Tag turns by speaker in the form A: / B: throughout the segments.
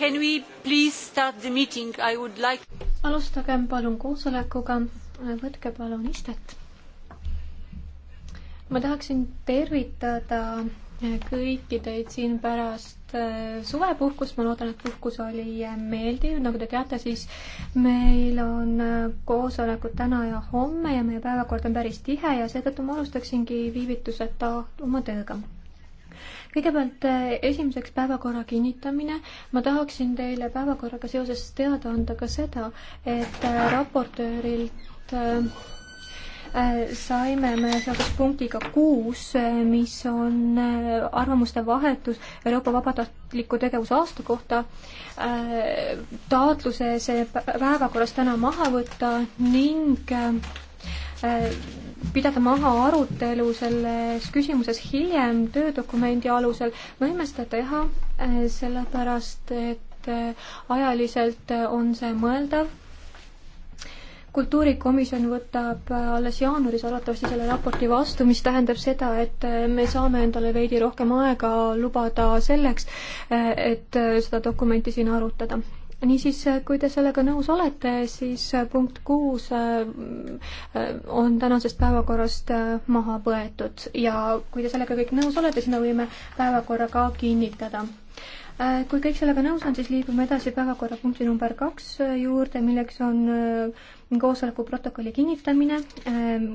A: Can we please start the meeting? I would like...
B: alustagem palun koosolekuga, võtke palun istet. ma tahaksin tervitada kõiki teid siin pärast eh, suvepuhkust, ma loodan, et puhkus oli meeldiv, nagu te teate, siis meil on eh, koosolekud täna ja homme ja meie päevakord on päris tihe ja seetõttu ma alustaksingi viivituseta oma tööga kõigepealt äh, esimeseks päevakorra kinnitamine. ma tahaksin teile päevakorraga seoses teada anda ka seda, et äh, raportöörilt äh, saime me seoses punktiga kuus, mis on arvamuste vahetus Euroopa vabatahtliku tegevuse aasta kohta, taotluse see päevakorrast täna maha võtta ning pidada maha arutelu selles küsimuses hiljem töödokumendi alusel, võime seda teha, äh, sellepärast et äh, ajaliselt äh, on see mõeldav. kultuurikomisjon võtab alles jaanuaris arvatavasti selle raporti vastu, mis tähendab seda, et me saame endale veidi rohkem aega lubada selleks, et seda dokumenti siin arutada niisiis, äh, kui te sellega nõus olete, siis äh, punkt kuus äh, on tänasest päevakorrast maha võetud ja kui te sellega kõik nõus olete, siis me võime päevakorra ka kinnitada. kui kõik sellega nõus on, siis liigume edasi päevakorrapunkti number kaks juurde, milleks on koosoleku protokolli kinnitamine, ähm,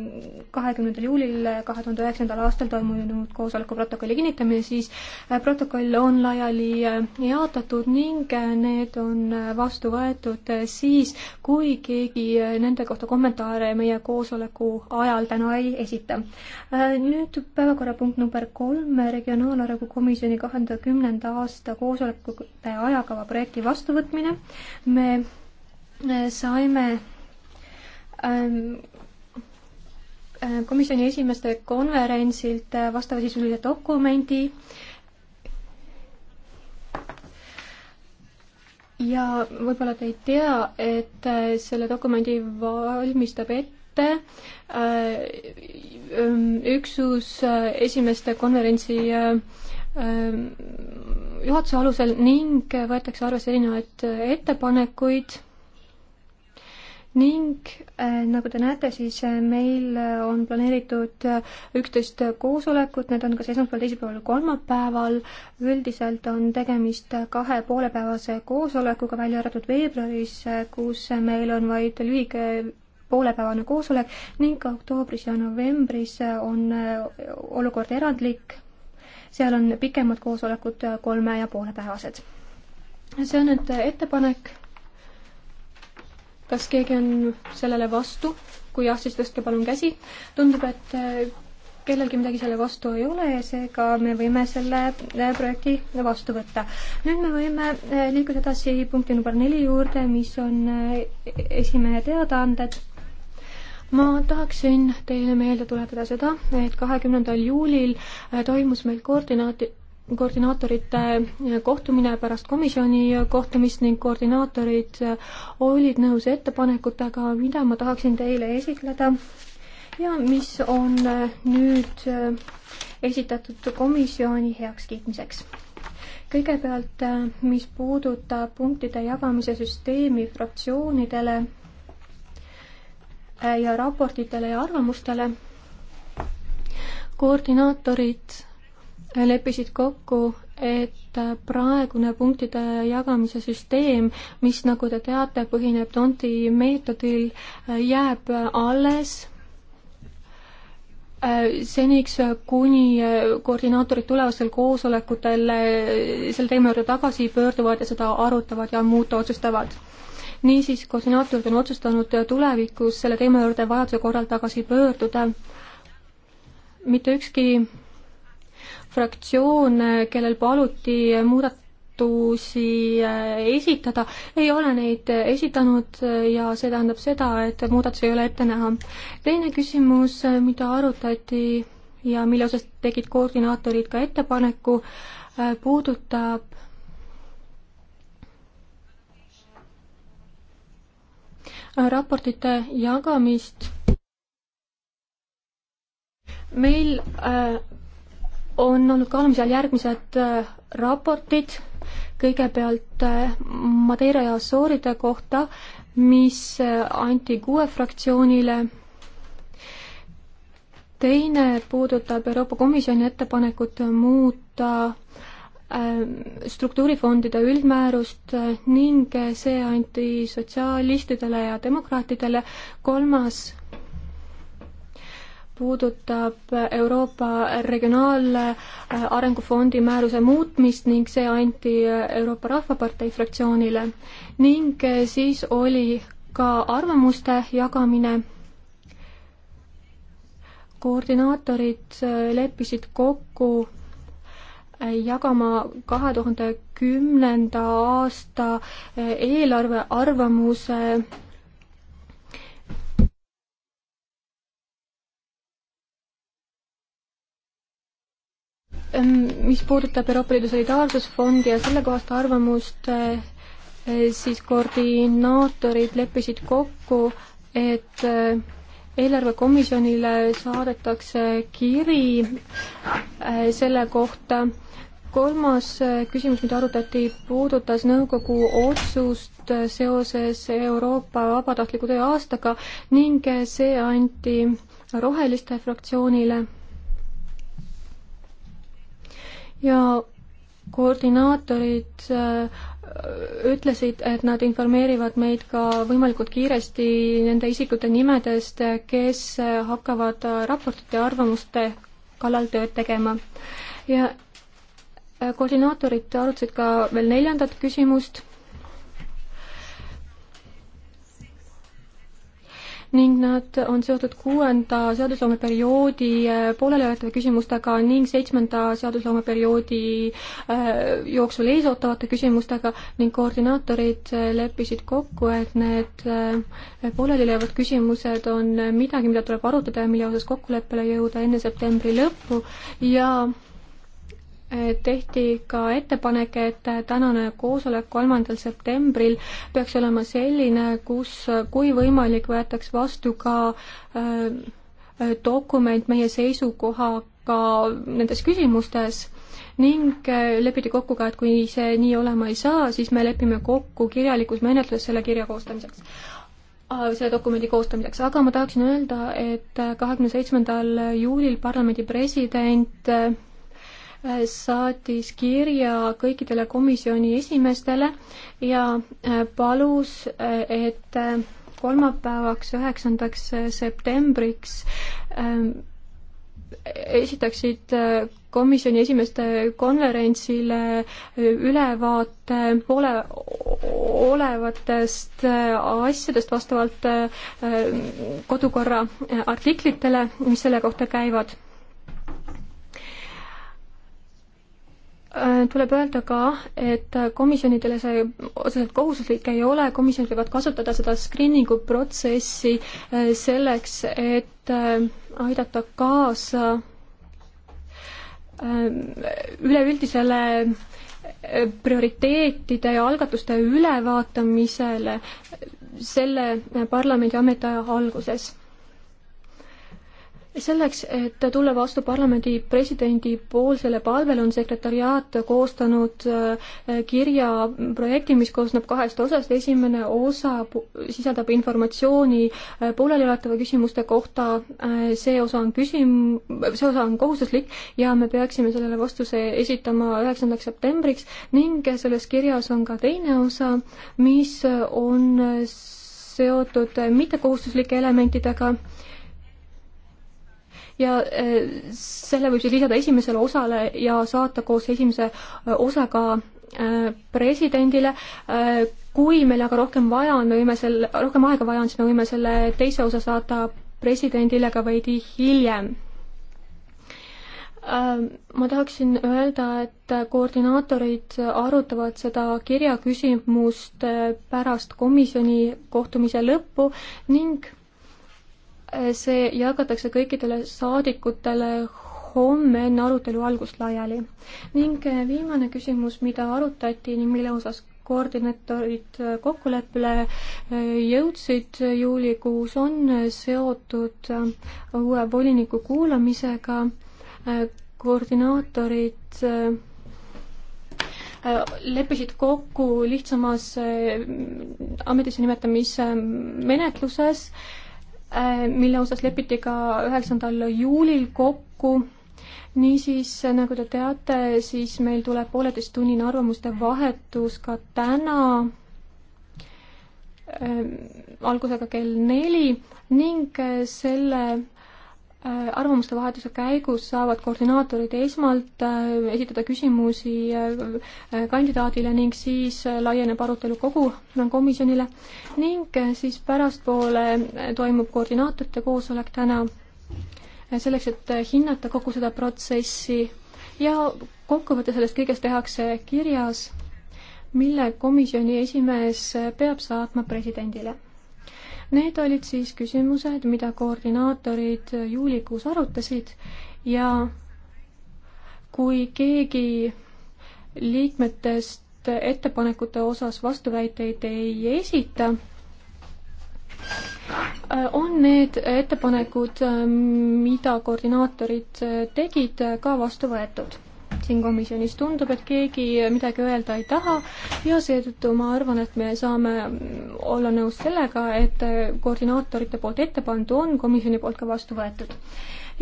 B: kahekümnendal juulil äh, kahe tuhande üheksandal aastal toimunud koosoleku protokolli kinnitamine, siis äh, protokoll on laiali äh, jaotatud ning need on vastu võetud siis, kui keegi nende kohta kommentaare meie koosoleku ajal täna ei esita. nüüd päevakorrapunkt number kolm, Regionaalarengu Komisjoni kahe tuhande kümnenda aasta koosolekute ajakava projekti vastuvõtmine. me saime Ähm, äh, komisjoni esimeeste konverentsilt äh, vastavasisulise dokumendi ja võib-olla te ei tea, et äh, selle dokumendi valmistab ette ähm, üksus esimeste konverentsi ähm, juhatuse alusel ning võetakse arvesse erinevaid ettepanekuid ning äh, nagu te näete, siis äh, meil äh, on planeeritud üksteist koosolekut, need on kas esmaspäeval, teisipäeval, kolmapäeval. üldiselt on tegemist kahe poolepäevase koosolekuga, välja arvatud veebruaris, kus meil on vaid lühike poolepäevane koosolek ning ka oktoobris ja novembris on olukord erandlik. seal on pikemad koosolekud kolme ja poolepäevased. see on nüüd ettepanek kas keegi on sellele vastu? kui jah, siis tõstke palun käsi. tundub, et äh, kellelgi midagi selle vastu ei ole ja seega me võime selle äh, projekti vastu võtta. nüüd me võime äh, liikuda edasi punkti number neli juurde, mis on esimehe teadaanded ma tahaksin teile meelde tuletada seda, et kahekümnendal juulil toimus meil koordinaati-, koordinaatorite kohtumine pärast komisjoni kohtumist ning koordinaatorid olid nõus ettepanekutega, mida ma tahaksin teile esitleda ja mis on nüüd esitatud komisjoni heakskiitmiseks. kõigepealt, mis puudutab punktide jagamise süsteemi fraktsioonidele ja raportitele ja arvamustele, koordinaatorid leppisid kokku, et praegune punktide jagamise süsteem, mis, nagu te teate, põhineb Tonti meetodil, jääb alles äh, seniks, kuni koordinaatorid tulevastel koosolekutel äh, selle teema juurde tagasi pöörduvad ja seda arutavad ja muuta otsustavad. niisiis, koordinaatorid on otsustanud tulevikus selle teema juurde vajaduse korral tagasi pöörduda. mitte ükski fraktsioon, kellel paluti muudatusi äh, esitada, ei ole neid äh, esitanud ja see tähendab seda, et muudatusi ei ole ette näha. teine küsimus, äh, mida arutati ja mille osas tegid koordinaatorid ka ettepaneku, puudutab raportite jagamist. meil äh, on olnud kaalumisel järgmised äh, raportid, kõigepealt äh, Madeira ja Assooride kohta, mis äh, anti kuue fraktsioonile, teine puudutab Euroopa Komisjoni ettepanekut muuta struktuurifondide üldmäärust ning see anti sotsialistidele ja demokraatidele, kolmas puudutab Euroopa Regionaalarengufondi määruse muutmist ning see anti Euroopa Rahvapartei fraktsioonile ning siis oli ka arvamuste jagamine. koordinaatorid leppisid kokku jagama kahe tuhande kümnenda aasta eelarve arvamuse mis puudutab Euroopa Liidu solidaarsusfondi ja sellekohast arvamust, eh, eh, siis koordinaatorid leppisid kokku, et eh, eelarvekomisjonile saadetakse kiri selle kohta. kolmas küsimus, mida arutati, puudutas nõukogu otsust seoses Euroopa vabatahtliku töö aastaga ning see anti Roheliste fraktsioonile ja koordinaatorid äh, ütlesid, et nad informeerivad meid ka võimalikult kiiresti nende isikute nimedest, kes hakkavad raportite ja arvamuste kallal tööd tegema. ja äh, koordinaatorid arutasid ka veel neljandat küsimust ning nad on seotud kuuenda seadusloomeperioodi äh, poolelioletava küsimustega ning seitsmenda seadusloomeperioodi äh, jooksul eesootavate küsimustega ning koordinaatorid äh, leppisid kokku, et need pooleliolevad küsimused on midagi, mida tuleb arutada ja mille osas kokkuleppele jõuda enne septembri lõppu ja tehti ka ettepanek, et tänane koosolek kolmandal septembril peaks olema selline, kus, kui võimalik, võetaks vastu ka äh, dokument meie seisukohaga nendes küsimustes ning äh, lepiti kokku ka, et kui see nii olema ei saa, siis me lepime kokku kirjalikus menetluses selle kirja koostamiseks äh, selle dokumendi koostamiseks, aga ma tahaksin öelda, et kahekümne seitsmendal juulil parlamendi president saatis kirja kõikidele komisjoni esimeestele ja äh, palus, äh, et äh, kolmapäevaks, üheksandaks septembriks esitaksid komisjoni esimeeste konverentsile ülevaate ole, olevatest asjadest vastavalt kodukorra artiklitele, mis selle kohta käivad. Äh, tuleb öelda ka, et komisjonidele see otseselt kohustuslik ei ole, komisjonid võivad kasutada seda screening'u protsessi äh, selleks, et äh, aidata kaasa üleüldisele prioriteetide ja algatuste ülevaatamisele selle parlamendi ametiaja alguses selleks, et tulla vastu parlamendi presidendi poolsele palvele, on sekretariaat koostanud äh, kirja projekti, mis koosneb kahest osast, esimene osa sisaldab informatsiooni äh, poolelioletava küsimuste kohta, äh, see osa on küsim-, see osa on kohustuslik ja me peaksime sellele vastuse esitama üheksandaks septembriks ning selles kirjas on ka teine osa, mis on seotud mittekohustuslike elementidega ja äh, selle võib siis lisada esimesele osale ja saata koos esimese äh, osaga äh, presidendile. kui meil aga rohkem vaja on, me võime selle, rohkem aega vaja on, siis me võime selle teise osa saata presidendile ka veidi hiljem. ma tahaksin öelda, et koordinaatorid arutavad seda kirjaküsimust pärast komisjoni kohtumise lõppu ning see jagatakse kõikidele saadikutele homme enne arutelu algust laiali. ning eh, viimane küsimus, mida arutati ning mille osas koordinaatorid kokkuleppele eh, jõudsid juulikuus, on seotud eh, uue voliniku kuulamisega. koordinaatorid leppisid kokku lihtsamas ametisse nimetamise menetluses äh, Äh, mille osas lepiti ka üheksandal juulil kokku. niisiis, nagu te teate, siis meil tuleb pooleteisttunnine arvamuste vahetus ka täna äh, algusega kell neli ning äh, selle Äh, arvamuste vahetuse käigus saavad koordinaatorid esmalt äh, esitada küsimusi äh, kandidaadile ning siis laieneb arutelu kogu komisjonile ning siis pärastpoole toimub koordinaatorite koosolek täna selleks, et hinnata kogu seda protsessi ja kokkuvõte sellest kõigest tehakse kirjas, mille komisjoni esimees peab saatma presidendile Need olid siis küsimused, mida koordinaatorid juulikuus arutasid ja kui keegi liikmetest ettepanekute osas vastuväiteid ei esita, on need ettepanekud, mida koordinaatorid tegid, ka vastu võetud siin komisjonis. tundub, et keegi midagi öelda ei taha ja seetõttu ma arvan, et me saame olla nõus sellega, et koordinaatorite poolt ette pandu on komisjoni poolt ka vastu võetud.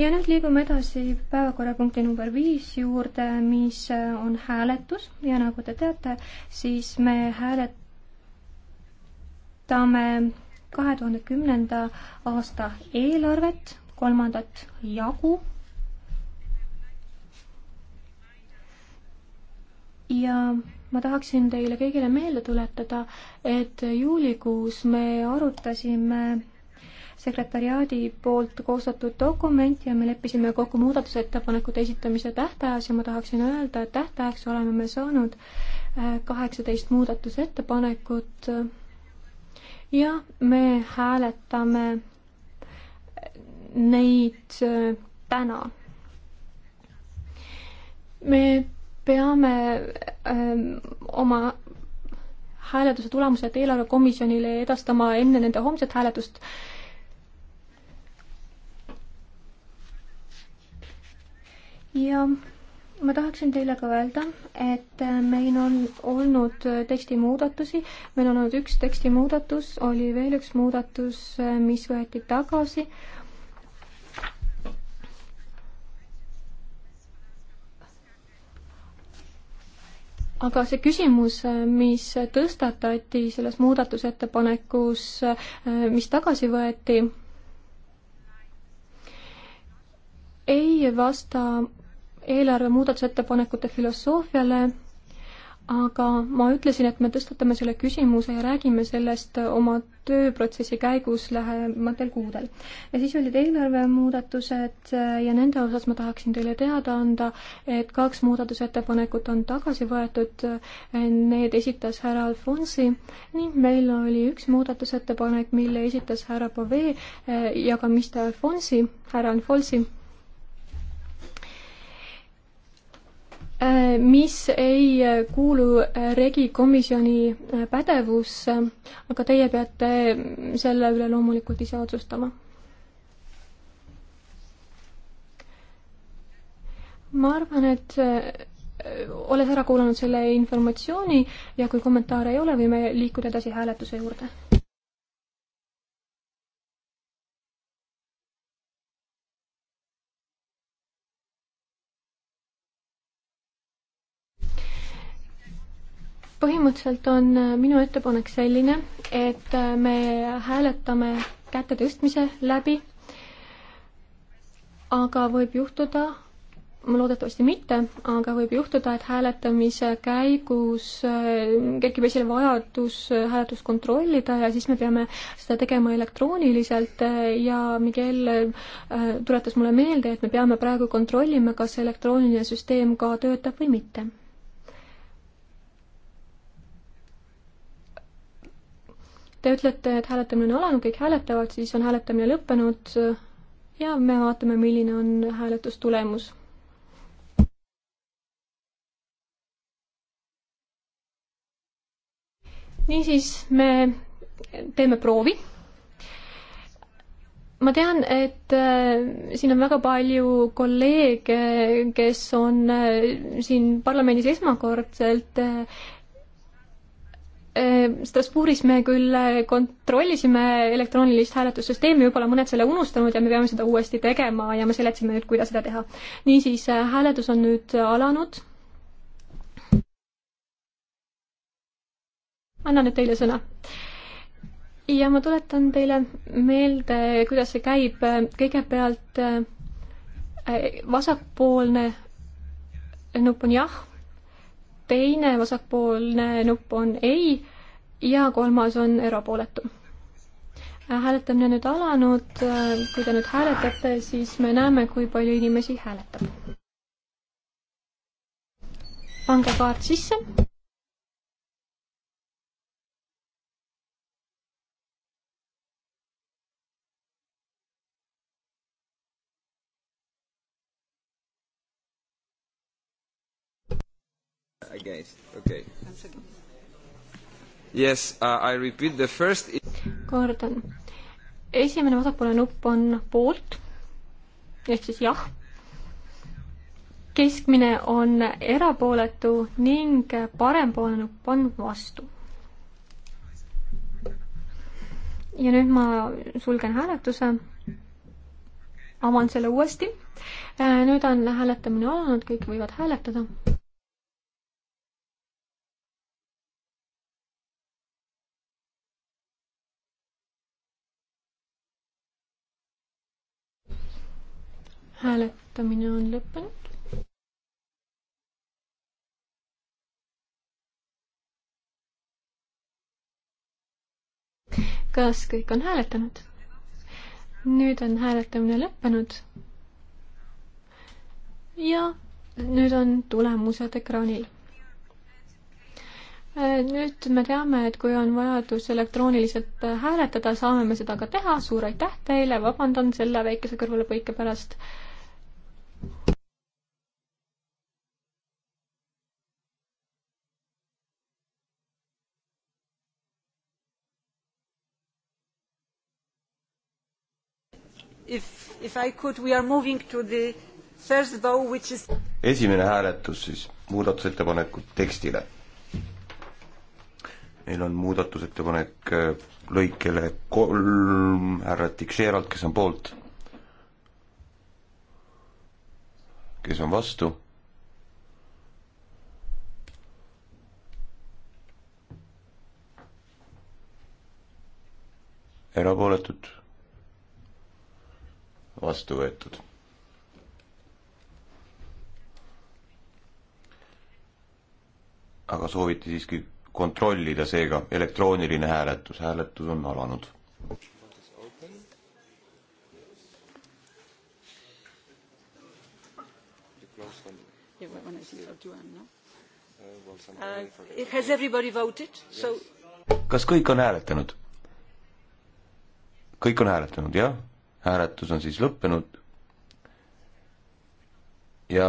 B: ja nüüd liigume edasi päevakorrapunkti number viis juurde, mis on hääletus ja nagu te teate, siis me hääletame kahe tuhande kümnenda aasta eelarvet, kolmandat jagu ja ma tahaksin teile kõigile meelde tuletada, et juulikuus me arutasime sekretäriaadi poolt koostatud dokumenti ja me leppisime kokku muudatusettepanekute esitamise tähtajas ja ma tahaksin öelda, et tähtajaks oleme me saanud äh, kaheksateist muudatusettepanekut ja me hääletame äh, neid äh, täna. me peame öö, ähm, oma hääletuse tulemused eelarvekomisjonile edastama enne nende homset hääletust. ja ma tahaksin teile ka öelda, et äh, meil on olnud äh, tekstimuudatusi, meil on olnud üks tekstimuudatus, oli veel üks muudatus, äh, mis võeti tagasi aga see küsimus, mis tõstatati selles muudatusettepanekus, mis tagasi võeti, ei vasta eelarve muudatusettepanekute filosoofiale aga ma ütlesin, et me tõstatame selle küsimuse ja räägime sellest oma tööprotsessi käigus lähematel kuudel. ja siis olid eelarvemuudatused ja nende osas ma tahaksin teile teada anda, et kaks muudatusettepanekut on tagasi võetud, need esitas härra Alfonsi ning meil oli üks muudatusettepanek, mille esitas härra Pove ja ka Mr Alfonsi, härra Alfonsi Äh, mis ei äh, kuulu äh, regi komisjoni pädevusse, aga teie peate mm, selle üle loomulikult ise otsustama. ma arvan, et olles ära kuulanud selle informatsiooni ja kui kommentaare ei ole, võime liikuda edasi hääletuse juurde põhimõtteliselt on äh, minu ettepanek selline, et äh, me hääletame käte tõstmise läbi, aga võib juhtuda, loodetavasti mitte, aga võib juhtuda, et hääletamise käigus äh, kerkib esile vajadus hääletust kontrollida ja siis me peame seda tegema elektrooniliselt ja Miguel tuletas mulle meelde, et me peame praegu kontrollima, kas elektrooniline süsteem ka töötab või mitte Te ütlete, et hääletamine on alanud, kõik hääletavad, siis on hääletamine lõppenud ja me vaatame, milline on hääletustulemus niisiis, me teeme proovi. ma tean, et äh, siin on väga palju kolleege, kes on äh, siin parlamendis esmakordselt äh, Ehm, Strasbourgis me küll eh, kontrollisime elektroonilist hääletussüsteemi, võib-olla mõned selle unustanud ja me peame seda uuesti tegema ja me seletasime nüüd, kuidas seda teha. niisiis, eh, hääletus on nüüd alanud. annan nüüd teile sõna. ja ma tuletan teile meelde, kuidas see käib. kõigepealt eh, vasakpoolne nupp on jah teine vasakpoolne nupp on ei ja kolmas on erapooletu. hääletamine on nüüd alanud, kui te nüüd hääletate, siis me näeme, kui palju inimesi hääletab. pange kaart sisse
C: Against. Okay. Yes, uh, I repeat the first. kordan.
B: esimene vasakpoolne nupp on poolt ehk siis jah. keskmine on erapooletu ning parempoolne nupp on vastu. ja nüüd ma sulgen hääletuse. avan selle uuesti. Äh, nüüd on hääletamine alanud, kõik võivad hääletada hääletamine on lõppenud. kas kõik on hääletanud? nüüd on hääletamine lõppenud. ja nüüd on tulemused ekraanil. Äh, nüüd me teame, et kui on vajadus elektrooniliselt äh, hääletada, saame me seda ka teha. suur aitäh teile, vabandan selle väikese kõrvalepõike pärast
A: If, if I could, we are moving to the first vote, which is
C: esimene hääletus siis muudatusettepanekud tekstile. meil on muudatusettepanek äh, lõikele kolm härra Tixeralt, kes on poolt kes on vastu? erapooletud, vastu võetud. aga sooviti siiski kontrollida seega elektrooniline hääletus, hääletus on alanud Uh, uh, kas kõik on hääletanud? kõik on hääletanud, jah? hääletus on siis lõppenud. ja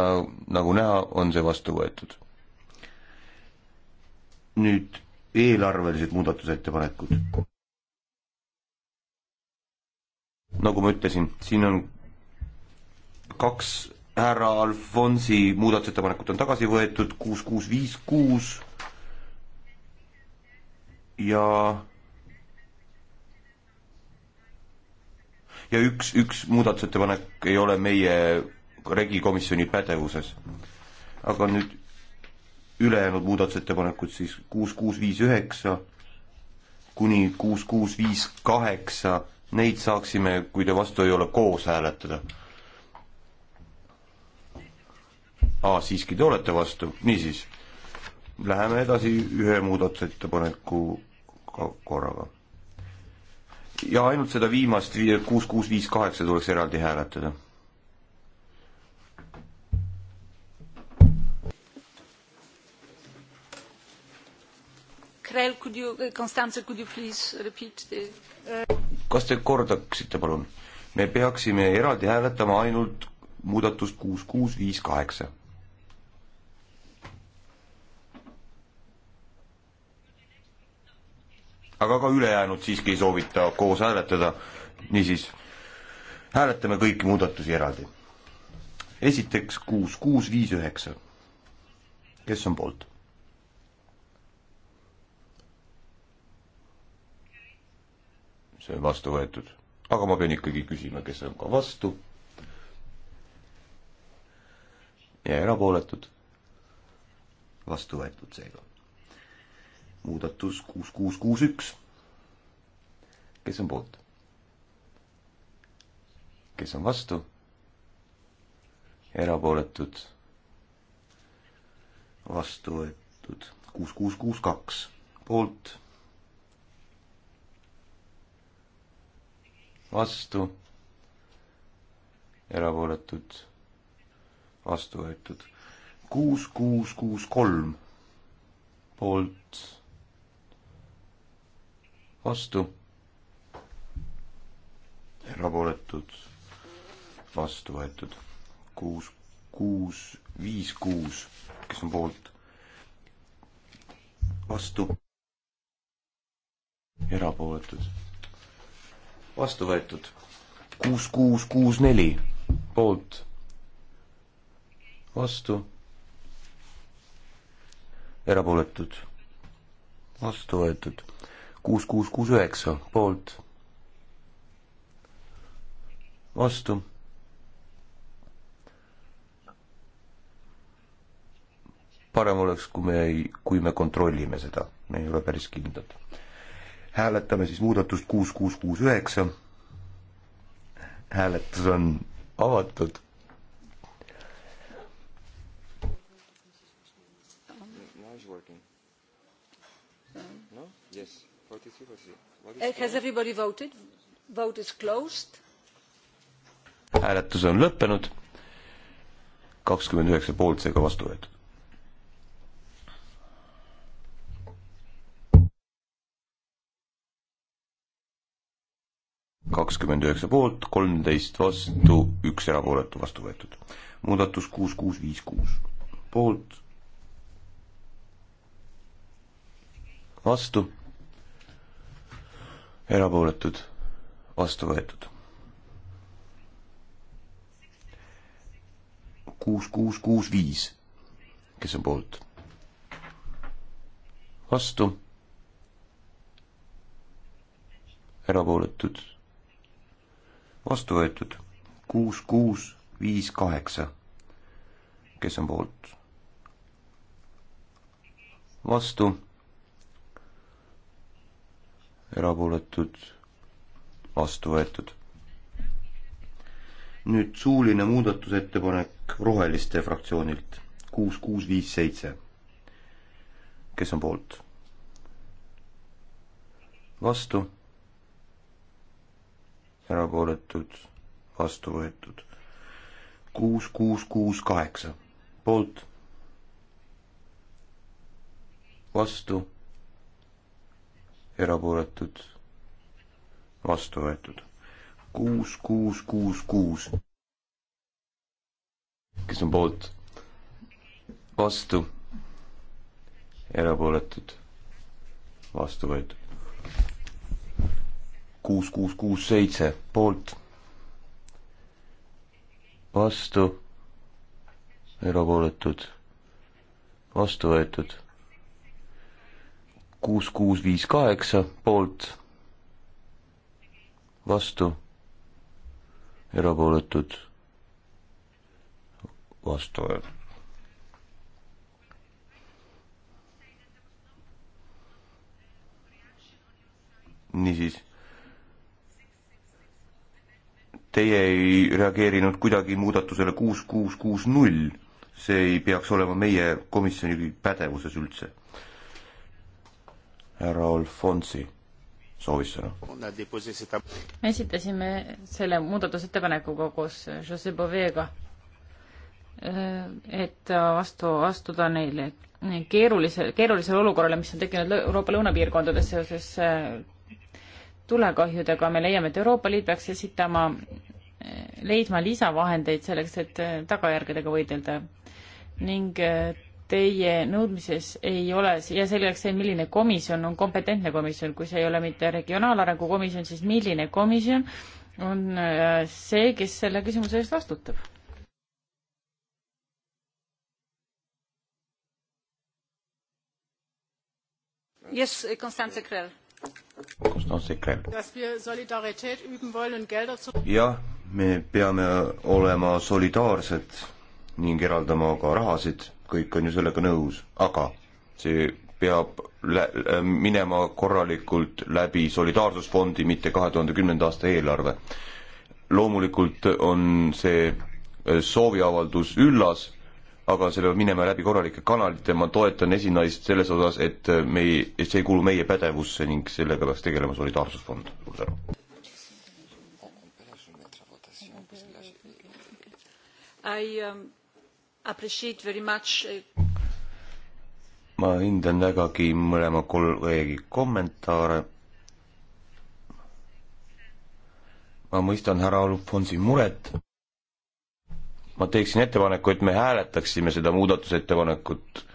C: nagu näha, on see vastu võetud. nüüd eelarvelised muudatusettepanekud. nagu ma ütlesin, siin on kaks härra Alfonsi muudatusettepanekud on tagasi võetud, kuus, kuus, viis, kuus ja ja üks, üks muudatusettepanek ei ole meie regikomisjoni pädevuses. aga nüüd ülejäänud muudatusettepanekud siis kuus, kuus, viis, üheksa kuni kuus, kuus, viis, kaheksa, neid saaksime, kui te vastu ei ole, koos hääletada aa, siiski te olete vastu, niisiis. Läheme edasi ühe muudatusettepaneku korraga. ja ainult seda viimast, kuus, kuus, viis, kaheksa tuleks eraldi hääletada
A: Krell, could you, eh, Constanze, could you please repeat the eh?
C: kas te kordaksite, palun? me peaksime eraldi hääletama ainult muudatust kuus, kuus, viis, kaheksa aga ka ülejäänud siiski ei soovita koos hääletada, niisiis hääletame kõiki muudatusi eraldi. esiteks kuus, kuus, viis, üheksa. kes on poolt? see on vastu võetud, aga ma pean ikkagi küsima, kes on ka vastu. ja erapooletud. vastu võetud seega muudatus kuus, kuus, kuus, üks. kes on poolt? kes on vastu? erapooletud? vastu võetud kuus, kuus, kuus, kaks poolt. vastu. erapooletud. vastu võetud kuus, kuus, kuus, kolm poolt vastu, erapooletud, vastu võetud kuus, kuus, viis, kuus, kes on poolt, vastu, erapooletud, vastu võetud kuus, kuus, kuus, neli poolt, vastu, erapooletud, vastu võetud kuus, kuus, kuus, üheksa poolt. vastu. parem oleks, kui me ei, kui me kontrollime seda, me ei ole päris kindlad. hääletame siis muudatust kuus, kuus, kuus, üheksa. hääletus on avatud. hääletus on lõppenud, kakskümmend üheksa poolt, seega vastu võetud. kakskümmend üheksa poolt, kolmteist vastu, üks erapooletu vastu võetud. muudatus kuus, kuus, viis, kuus poolt, vastu erapooletud, vastu võetud. kuus, kuus, kuus, viis, kes on poolt? vastu, erapooletud, vastu võetud, kuus, kuus, viis, kaheksa, kes on poolt? vastu erapooletud, vastu võetud. nüüd suuline muudatusettepanek Roheliste fraktsioonilt, kuus, kuus, viis, seitse. kes on poolt? vastu? erapooletud, vastu võetud. kuus, kuus, kuus, kaheksa, poolt vastu, erapooletud, vastu võetud. kuus, kuus, kuus, kuus. kes on poolt? vastu, erapooletud, vastu võetud. kuus, kuus, kuus, seitse, poolt, vastu, erapooletud, vastu võetud kuus, kuus, viis, kaheksa poolt, vastu, erapooletud, vastu. niisiis, teie ei reageerinud kuidagi muudatusele kuus, kuus, kuus, null, see ei peaks olema meie komisjoni pädevuses üldse härra Alfonsi soovis sõna.
D: me esitasime selle muudatusettepanekuga koos Jose Boveega, äh, et vastu astuda neile keerulise, keerulisele olukorrale, mis on tekkinud Euroopa lõunapiirkondades seoses äh, tulekahjudega, me leiame, et Euroopa Liit peaks esitama, äh, leidma lisavahendeid selleks, et tagajärgedega võidelda ning teie nõudmises ei ole ja selgeks see, milline komisjon on kompetentne komisjon, kui see ei ole mitte regionaalarengu komisjon, siis milline komisjon on äh, see, kes selle küsimuse eest vastutab?
C: Yes,
A: Konstantse Krell.
C: Konstantse Krell. jah, me peame olema solidaarsed ning eraldama ka rahasid kõik on ju sellega nõus, aga see peab lä-, äh, minema korralikult läbi Solidaarsusfondi, mitte kahe tuhande kümnenda aasta eelarve. loomulikult on see äh, sooviavaldus üllas, aga see peab minema läbi korralike kanalite, ma toetan esinaist selles osas, et äh, me ei, et see ei kuulu meie pädevusse ning sellega peaks tegelema Solidaarsusfond, suur tänu.
A: I um, appreciate very much uh,
C: ma hindan vägagi mõlema kolleegi kommentaare. ma mõistan härra Alfonsi muret. ma teeksin ettepaneku, et me hääletaksime seda muudatusettepanekut.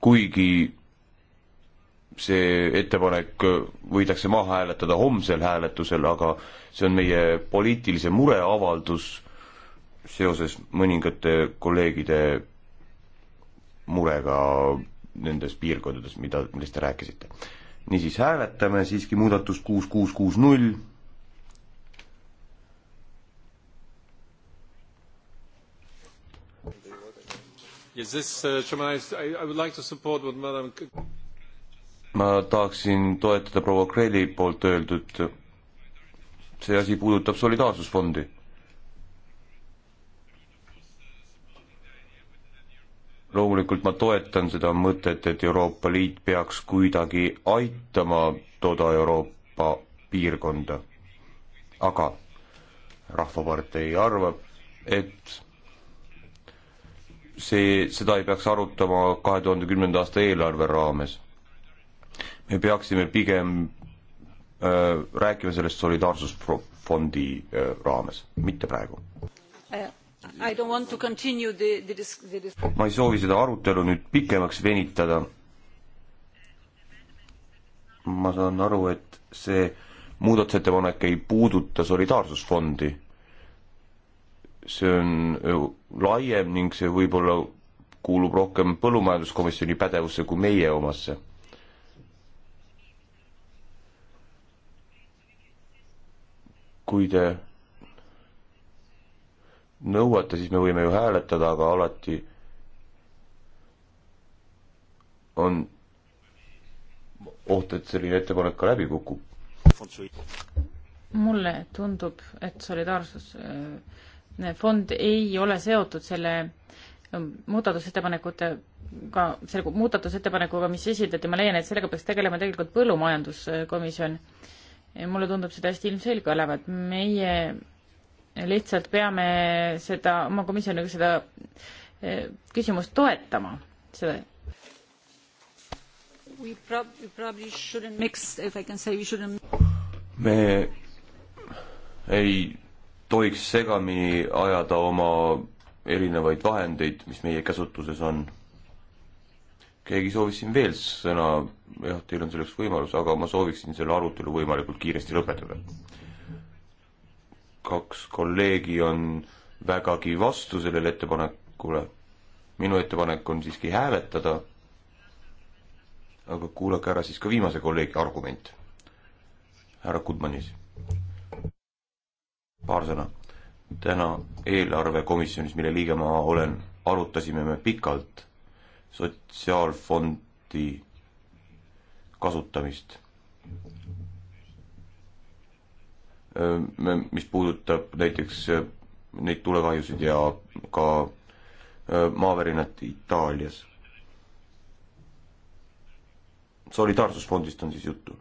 C: kuigi see ettepanek võidakse maha hääletada homsel hääletusel, aga see on meie poliitilise mureavaldus seoses mõningate kolleegide murega nendes piirkondades, mida, millest te rääkisite. niisiis hääletame siiski muudatust kuus, kuus, kuus, null.
D: Yes, this uh, Chairman, I, I would like to support what Madam
C: ma tahaksin toetada proua Kreli poolt öeldud. see asi puudutab solidaarsusfondi. loomulikult ma toetan seda mõtet, et Euroopa Liit peaks kuidagi aitama toda Euroopa piirkonda. aga Rahvapartei arvab, et see, seda ei peaks arutama kahe tuhande kümnenda aasta eelarve raames me peaksime pigem äh, rääkima sellest solidaarsusfondi äh, raames, mitte praegu.
A: The, the, the...
C: ma ei soovi seda arutelu nüüd pikemaks venitada. ma saan aru, et see muudatusettepanek ei puuduta solidaarsusfondi. see on äh, laiem ning see võib-olla kuulub rohkem põllumajanduskomisjoni pädevusse kui meie omasse kui te nõuate, siis me võime ju hääletada, aga alati on oht, et selline ettepanek ka läbi kukub.
D: mulle tundub, et solidaarsusfond äh, ei ole seotud selle ähm, muudatusettepanekutega, selle muudatusettepanekuga, mis esitati, ma leian, et sellega peaks tegelema tegelikult põllumajanduskomisjon mulle tundub see täiesti ilmselge olevat, meie lihtsalt peame seda, oma komisjoniga seda eh, küsimust toetama, seda
A: We prob-, we probably shouldn't mix, if I can say we shouldn't
C: me ei tohiks segamini ajada oma erinevaid vahendeid, mis meie käsutuses on keegi soovis siin veel sõna, jah, teil on selleks võimalus, aga ma sooviksin selle arutelu võimalikult kiiresti lõpetada. kaks kolleegi on vägagi vastu sellele ettepanekule. minu ettepanek on siiski hääletada. aga kuulake ära siis ka viimase kolleegi argument. härra Kudmanis. paar sõna. täna eelarvekomisjonis, mille liige ma olen, arutasime me pikalt sotsiaalfondi kasutamist. mis puudutab näiteks neid tulekahjusid ja ka maavärinat Itaalias. solidaarsusfondist on siis juttu.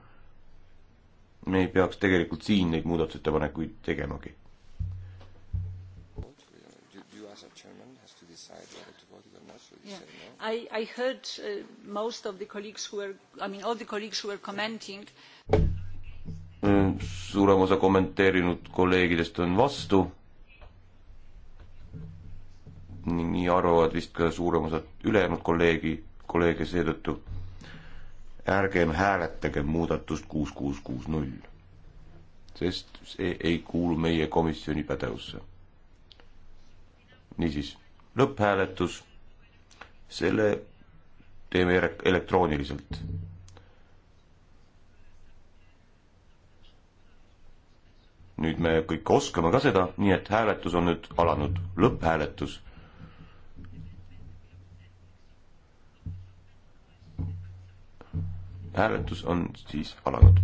C: me ei peaks tegelikult siin neid muudatusettepanekuid tegemagi
A: I, I heard uh, most of the colleagues who were, I mean all the colleagues who were commenting.
C: Mm, suurem osa kommenteerinud kolleegidest on vastu. nii arvavad vist ka suurem osa ülejäänud kolleegi, kolleege seetõttu ärgem hääletagem muudatust kuus, kuus, kuus, null, sest see ei kuulu meie komisjoni pädevusse. niisiis, lõpphääletus selle teeme elektrooniliselt. nüüd me kõik oskame ka seda, nii et hääletus on nüüd alanud, lõpphääletus hääletus on siis alanud.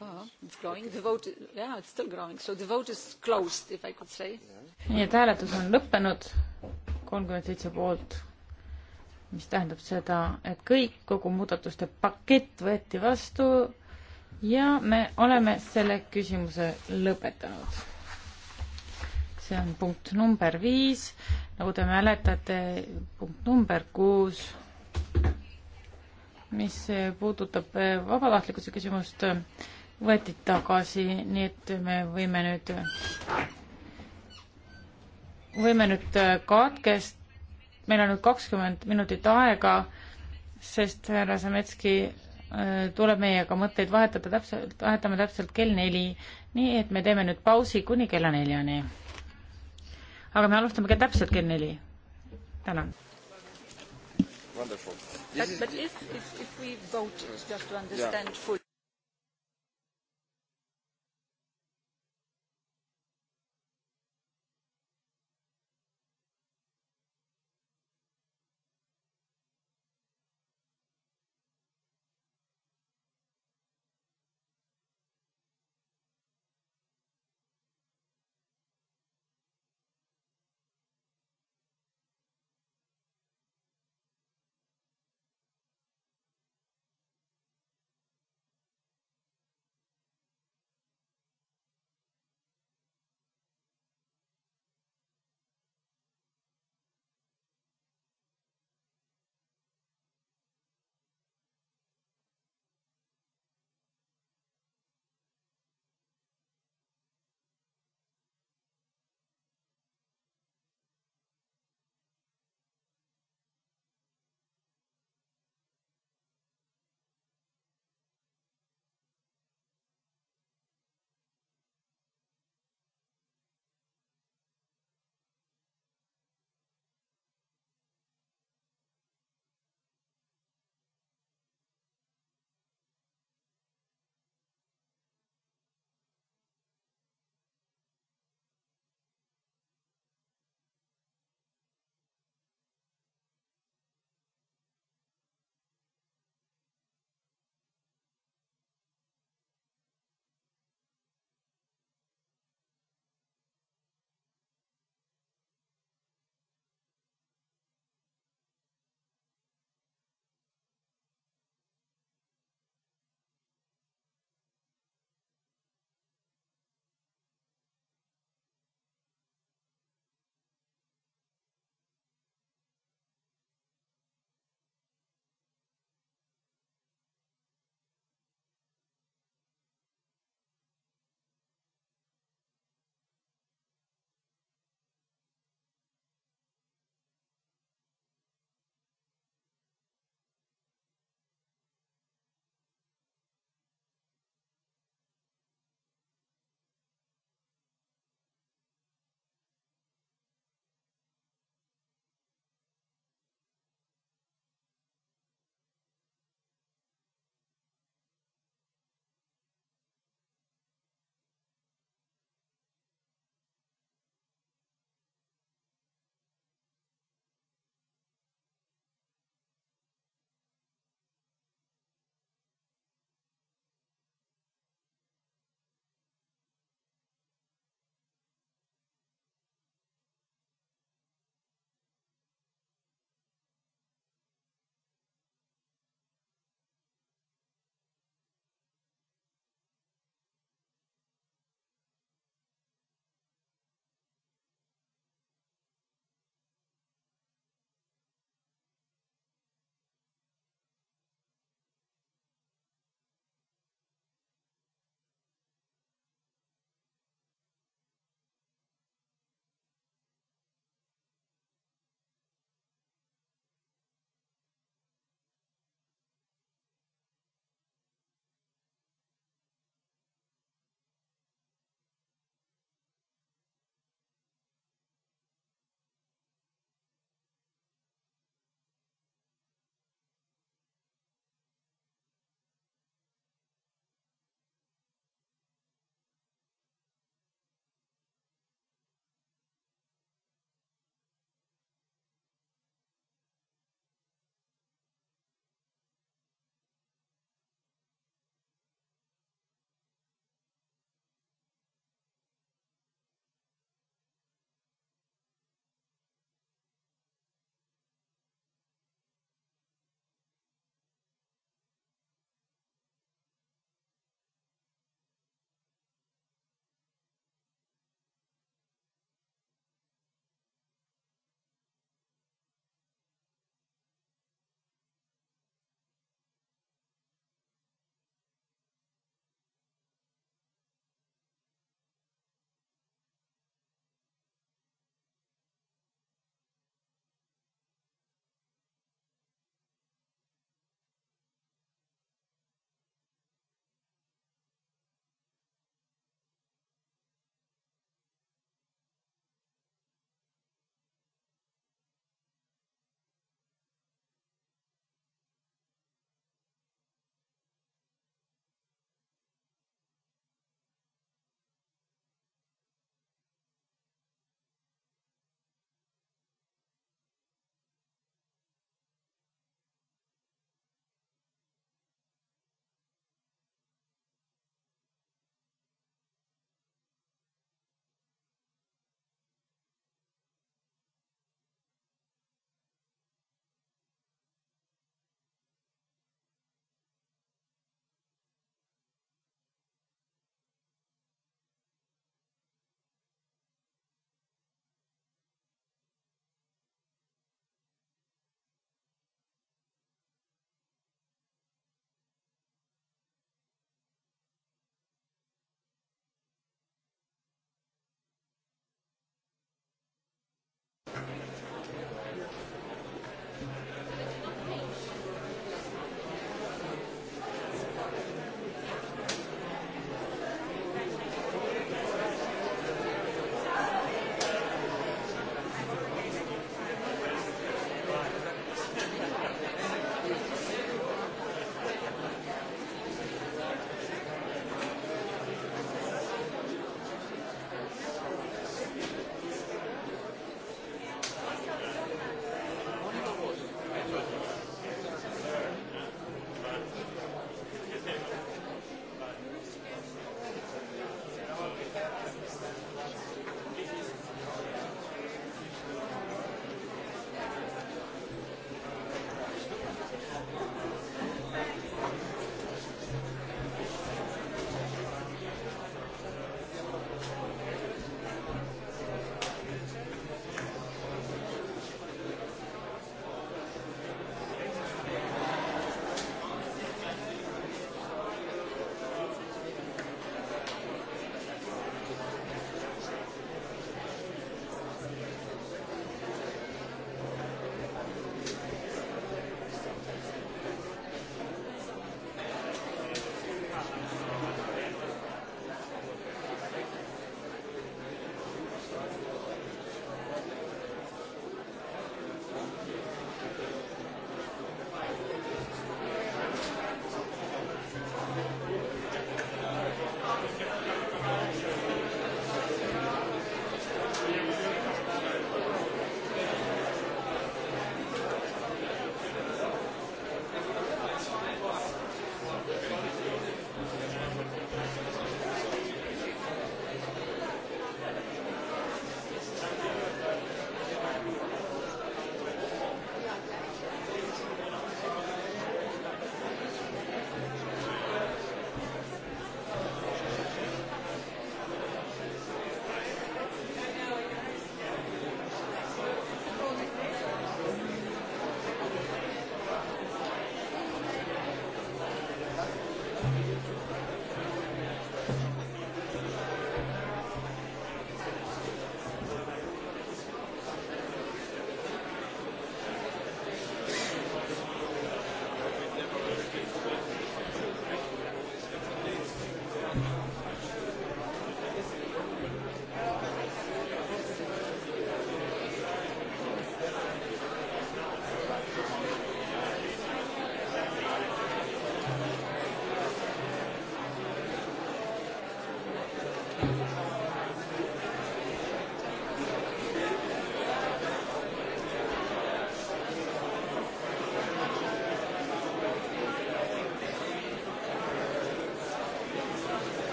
A: nii
D: et hääletus on lõppenud, kolmkümmend seitse poolt, mis tähendab seda, et kõik, kogu muudatuste pakett võeti vastu ja me oleme selle küsimuse lõpetanud. see on punkt number viis, nagu te mäletate, punkt number kuus mis puudutab vabatahtlikkuse küsimust, võeti tagasi, nii et me võime nüüd, võime nüüd katkest-, meil on nüüd kakskümmend minutit aega, sest härra Zametski äh, tuleb meiega mõtteid vahetada täpselt, vahetame täpselt kell neli, nii et me teeme nüüd pausi kuni kella neljani. aga me alustame kell täpselt kell neli. tänan.
A: But, but if, if, if we vote, just to understand yeah. fully.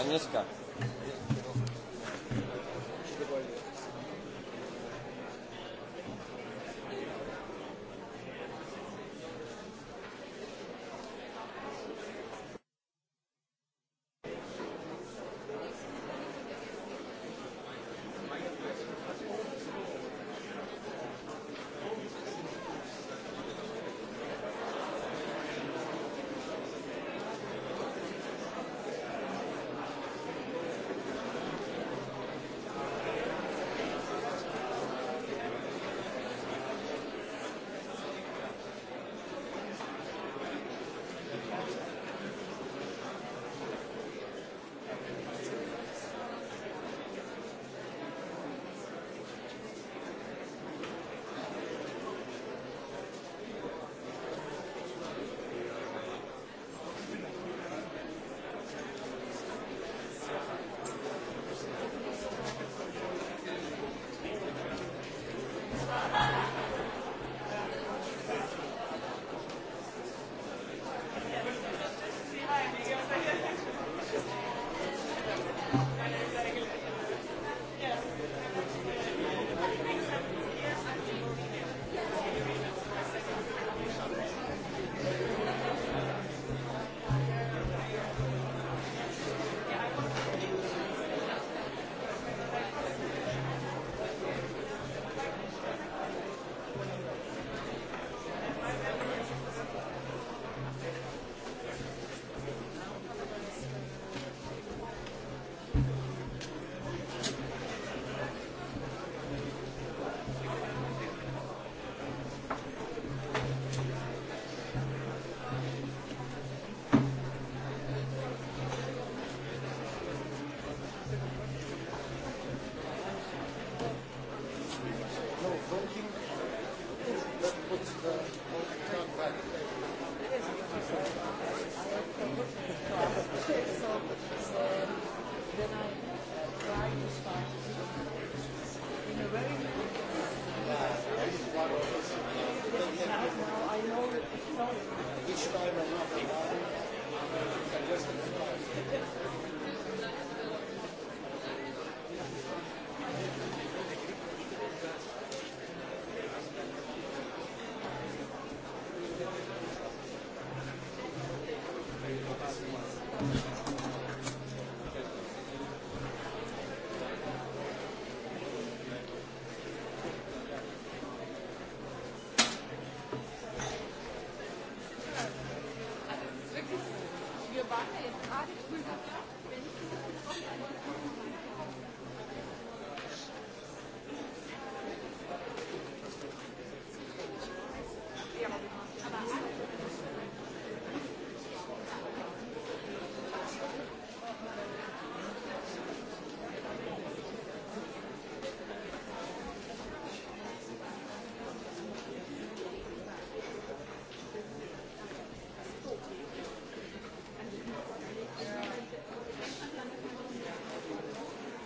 A: Agnieszka.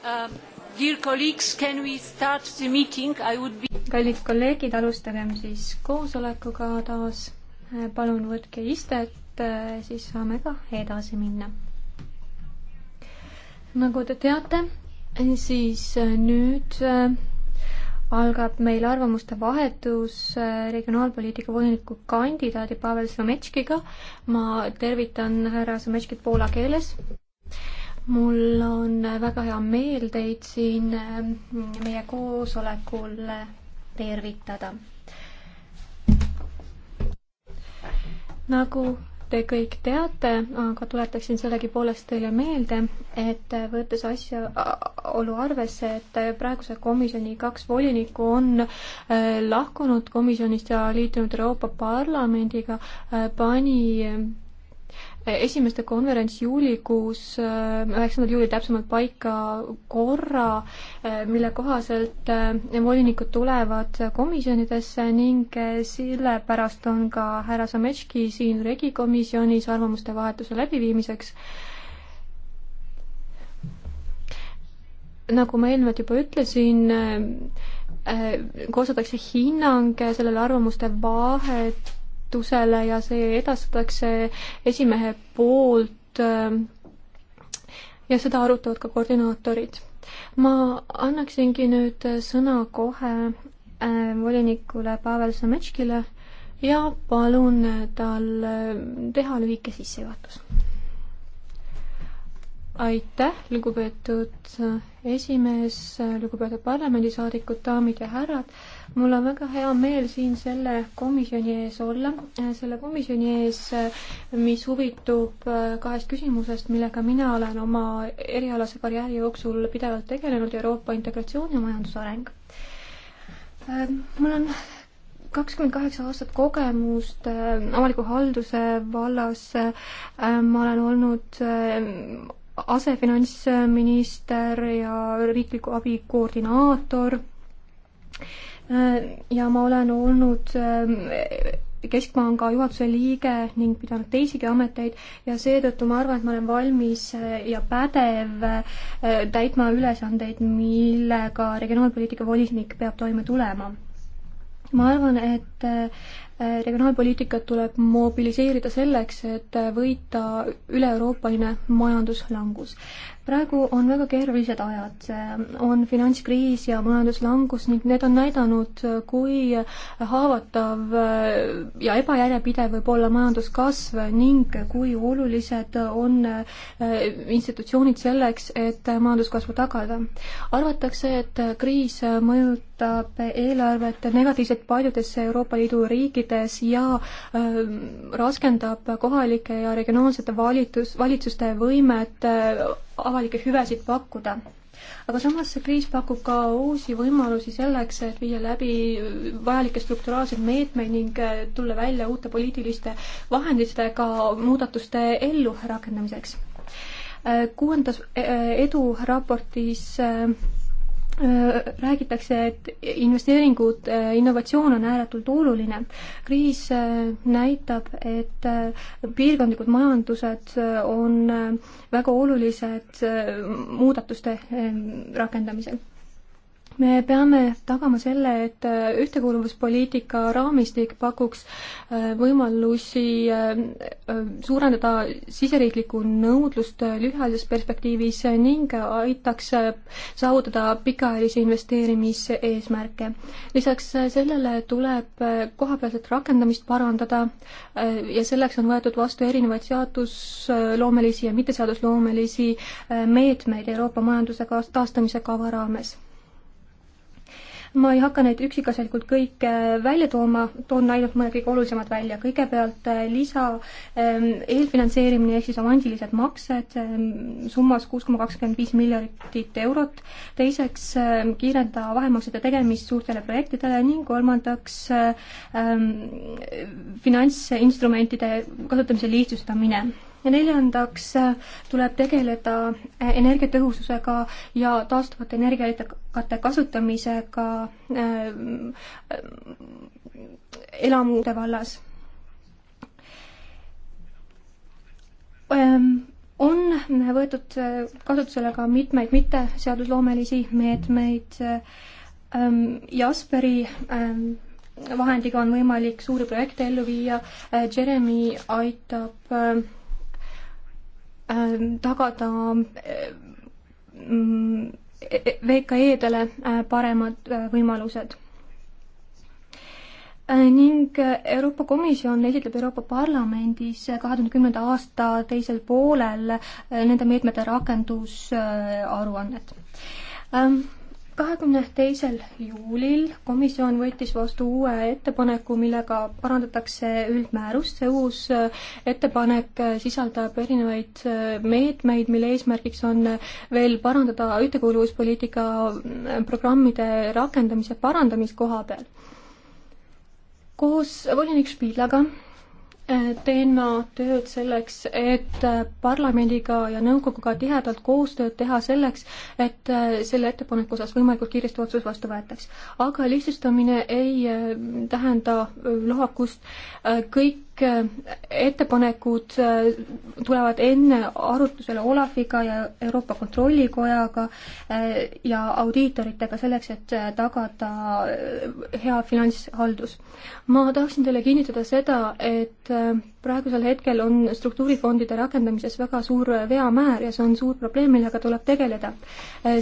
A: Uh, kallid
B: kolleegid, alustagem siis koosolekuga taas. Äh, palun võtke istet, äh, siis saame ka edasi minna. nagu te teate, siis äh, nüüd algab meil arvamuste vahetus regionaalpoliitika voliniku kandidaadi Pavel Slometškiga. ma tervitan härra Slometškit poola keeles mul on väga hea meel teid siin äh, meie koosolekul äh, tervitada. nagu te kõik teate, aga tuletaksin sellegipoolest teile meelde, et võttes asjaolu arvesse, et praeguse komisjoni kaks volinikku on äh, lahkunud komisjonist ja liitunud Euroopa Parlamendiga, pani esimeste konverents juulikuus, äh, üheksandal juulil täpsemalt paika korra, äh, mille kohaselt äh, volinikud tulevad komisjonidesse ning sellepärast on ka härra Sametški siin regikomisjonis arvamuste vahetuse läbiviimiseks. nagu ma eelnevalt juba ütlesin, koostatakse hinnang sellele arvamuste vahet, hääletusele ja see edastatakse esimehe poolt ähm, ja seda arutavad ka koordinaatorid. ma annaksingi nüüd sõna kohe äh, volinikule Pavel Sametškile ja palun tal äh, teha lühike sissejuhatus. aitäh, lugupeetud äh, esimees, lugupeetud parlamendisaadikud, daamid ja härrad mul on väga hea meel siin selle komisjoni ees olla, äh, selle komisjoni ees, äh, mis huvitub äh, kahest küsimusest, millega mina olen oma erialase karjääri jooksul pidevalt tegelenud, Euroopa integratsioon ja majandusareng. mul on kakskümmend kaheksa aastat kogemust avaliku halduse vallas, ma olen olnud asefinantsminister ja riikliku abi koordinaator Äh, ja ma olen olnud äh, Keskpanga juhatuse liige ning pidanud teisigi ameteid ja seetõttu ma arvan, et ma olen valmis äh, ja pädev täitma ülesandeid, millega regionaalpoliitika volinik peab toime tulema. ma arvan, et regionaalpoliitikat tuleb mobiliseerida selleks, et võita üle-euroopaline majanduslangus praegu on väga keerulised ajad, on finantskriis ja majanduslangus ning need on näidanud, kui haavatav ja ebajärjepidev võib olla majanduskasv ning kui olulised on äh, institutsioonid selleks, et majanduskasvu tagada. arvatakse, et kriis mõjutab eelarvet negatiivselt paljudes Euroopa Liidu riikides ja äh, raskendab kohalike ja regionaalsete valitus, valitsuste võimet äh, avalikke hüvesid pakkuda. aga samas see kriis pakub ka uusi võimalusi selleks, et viia läbi vajalikke strukturaalseid meetmeid ning äh, tulla välja uute poliitiliste vahenditega muudatuste ellurakendamiseks. Äh, kuuendas äh, eduraportis Äh, räägitakse, et investeeringud, äh, innovatsioon on ääretult oluline. kriis äh, näitab, et piirkondlikud majandused on väga olulised muudatuste rakendamisel me peame tagama selle, et äh, ühtekuuluvuspoliitika raamistik pakuks äh, võimalusi äh, suurendada siseriiklikku nõudlust lühiajalises perspektiivis ning aitaks saavutada pikaajalisi investeerimiseesmärke. lisaks sellele tuleb kohapealset rakendamist parandada ja selleks on võetud vastu erinevaid seadusloomelisi ja mitteseadusloomelisi meetmeid Euroopa majanduse taastamise kava raames ma ei hakka neid üksikasjalikult kõike välja tooma, toon ainult mõned kõige olulisemad välja. kõigepealt äh, lisa ähm, eelfinantseerimine ehk siis avansilised maksed ähm, summas kuus koma kakskümmend viis miljardit eurot, teiseks ähm, kiirenda vahemaksete tegemist suurtele projektidele ning kolmandaks äh, ähm, finantsinstrumentide kasutamise lihtsustamine ja neljandaks tuleb tegeleda äh, energiatõhususega ja taastuvate energiaallikate kasutamisega äh, elamude vallas ähm, on võetud äh, kasutusele ka mitmeid mitteseadusloomelisi meetmeid ähm,. Jasperi ähm, vahendiga on võimalik suuri projekte ellu viia äh,, Jeremy aitab äh, Äh, tagada äh, mm, VKE-dele äh, paremad võimalused. ning Euroopa Komisjon esitleb Euroopa Parlamendis kahe tuhande kümnenda aasta teisel poolel nende meetmete rakendusaruannet ähm, kahekümne teisel juulil komisjon võttis vastu uue ettepaneku, millega parandatakse üldmäärust. see uus äh, ettepanek äh, sisaldab erinevaid äh, meetmeid, mille eesmärgiks on veel parandada ühtekuuluvuspoliitika programmide rakendamise parandamist koha peal. koos volinik Spiilaga Eh, teen ma tööd selleks, et eh, parlamendiga ja nõukoguga tihedalt koostööd teha selleks, et eh, selle ettepaneku osas võimalikult kiiresti otsus vastu võetaks. aga lihtsustamine ei tähenda lohakust, kõik kõik äh, ettepanekud äh, tulevad enne arutlusele Olafiga ja Euroopa Kontrollikojaga äh, ja audiitoritega selleks, et tagada hea finantshaldus. ma tahaksin teile kinnitada seda, et praegusel hetkel on struktuurifondide rakendamises väga suur veamäär ja see on suur probleem, millega tuleb tegeleda.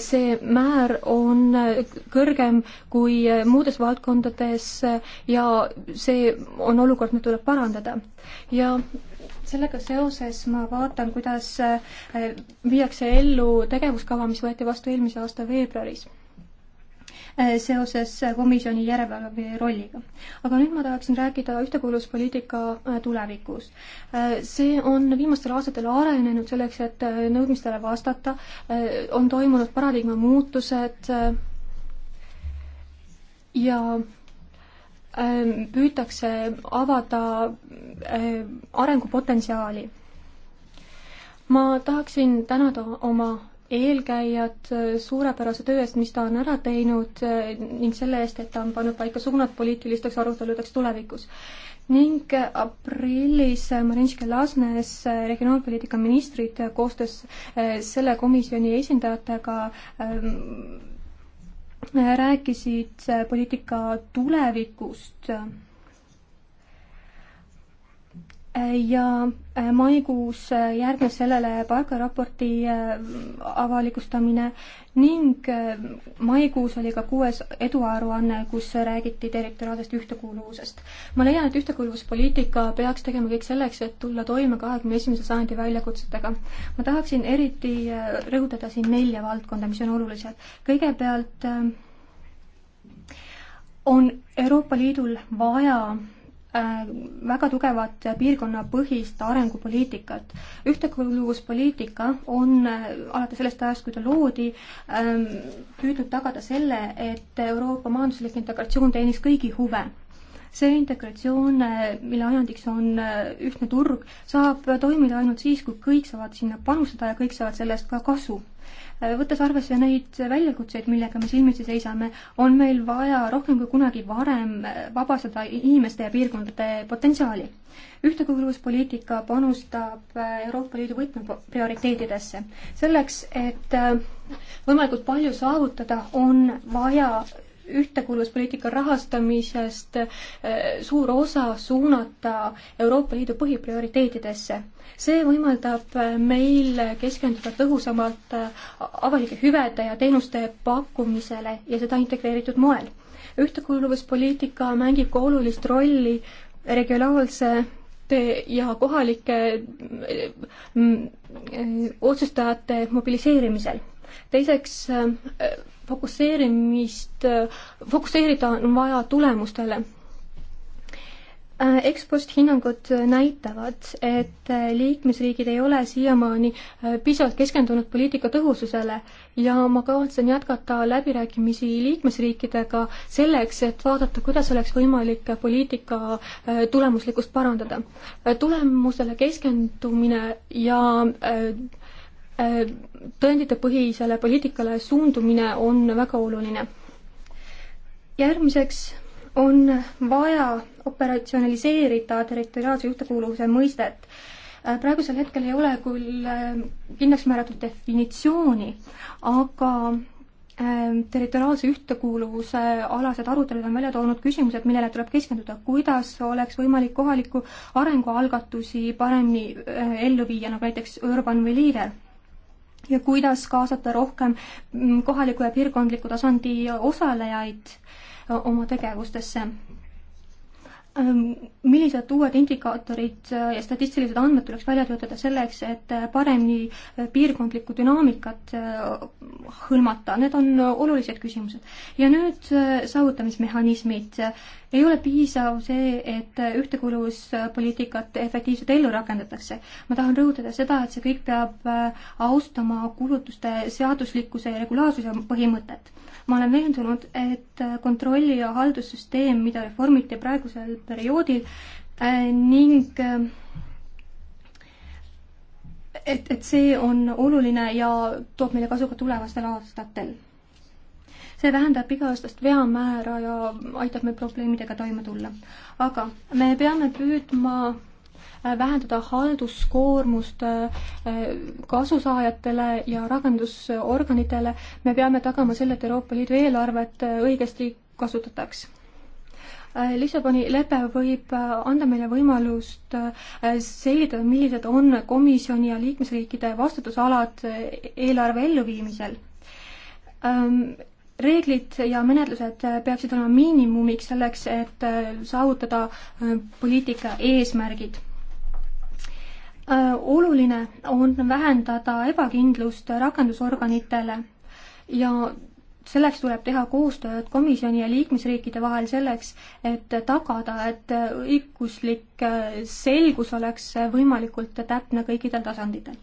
B: see määr on kõrgem kui muudes valdkondades ja see on olukord, mida tuleb parandada. ja sellega seoses ma vaatan, kuidas viiakse ellu tegevuskava, mis võeti vastu eelmise aasta veebruaris Äh, seoses äh, komisjoni järelevalve rolliga. aga nüüd ma tahaksin rääkida ühtekuuluvuspoliitika äh, tulevikust. see on viimastel aastatel arenenud selleks, et nõudmistele vastata, on toimunud paradigma muutused ja püütakse avada arengupotentsiaali. ma tahaksin tänada oma eelkäijat suurepärase töö eest, mis ta on ära teinud eh, ning selle eest, et ta on pannud paika suunad poliitilisteks aruteludeks tulevikus. ning eh, aprillis eh, Marinske Lasnes, regionaalpoliitika ministrid koostöös selle komisjoni esindajatega rääkisid poliitika tulevikust ja äh, maikuus äh, järgnes sellele Paeka raporti äh, avalikustamine ning maikuus oli ka kuues eduaruanne, kus räägiti territoriaalsest ühtekuuluvusest. ma leian, et ühtekuuluvuspoliitika peaks tegema kõik selleks, et tulla toime kahekümne esimese sajandi väljakutsetega. ma tahaksin eriti rõhutada siin nelja valdkonda, mis on olulised. kõigepealt on Euroopa Liidul vaja Äh, väga tugevat piirkonnapõhist arengupoliitikat. ühtekuuluvuspoliitika on äh, alates sellest ajast, kui ta loodi, ähm, püüdnud tagada selle, et Euroopa majanduslik integratsioon teenis kõigi huve see integratsioon, äh, mille ajendiks on ühtne turg, saab toimida ainult siis, kui kõik saavad sinna panustada ja kõik saavad sellest ka kasu Äh, võttes arvesse neid väljakutseid, millega me silmitsi seisame, on meil vaja rohkem kui kunagi varem äh, vabastada inimeste ja piirkondade potentsiaali. ühtekuuluvuspoliitika panustab äh, Euroopa Liidu võtmeprioriteetidesse. selleks, et võimalikult palju saavutada, on vaja ühtekuuluvuspoliitika rahastamisest eh, suur osa suunata Euroopa Liidu põhiprioriteetidesse. see võimaldab eh, meil keskenduda tõhusamalt eh, avalike hüvede ja teenuste pakkumisele ja seda integreeritud moel. ühtekuuluvuspoliitika mängib ka olulist rolli regionaalse ja kohalike mm, otsustajate mobiliseerimisel teiseks fokusseerimist, fokusseerida on vaja tulemustele. Äh, Ekspost hinnangud näitavad, et äh, liikmesriigid ei ole siiamaani äh, piisavalt keskendunud poliitika tõhususele ja ma kavatsen jätkata läbirääkimisi liikmesriikidega selleks, et vaadata, kuidas oleks võimalik poliitika tulemuslikkust parandada. tulemusele keskendumine ja tõenditepõhisele poliitikale suundumine on väga oluline. järgmiseks on vaja operatsionaliseerida territoriaalse ühtekuuluvuse mõistet. Äh, praegusel hetkel ei ole küll äh, kindlaks määratud definitsiooni, aga äh, territoriaalse ühtekuuluvuse alased arutelud on välja toonud küsimused, millele tuleb keskenduda, kuidas oleks võimalik kohalikku arengualgatusi paremini ellu viia, nagu näiteks Urban või Leader ja kuidas kaasata rohkem mm, kohaliku ja piirkondliku tasandi osalejaid oma tegevustesse. millised uued indikaatorid ja statistilised andmed tuleks välja töötada selleks, et paremini piirkondlikku dünaamikat hõlmata, need on olulised küsimused. ja nüüd saavutamismehhanismid ei ole piisav see, et ühtekuuluvuspoliitikat efektiivselt ellu rakendatakse. ma tahan rõhutada seda, et see kõik peab äh, austama kulutuste seaduslikkuse ja regulaarsuse põhimõtet. ma olen veendunud, et kontrolli- ja haldussüsteem, mida reformiti praegusel perioodil äh, ning äh, et, et see on oluline ja toob meile kasu ka tulevastel aastatel see vähendab iga-aastast veamäära ja aitab meil probleemidega toime tulla. aga me peame püüdma äh, vähendada halduskoormust äh, kasusaajatele ja rakendusorganitele, me peame tagama selle, et Euroopa Liidu eelarvet äh, õigesti kasutataks. Lissaboni lepe võib anda meile võimalust selgitada, millised on komisjoni ja liikmesriikide vastutusalad eelarve elluviimisel ähm, reeglid ja menetlused peaksid olema miinimumiks selleks, et äh, saavutada äh, poliitika eesmärgid. Äh, oluline on vähendada ebakindlust rakendusorganitele ja selleks tuleb teha koostööd komisjoni ja liikmesriikide vahel selleks, et tagada, et õiguslik selgus oleks võimalikult täpne kõikidel tasanditel.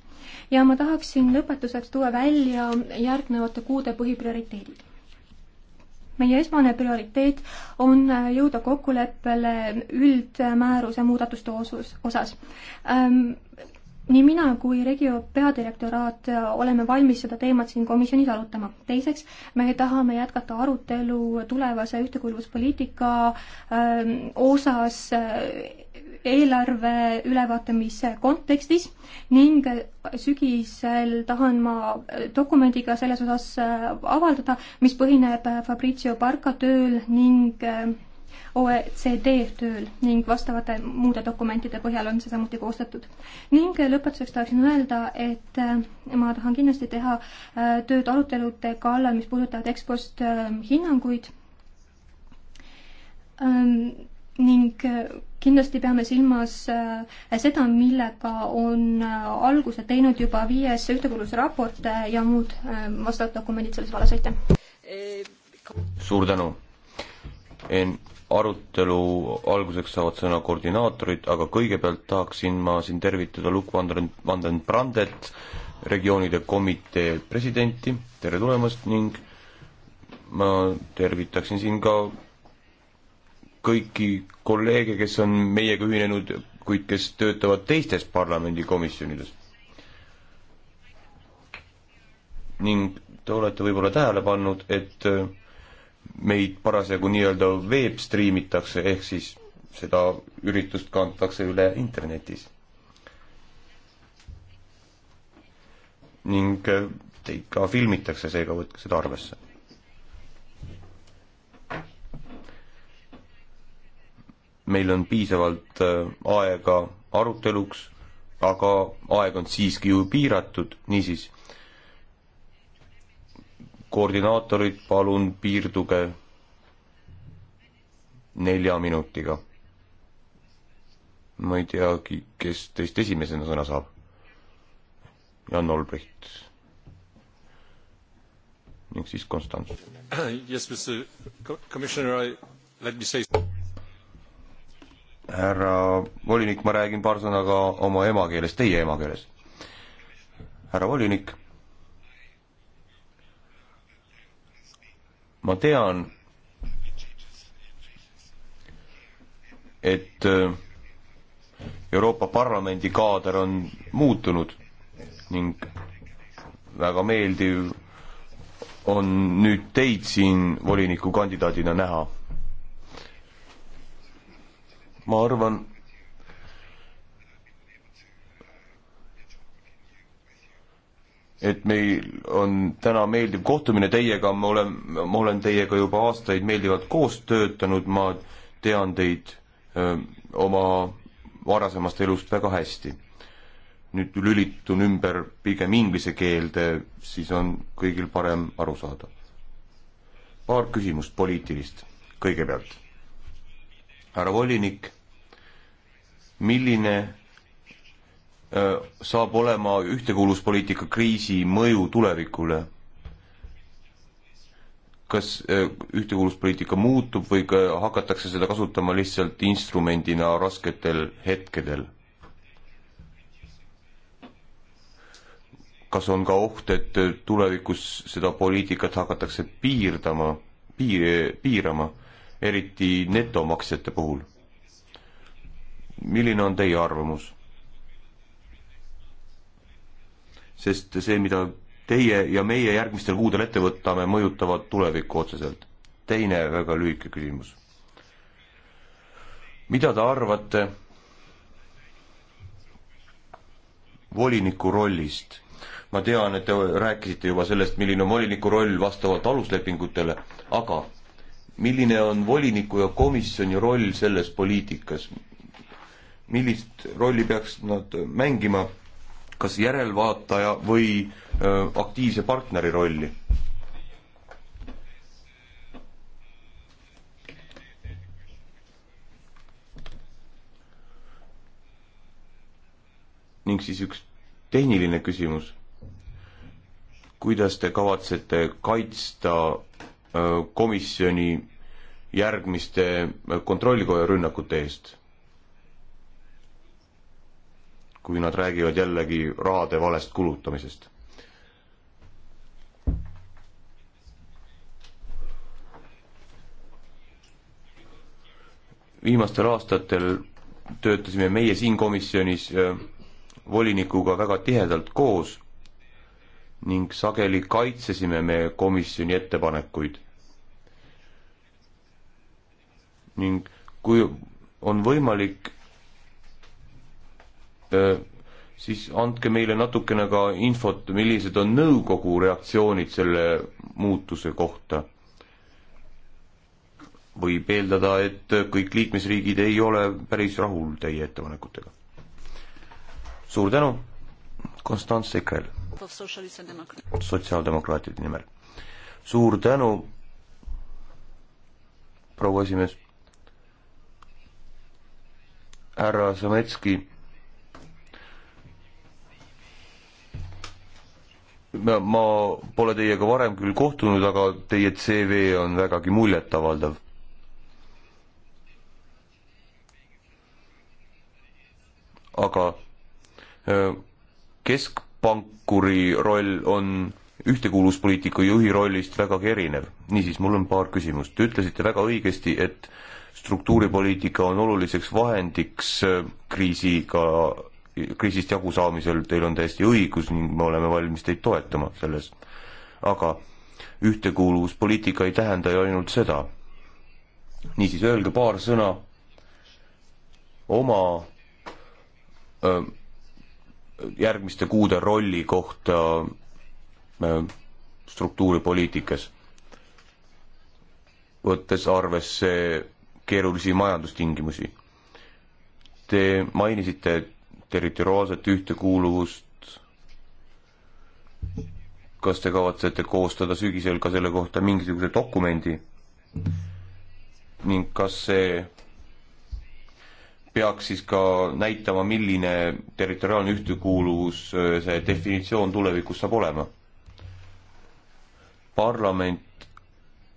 B: ja ma tahaksin lõpetuseks tuua välja järgnevate kuude põhiprioriteedid meie esmane prioriteet on äh, jõuda kokkuleppele üldmääruse muudatuste osus, osas ähm, nii mina kui Regio peadirektoraat äh, oleme valmis seda teemat siin komisjonis arutama. teiseks, me tahame jätkata arutelu tulevase ühtekuuluvuspoliitika ähm, osas äh, eelarve ülevaatamise kontekstis ning sügisel tahan ma äh, dokumendi ka selles osas äh, avaldada, mis põhineb äh, Fabrizio Barca tööl ning OECD tööl ning vastavate muude dokumentide põhjal on see samuti koostatud. ning lõpetuseks tahaksin öelda, et ma tahan kindlasti teha tööd arutelude kallal, mis puudutavad EXPO-st hinnanguid ning äh, kindlasti peame silmas äh, seda, millega on äh, alguse teinud juba viies ühtekuuluvusraport ja muud vastavad dokumendid selles vallas, aitäh!
C: suur tänu! arutelu alguseks saavad sõna koordinaatorid, aga kõigepealt tahaksin ma siin tervitada Luk van den, van den Brandet, regioonide komitee presidenti, tere tulemast ning ma tervitaksin siin ka kõiki kolleege, kes on meiega ühinenud, kuid kes töötavad teistes parlamendikomisjonides. ning te olete võib-olla tähele pannud, et äh, meid parasjagu nii-öelda veebstriimitakse, ehk siis seda üritust kantakse üle internetis. ning äh, teid ka filmitakse, seega võtke seda arvesse meil on piisavalt äh, aega aruteluks, aga aeg on siiski ju piiratud, niisiis koordinaatorid, palun piirduge nelja minutiga. ma ei teagi, kes teist esimesena sõna saab. Jan Olbricht. ning siis Konstantin. Yes, Mr Commissioner, I, let me say härra volinik, ma räägin paar sõna ka oma emakeeles, teie emakeeles. härra volinik, ma tean, et äh, Euroopa Parlamendi kaader on muutunud ning väga meeldiv on nüüd teid siin volinikukandidaadina näha ma arvan, et meil on täna meeldiv kohtumine teiega, ma olen, ma olen teiega juba aastaid meeldivalt koos töötanud, ma tean teid öö, ähm, oma varasemast elust väga hästi. nüüd lülitun ümber pigem inglise keelde, siis on kõigil parem aru saada. paar küsimust poliitilist kõigepealt. härra volinik milline äh, saab olema ühtekuuluvuspoliitika kriisi mõju tulevikule? kas äh, ühtekuuluvuspoliitika muutub või ka hakatakse seda kasutama lihtsalt instrumendina rasketel hetkedel? kas on ka oht, et tulevikus seda poliitikat hakatakse piirdama, piir, piirama, eriti netomaksjate puhul? milline on teie arvamus? sest see, mida teie ja meie järgmistel kuudel ette võtame, mõjutavad tulevikku otseselt. teine väga lühike küsimus. mida te arvate voliniku rollist? ma tean, et te rääkisite juba sellest, milline on voliniku roll vastavalt aluslepingutele, aga milline on voliniku ja komisjoni roll selles poliitikas, millist rolli peaks nad mängima, kas järelvaataja või aktiivse partneri rolli? ning siis üks tehniline küsimus. kuidas te kavatsete kaitsta komisjoni järgmiste kontrollikoja rünnakute eest? kui nad räägivad jällegi rahade valest kulutamisest. viimastel aastatel töötasime meie siin komisjonis äh, volinikuga väga tihedalt koos ning sageli kaitsesime me komisjoni ettepanekuid. ning kui on võimalik Äh, siis andke meile natukene ka infot, millised on nõukogu reaktsioonid selle muutuse kohta. võib eeldada, et kõik liikmesriigid ei ole päris rahul teie ettepanekutega. suur tänu, Konstantin Sekrel, sotsiaaldemokraatide nimel. suur tänu, proua esimees, härra Zametski ma pole teiega varem küll kohtunud, aga teie CV on vägagi muljetavaldav. aga keskpankuri roll on ühtekuuluvuspoliitiku juhi rollist vägagi erinev. niisiis, mul on paar küsimust. Te ütlesite väga õigesti, et struktuuripoliitika on oluliseks vahendiks kriisiga kriisist jagusaamisel teil on täiesti õigus ning me oleme valmis teid toetama selles. aga ühtekuuluvuspoliitika ei tähenda ju ainult seda. niisiis, öelge paar sõna oma öö, järgmiste kuude rolli kohta öö, struktuuripoliitikas, võttes arvesse keerulisi majandustingimusi. Te mainisite, et territoriaalset ühtekuuluvust. kas te kavatsete koostada sügisel ka selle kohta mingisuguse dokumendi? ning kas see peaks siis ka näitama, milline territoriaalne ühtekuuluvus äh, see definitsioon tulevikus saab olema? parlament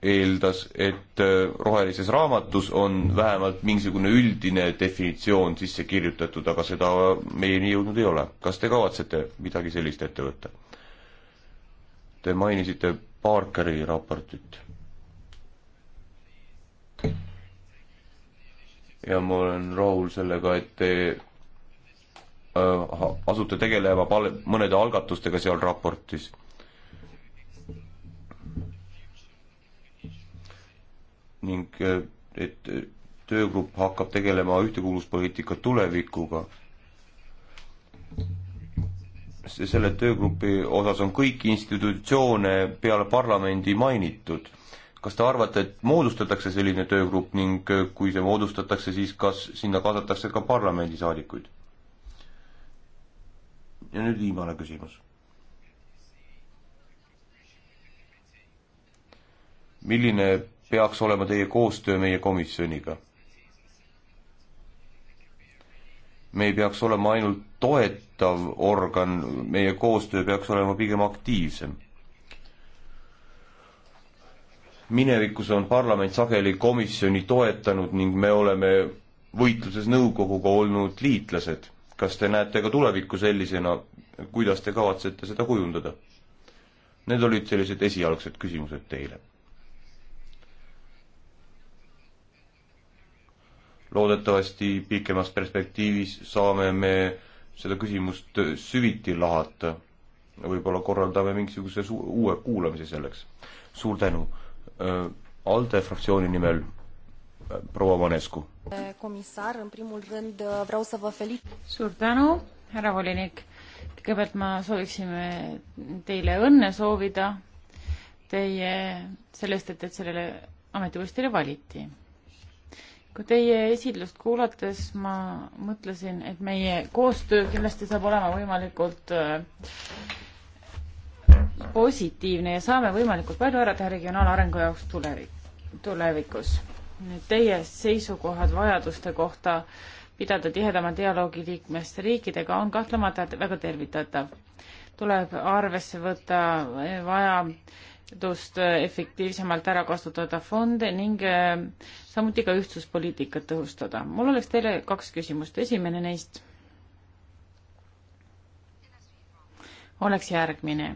C: eeldas, et äh, rohelises raamatus on vähemalt mingisugune üldine definitsioon sisse kirjutatud, aga seda meieni jõudnud ei ole. kas te kavatsete midagi sellist ette võtta? Te mainisite Parkeri raportit. ja ma olen rahul sellega, et te äh, asute tegelema pal-, mõnede algatustega seal raportis ning äh, et äh, töögrupp hakkab tegelema ühtekuuluvuspoliitika tulevikuga. selle töögrupi osas on kõiki institutsioone peale parlamendi mainitud. kas te arvate, et moodustatakse selline töögrupp ning äh, kui see moodustatakse, siis kas sinna kaasatakse ka parlamendisaadikuid? ja nüüd viimane küsimus milline peaks olema teie koostöö meie komisjoniga? me ei peaks olema ainult toetav organ, meie koostöö peaks olema pigem aktiivsem. minevikus on parlament sageli komisjoni toetanud ning me oleme võitluses nõukoguga olnud liitlased. kas te näete ka tulevikku sellisena, kuidas te kavatsete seda kujundada? Need olid sellised esialgsed küsimused teile loodetavasti pikemas perspektiivis saame me seda küsimust süviti lahata. võib-olla korraldame mingisuguse uue kuulamise selleks. suur tänu. Äh, ALDE fraktsiooni nimel äh, proua Manescu.
B: komissar, în primul rând äh, vreau
D: să vă felicit. suur tänu, härra volinik. kõigepealt ma sooviksin teile õnne soovida teie sellest, et, et sellele ametipostile valiti kui teie esitlust kuulates ma mõtlesin, et meie koostöö kindlasti saab olema võimalikult äh, positiivne ja saame võimalikult palju ära teha regionaalarengu jaoks tulevikus. nüüd teie seisukohad vajaduste kohta pidada tihedama dialoogi liikmesriikidega on kahtlemata väga tervitatav. tuleb arvesse võtta vaja suutlikkust äh, efektiivsemalt ära kasutada fonde ning äh, samuti ka ühtsuspoliitikat tõhustada. mul oleks teile kaks küsimust, esimene neist oleks järgmine.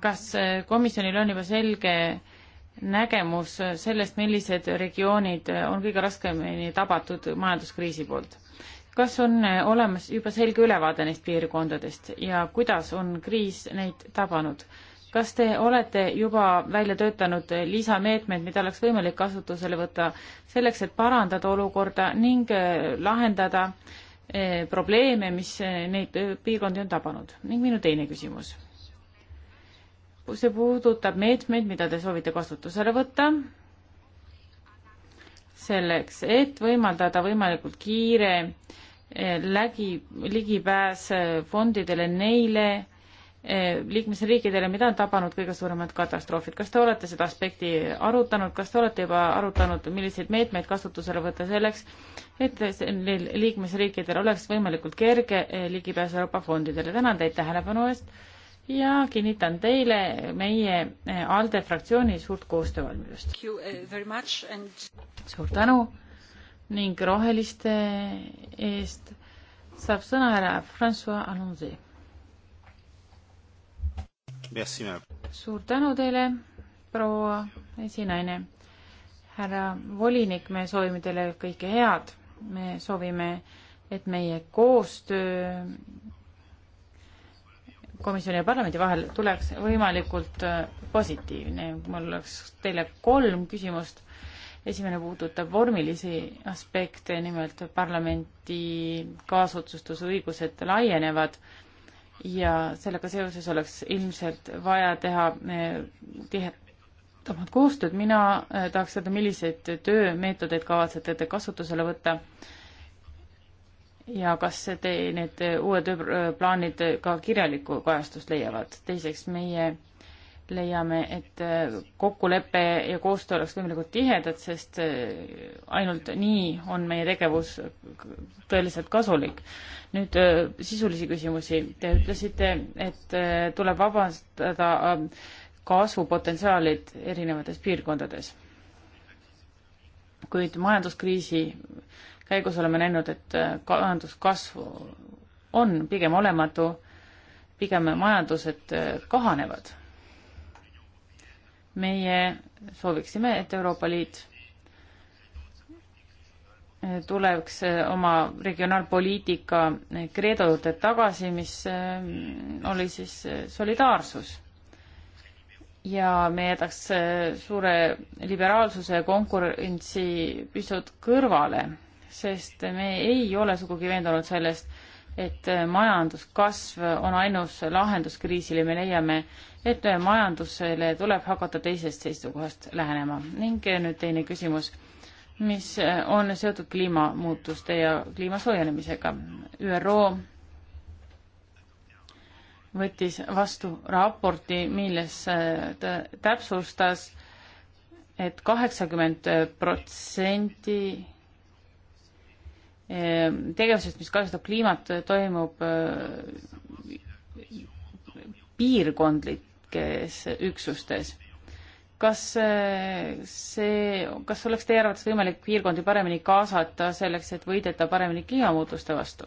D: kas äh, komisjonil on juba selge nägemus sellest, millised regioonid on kõige raskemini tabatud majanduskriisi poolt? kas on olemas juba selge ülevaade neist piirkondadest ja kuidas on kriis neid tabanud? kas te olete juba välja töötanud lisameetmed, mida oleks võimalik kasutusele võtta selleks, et parandada olukorda ning äh, lahendada äh, probleeme, mis äh, neid piirkondi on tabanud? ning minu teine küsimus. see puudutab meetmeid, mida te soovite kasutusele võtta selleks, et võimaldada võimalikult kiire lägi, ligipääs fondidele neile, Eh, liikmesriikidele, mida on tabanud kõige suuremad katastroofid. kas te olete seda aspekti arutanud, kas te olete juba arutanud, milliseid meetmeid kasutusele võtta selleks, et neil liikmesriikidel oleks võimalikult kerge eh, ligipääs Euroopa fondidele? tänan teid tähelepanu eest ja kinnitan teile meie eh, ALDE fraktsiooni suurt koostöövalmidust. And... suur tänu ning roheliste eest saab sõna härra Francois Alonso suur tänu teile, proua esinaine. härra volinik, me soovime teile kõike head. me soovime, et meie koostöö komisjoni ja parlamendi vahel tuleks võimalikult äh, positiivne. mul oleks teile kolm küsimust. esimene puudutab vormilisi aspekte, nimelt parlamenti kaasotsustusõigused laienevad ja sellega seoses oleks ilmselt vaja teha eh, tihedamad koostööd. mina eh, tahaks teada, milliseid töömeetodeid kavatsete te kasutusele võtta ja kas te, need eh, uued tööplaanid ka kirjalikku kajastust leiavad? teiseks, meie leiame, et äh, kokkulepe ja koostöö oleks võimalikult tihedad, sest äh, ainult nii on meie tegevus tõeliselt kasulik. nüüd äh, sisulisi küsimusi. Te ütlesite, et tuleb vabastada kasvupotentsiaalid erinevates piirkondades. kuid majanduskriisi käigus oleme näinud, et majanduskasv on pigem olematu, pigem majandused kahanevad meie sooviksime, et Euroopa Liit tuleks oma regionaalpoliitika kreedode tagasi, mis äh, oli siis äh, solidaarsus. ja me jätaks äh, suure liberaalsuse ja konkurentsi pisut kõrvale, sest me ei ole sugugi veendunud sellest, et majanduskasv on ainus lahendus kriisile, me leiame, et majandusele tuleb hakata teisest seisukohast lähenema. ning nüüd teine küsimus, mis on seotud kliimamuutuste ja kliima soojenemisega. ÜRO võttis vastu raporti, milles äh, ta täpsustas et, et kaheksakümmend protsenti äh, tegevusest, mis kahjustab kliimat, toimub äh, piirkondlik avalikes üksustes. kas eh, see, kas oleks teie arvates võimalik piirkondi paremini kaasata selleks, et võidelda paremini kliimamuutuste vastu?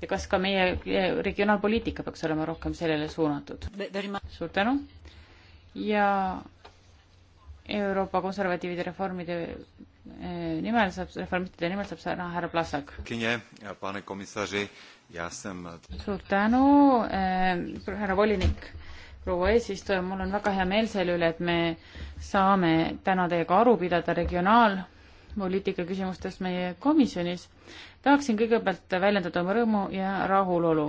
D: ja kas ka meie eh, regionaalpoliitika peaks olema rohkem sellele suunatud? suur tänu ja Euroopa konservatiivide reformide eh, nimel saab, reformistide nimel saab sõna härra Plasak. suur tänu äh,, härra volinik proua eesistuja, mul on väga hea meel selle üle, et me saame täna teiega aru pidada regionaalpoliitika küsimustest meie komisjonis. tahaksin kõigepealt väljendada oma rõõmu ja rahulolu.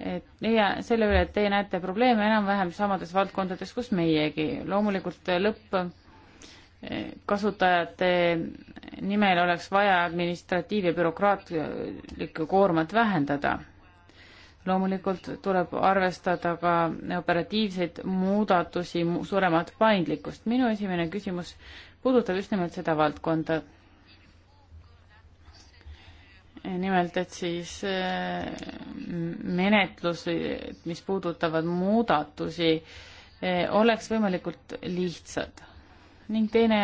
D: et ja selle üle, et teie näete probleeme enam-vähem samades valdkondades, kus meiegi. loomulikult lõpp eh, kasutajate nimel oleks vaja administratiiv- ja bürokraatlikku koormat vähendada loomulikult tuleb arvestada ka operatiivseid muudatusi, suuremat paindlikkust. minu esimene küsimus puudutab just nimelt seda valdkonda. nimelt, et siis äh, menetlusi, mis puudutavad muudatusi, äh, oleks võimalikult lihtsad. ning teine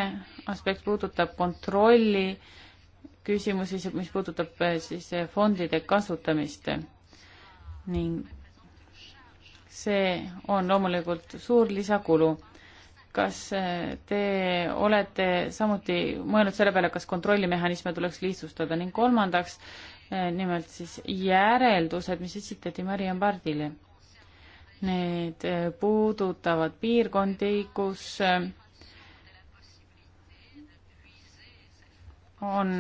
D: aspekt puudutab kontrolli küsimusi, mis puudutab äh, siis fondide kasutamist ning see on loomulikult suur lisakulu. kas äh, te olete samuti mõelnud selle peale, kas kontrollimehhanisme tuleks lihtsustada ning kolmandaks, äh, nimelt siis järeldused, mis esitati Mariann Pardile. Need äh, puudutavad piirkondi, kus on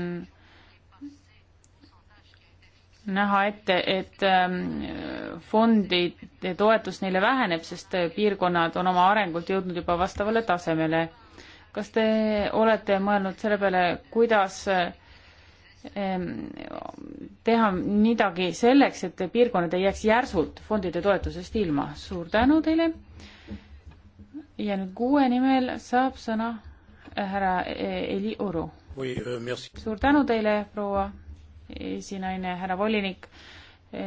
D: näha ette, et ähm, fondide toetus neile väheneb, sest äh, piirkonnad on oma arengult jõudnud juba vastavale tasemele. kas te olete mõelnud selle peale, kuidas ähm, teha midagi selleks, et piirkonnad ei jääks järsult fondide toetusest ilma? suur tänu teile. ja nüüd kuue nimel saab sõna äh, härra Heli äh, Oru. Euh, suur tänu teile, proua esinaine, härra volinik,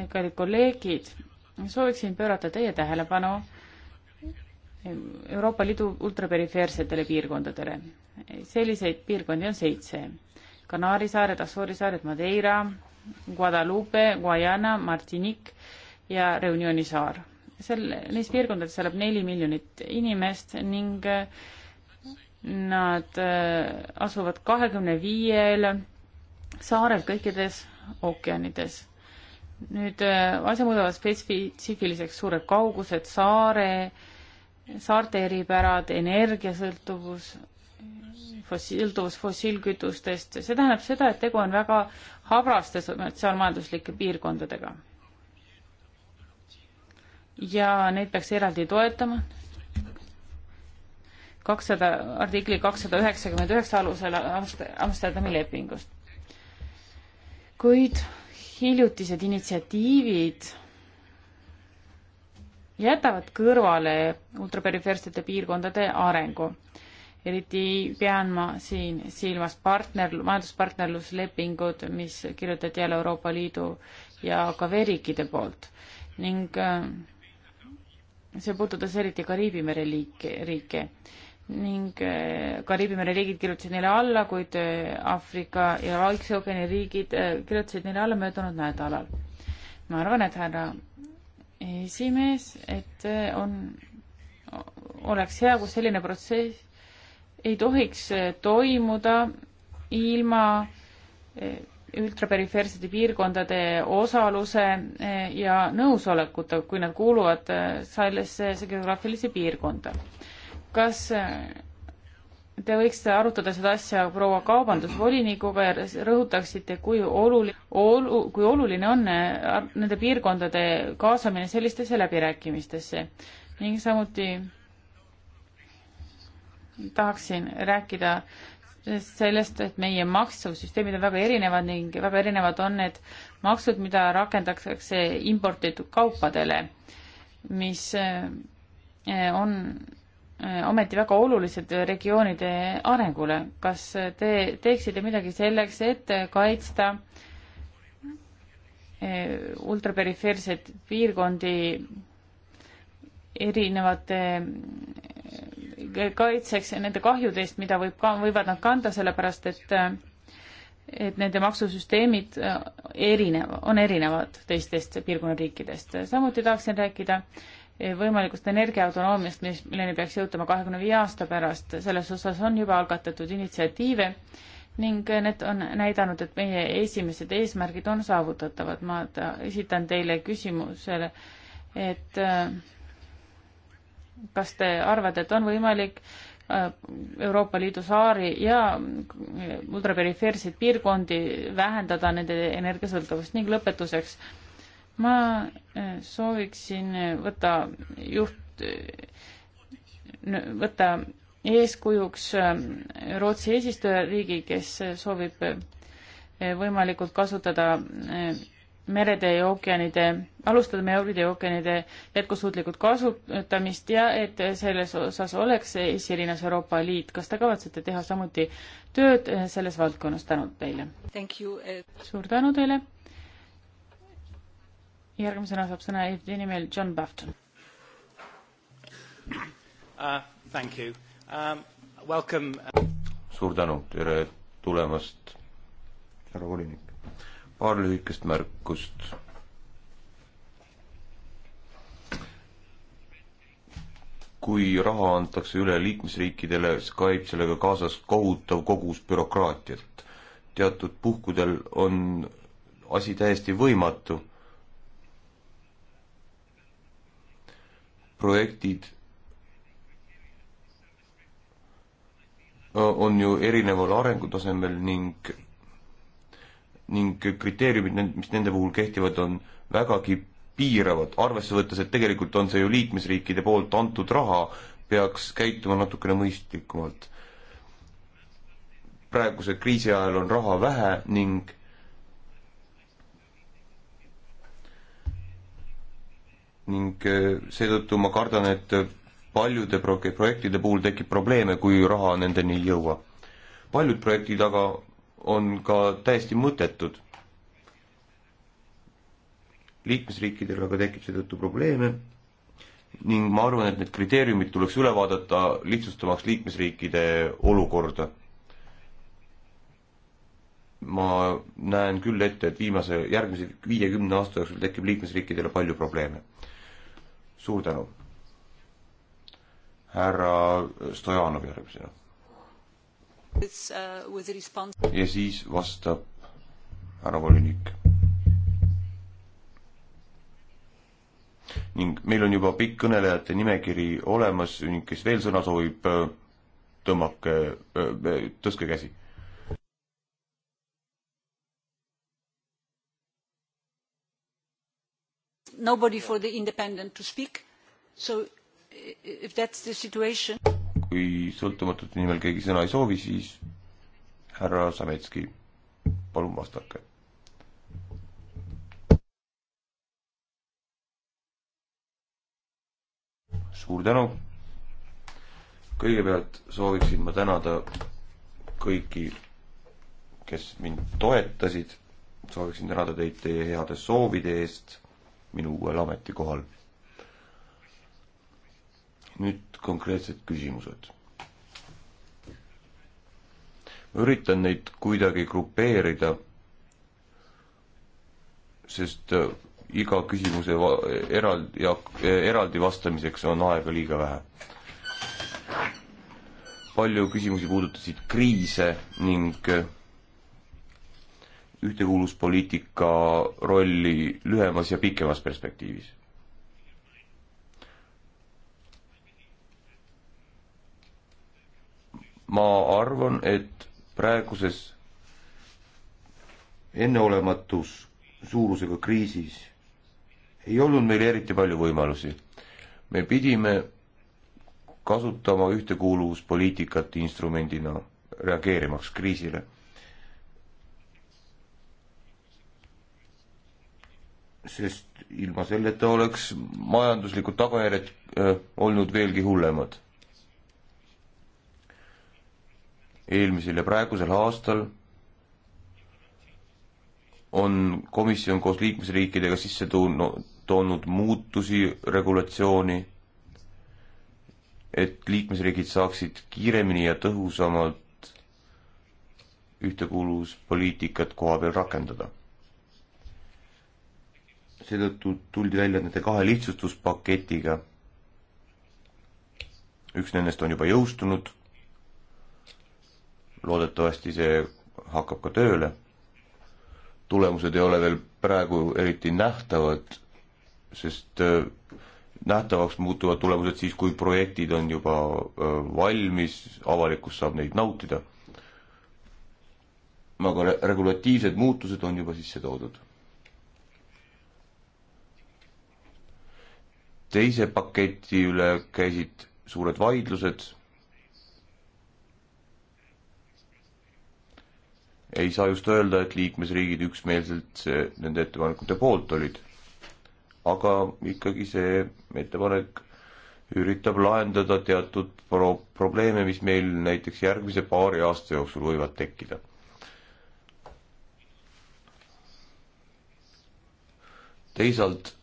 D: kallid kolleegid, sooviksin pöörata teie tähelepanu Euroopa Liidu ultraperifeersetele piirkondadele. selliseid piirkondi on seitse. Kanaari saared, Assuuri saared, Madeira, Guadalupe, Guayana, Martinique ja Reunioni saar. sel, neis piirkondades elab neli miljonit inimest ning nad äh, asuvad kahekümne viiel saarel kõikides ookeanides. nüüd äh, asja muudavad spetsiifiliseks suured kaugused, saare, saarte eripärad, energiasõltuvus, fossiiltuvus fossiilkütustest, see tähendab seda, et tegu on väga habraste sotsiaalmajanduslike piirkondadega. ja neid peaks eraldi toetama, kakssada, artikli kakssada üheksakümmend üheksa alusel Amsterdami lepingust kuid hiljutised initsiatiivid jätavad kõrvale ultraperifeersete piirkondade arengu. eriti pean ma siin silmas partner, majanduspartnerluslepingud, mis kirjutati jälle Euroopa Liidu ja AKV riikide poolt ning äh, see puudutas eriti Kariibi mere liike, riike ning eh, Kariibi mere riigid kirjutasid neile alla, kuid eh, Aafrika ja Vaikse ookeani riigid eh, kirjutasid neile alla möödunud nädalal. ma arvan, et härra esimees, et on, oleks hea, kui selline protsess ei tohiks toimuda ilma ultraperifeersete piirkondade osaluse ja nõusolekuta, kui nad kuuluvad sellesse geograafilisse piirkonda kas te võiksite arutada seda asja proua kaubandusvolinikuga ja rõhutaksite, kui oluline, olu-, kui oluline on äh, nende piirkondade kaasamine sellistesse läbirääkimistesse ning samuti tahaksin rääkida sellest, et meie maksusüsteemid on väga erinevad ning väga erinevad on need maksud, mida rakendatakse imporditud kaupadele, mis äh, on Äh, ometi väga olulised regioonide arengule. kas te teeksite midagi selleks, et kaitsta äh, ultraperifeerseid piirkondi erinevate äh, kaitseks nende kahjude eest, mida võib ka, võivad nad kanda, sellepärast et et nende maksusüsteemid erinev, on erinevad teistest piirkonna riikidest. samuti tahaksin rääkida äh, Eh, võimalikust energiaautonoomiast, mis, milleni peaks jõutama kahekümne viie aasta pärast, selles osas on juba algatatud initsiatiive ning eh, need on näidanud, et meie esimesed eesmärgid on saavutatavad. ma esitan teile küsimusele, et eh, kas te arvate, et on võimalik Euroopa Liidu saari ja ultraperifeerseid piirkondi vähendada nende energiasõltuvust ning lõpetuseks ma äh, sooviksin äh, võtta juht, äh, võtta eeskujuks Rootsi eesistujariigi, kes soovib võimalikult kasutada merede ja ookeanide, alustada merede ja ookeanide jätkusuutlikult kasutamist ja et selles osas oleks esirinnas Euroopa Liit. kas te kavatsete teha samuti tööd selles valdkonnas? tänud teile! suur tänu teile! järgmisena saab sõna Jevgeni meil John Bafton
B: uh,. Thank you um,. Welcome. Uh,
C: suur tänu, tere tulemast, härra volinik. paar lühikest märkust. kui raha antakse üle liikmesriikidele, käib sellega kaasas kohutav kogus bürokraatiat. teatud puhkudel on asi täiesti võimatu projektid äh, on ju erineval arengutasemel ning, ning kriteeriumid, mis nende puhul kehtivad, on vägagi piiravad, arvesse võttes, et tegelikult on see ju liikmesriikide poolt antud raha, peaks käituma natukene mõistlikumalt. praeguse kriisi ajal on raha vähe ning ning eh, seetõttu ma kardan, et paljude pro-, projektide puhul tekib probleeme, kui raha nendeni ei jõua. paljud projektid aga on ka täiesti mõttetud. liikmesriikidel aga tekib seetõttu probleeme ning ma arvan, et need kriteeriumid tuleks üle vaadata, lihtsustamaks liikmesriikide olukorda. ma näen küll ette, et viimase, järgmise viiekümne aasta jooksul tekib liikmesriikidele palju probleeme suur tänu. härra Stojanov järgmisena.
A: Uh, ja
C: siis vastab härra volinik. ning meil on juba pikk kõnelejate nimekiri olemas ning kes veel sõna soovib, tõmmake, äh, tõstke käsi
A: nobody for the independent to speak. So if that's the situation.
C: kui sõltumatute nimel keegi sõna ei soovi, siis härra Sametski, palun vastake. suur tänu. kõigepealt sooviksin ma tänada kõiki, kes mind toetasid, sooviksin tänada teid teie heade soovide eest minu uuel ametikohal. nüüd konkreetsed küsimused. ma üritan neid kuidagi grupeerida, sest äh, iga küsimuse eraldi, eraldi vastamiseks on aega liiga vähe. palju küsimusi puudutasid kriise ning äh, ühtekuuluspoliitika rolli lühemas ja pikemas perspektiivis? ma arvan, et praeguses enneolematus suurusega kriisis ei olnud meil eriti palju võimalusi. me pidime kasutama ühtekuuluvuspoliitikat instrumendina reageerimaks kriisile sest ilma selleta oleks majanduslikud tagajärjed öö, äh, olnud veelgi hullemad. eelmisel ja praegusel aastal on komisjon koos liikmesriikidega sisse tuunud, toonud muutusi regulatsiooni, et liikmesriigid saaksid kiiremini ja tõhusamalt ühtekuuluvuspoliitikat koha peal rakendada seetõttu tuldi välja nende kahe lihtsustuspaketiga. üks nendest on juba jõustunud. loodetavasti see hakkab ka tööle. tulemused ei ole veel praegu eriti nähtavad, sest äh, nähtavaks muutuvad tulemused siis, kui projektid on juba äh, valmis, avalikkus saab neid nautida. aga regulatiivsed muutused on juba sisse toodud teise paketi üle käisid suured vaidlused. ei saa just öelda, et liikmesriigid üksmeelselt nende ettepanekute poolt olid. aga ikkagi see ettepanek üritab lahendada teatud pro-, probleeme, mis meil näiteks järgmise paari aasta jooksul võivad tekkida. teisalt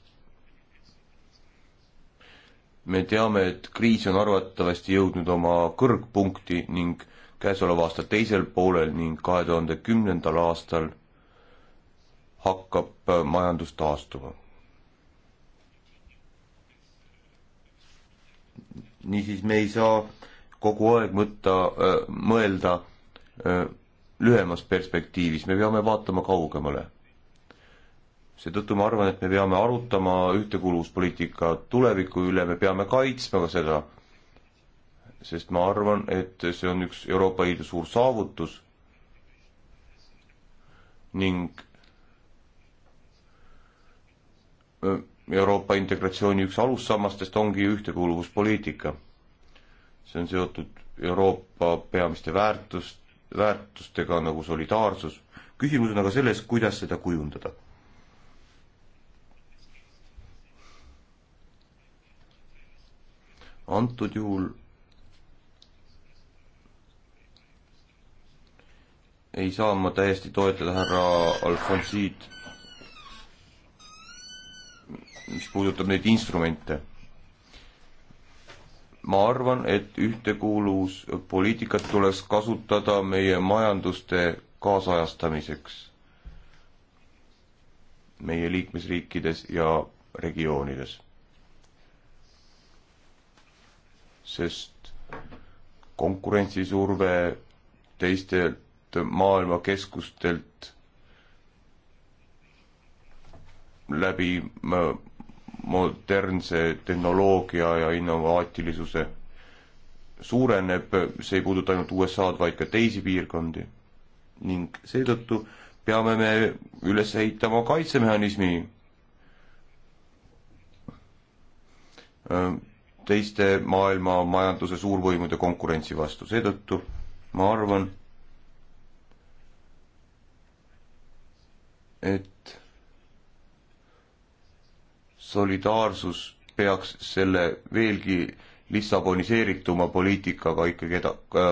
C: me teame, et kriis on arvatavasti jõudnud oma kõrgpunkti ning käesoleva aasta teisel poolel ning kahe tuhande kümnendal aastal hakkab äh, majandus taastuma. niisiis, me ei saa kogu aeg mõtta, äh, mõelda äh, lühemas perspektiivis, me peame vaatama kaugemale seetõttu ma arvan, et me peame arutama ühtekuuluvuspoliitika tuleviku üle, me peame kaitsma ka seda, sest ma arvan, et see on üks Euroopa Liidu suur saavutus ning Euroopa integratsiooni üks alussammastest ongi ühtekuuluvuspoliitika. see on seotud Euroopa peamiste väärtust, väärtustega nagu solidaarsus. küsimus on aga selles, kuidas seda kujundada antud juhul ei saa ma täiesti toetada härra Alfonsiid, mis puudutab neid instrumente. ma arvan, et ühtekuuluvuspoliitikat tuleks kasutada meie majanduste kaasajastamiseks meie liikmesriikides ja regioonides sest konkurentsisurve teistelt maailmakeskustelt läbi modernse tehnoloogia ja innovaatilisuse suureneb, see ei puuduta ainult USA-d, vaid ka teisi piirkondi. ning seetõttu peame me üles ehitama kaitsemehhanismi äh, teiste maailma majanduse suurvõimude konkurentsi vastu, seetõttu ma arvan, et solidaarsus peaks selle veelgi lissaboniseerituma poliitikaga ikkagi eda-, ka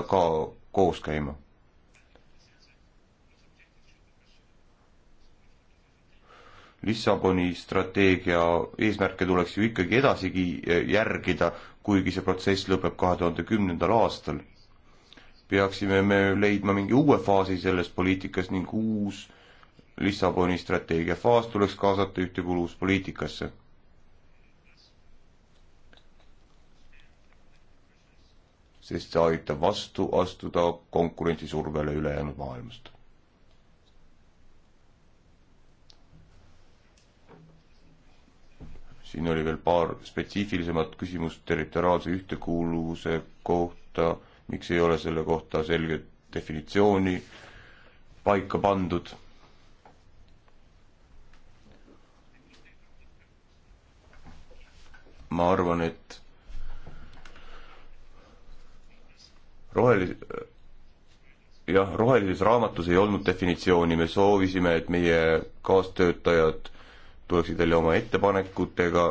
C: koos käima Lissaboni strateegia eesmärke tuleks ju ikkagi edasigi eh, järgida, kuigi see protsess lõpeb kahe tuhande kümnendal aastal. peaksime me leidma mingi uue faasi selles poliitikas ning uus Lissaboni strateegia faas tuleks kaasata ühtekuuluvuspoliitikasse. sest see aitab vastu astuda konkurentsisurvele ülejäänud maailmast siin oli veel paar spetsiifilisemat küsimust territoriaalse ühtekuuluvuse kohta, miks ei ole selle kohta selget definitsiooni paika pandud. ma arvan, et rohelis-, jah, rohelises raamatus ei olnud definitsiooni, me soovisime, et meie kaastöötajad tuleksid välja oma ettepanekutega,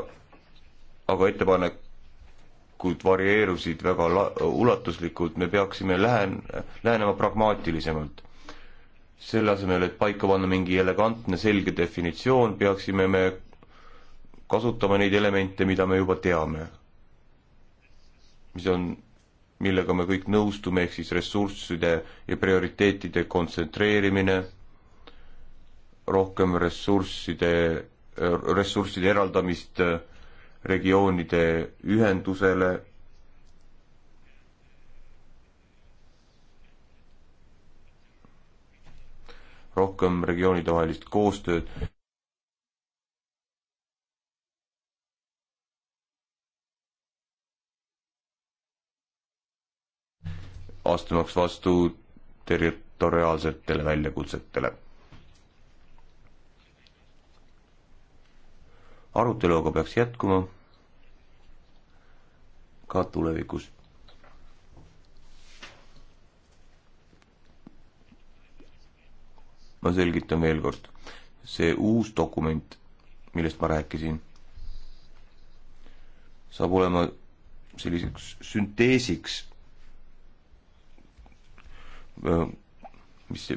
C: aga ettepanekud varieerusid väga la-, ulatuslikult, me peaksime lähen-, lähenema pragmaatilisemalt. selle asemel, et paika panna mingi elegantne selge definitsioon, peaksime me kasutama neid elemente, mida me juba teame. mis on, millega me kõik nõustume, ehk siis ressursside ja prioriteetide kontsentreerimine, rohkem ressursside ressursside eraldamist äh, regioonide ühendusele rohkem regioonidevahelist koostööd. astumaks vastu territoriaalsetele väljakutsetele arutelu aga peaks jätkuma ka tulevikus. ma selgitan veel kord, see uus dokument, millest ma rääkisin, saab olema selliseks sünteesiks, mis,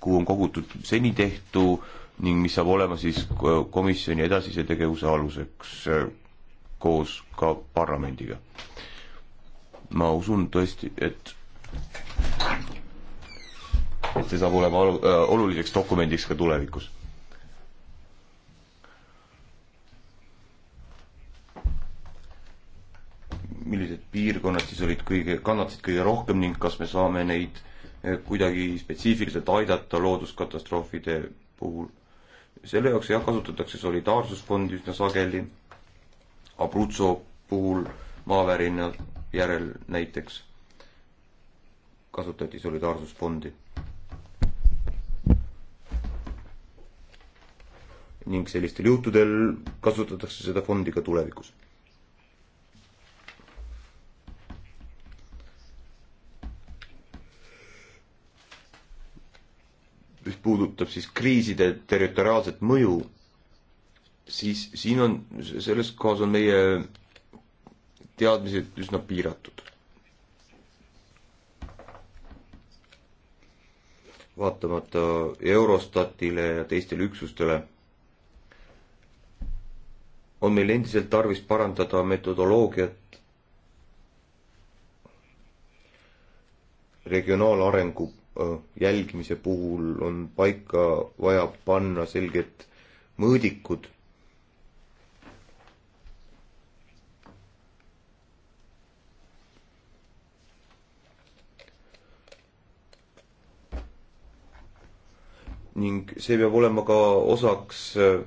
C: kuhu on kogutud seni tehtu äh, ning mis saab olema siis komisjoni edasise tegevuse aluseks äh, koos ka parlamendiga. ma usun tõesti, et et see saab olema olu-, äh, oluliseks dokumendiks ka tulevikus. millised piirkonnad siis olid kõige, kannatasid kõige rohkem ning kas me saame neid äh, kuidagi spetsiifiliselt aidata looduskatastroofide puhul? selle jaoks jah, kasutatakse solidaarsusfondi üsna sageli, Abruzzo puhul maavärina järel näiteks kasutati solidaarsusfondi. ning sellistel juhtudel kasutatakse seda fondi ka tulevikus mis puudutab siis kriiside territoriaalset mõju, siis siin on, selles kohas on meie teadmised üsna piiratud. vaatamata Eurostatile ja teistele üksustele on meil endiselt tarvis parandada metodoloogiat regionaalarengu Äh, jälgimise puhul on paika vaja panna selged mõõdikud. ning see peab olema ka osaks äh,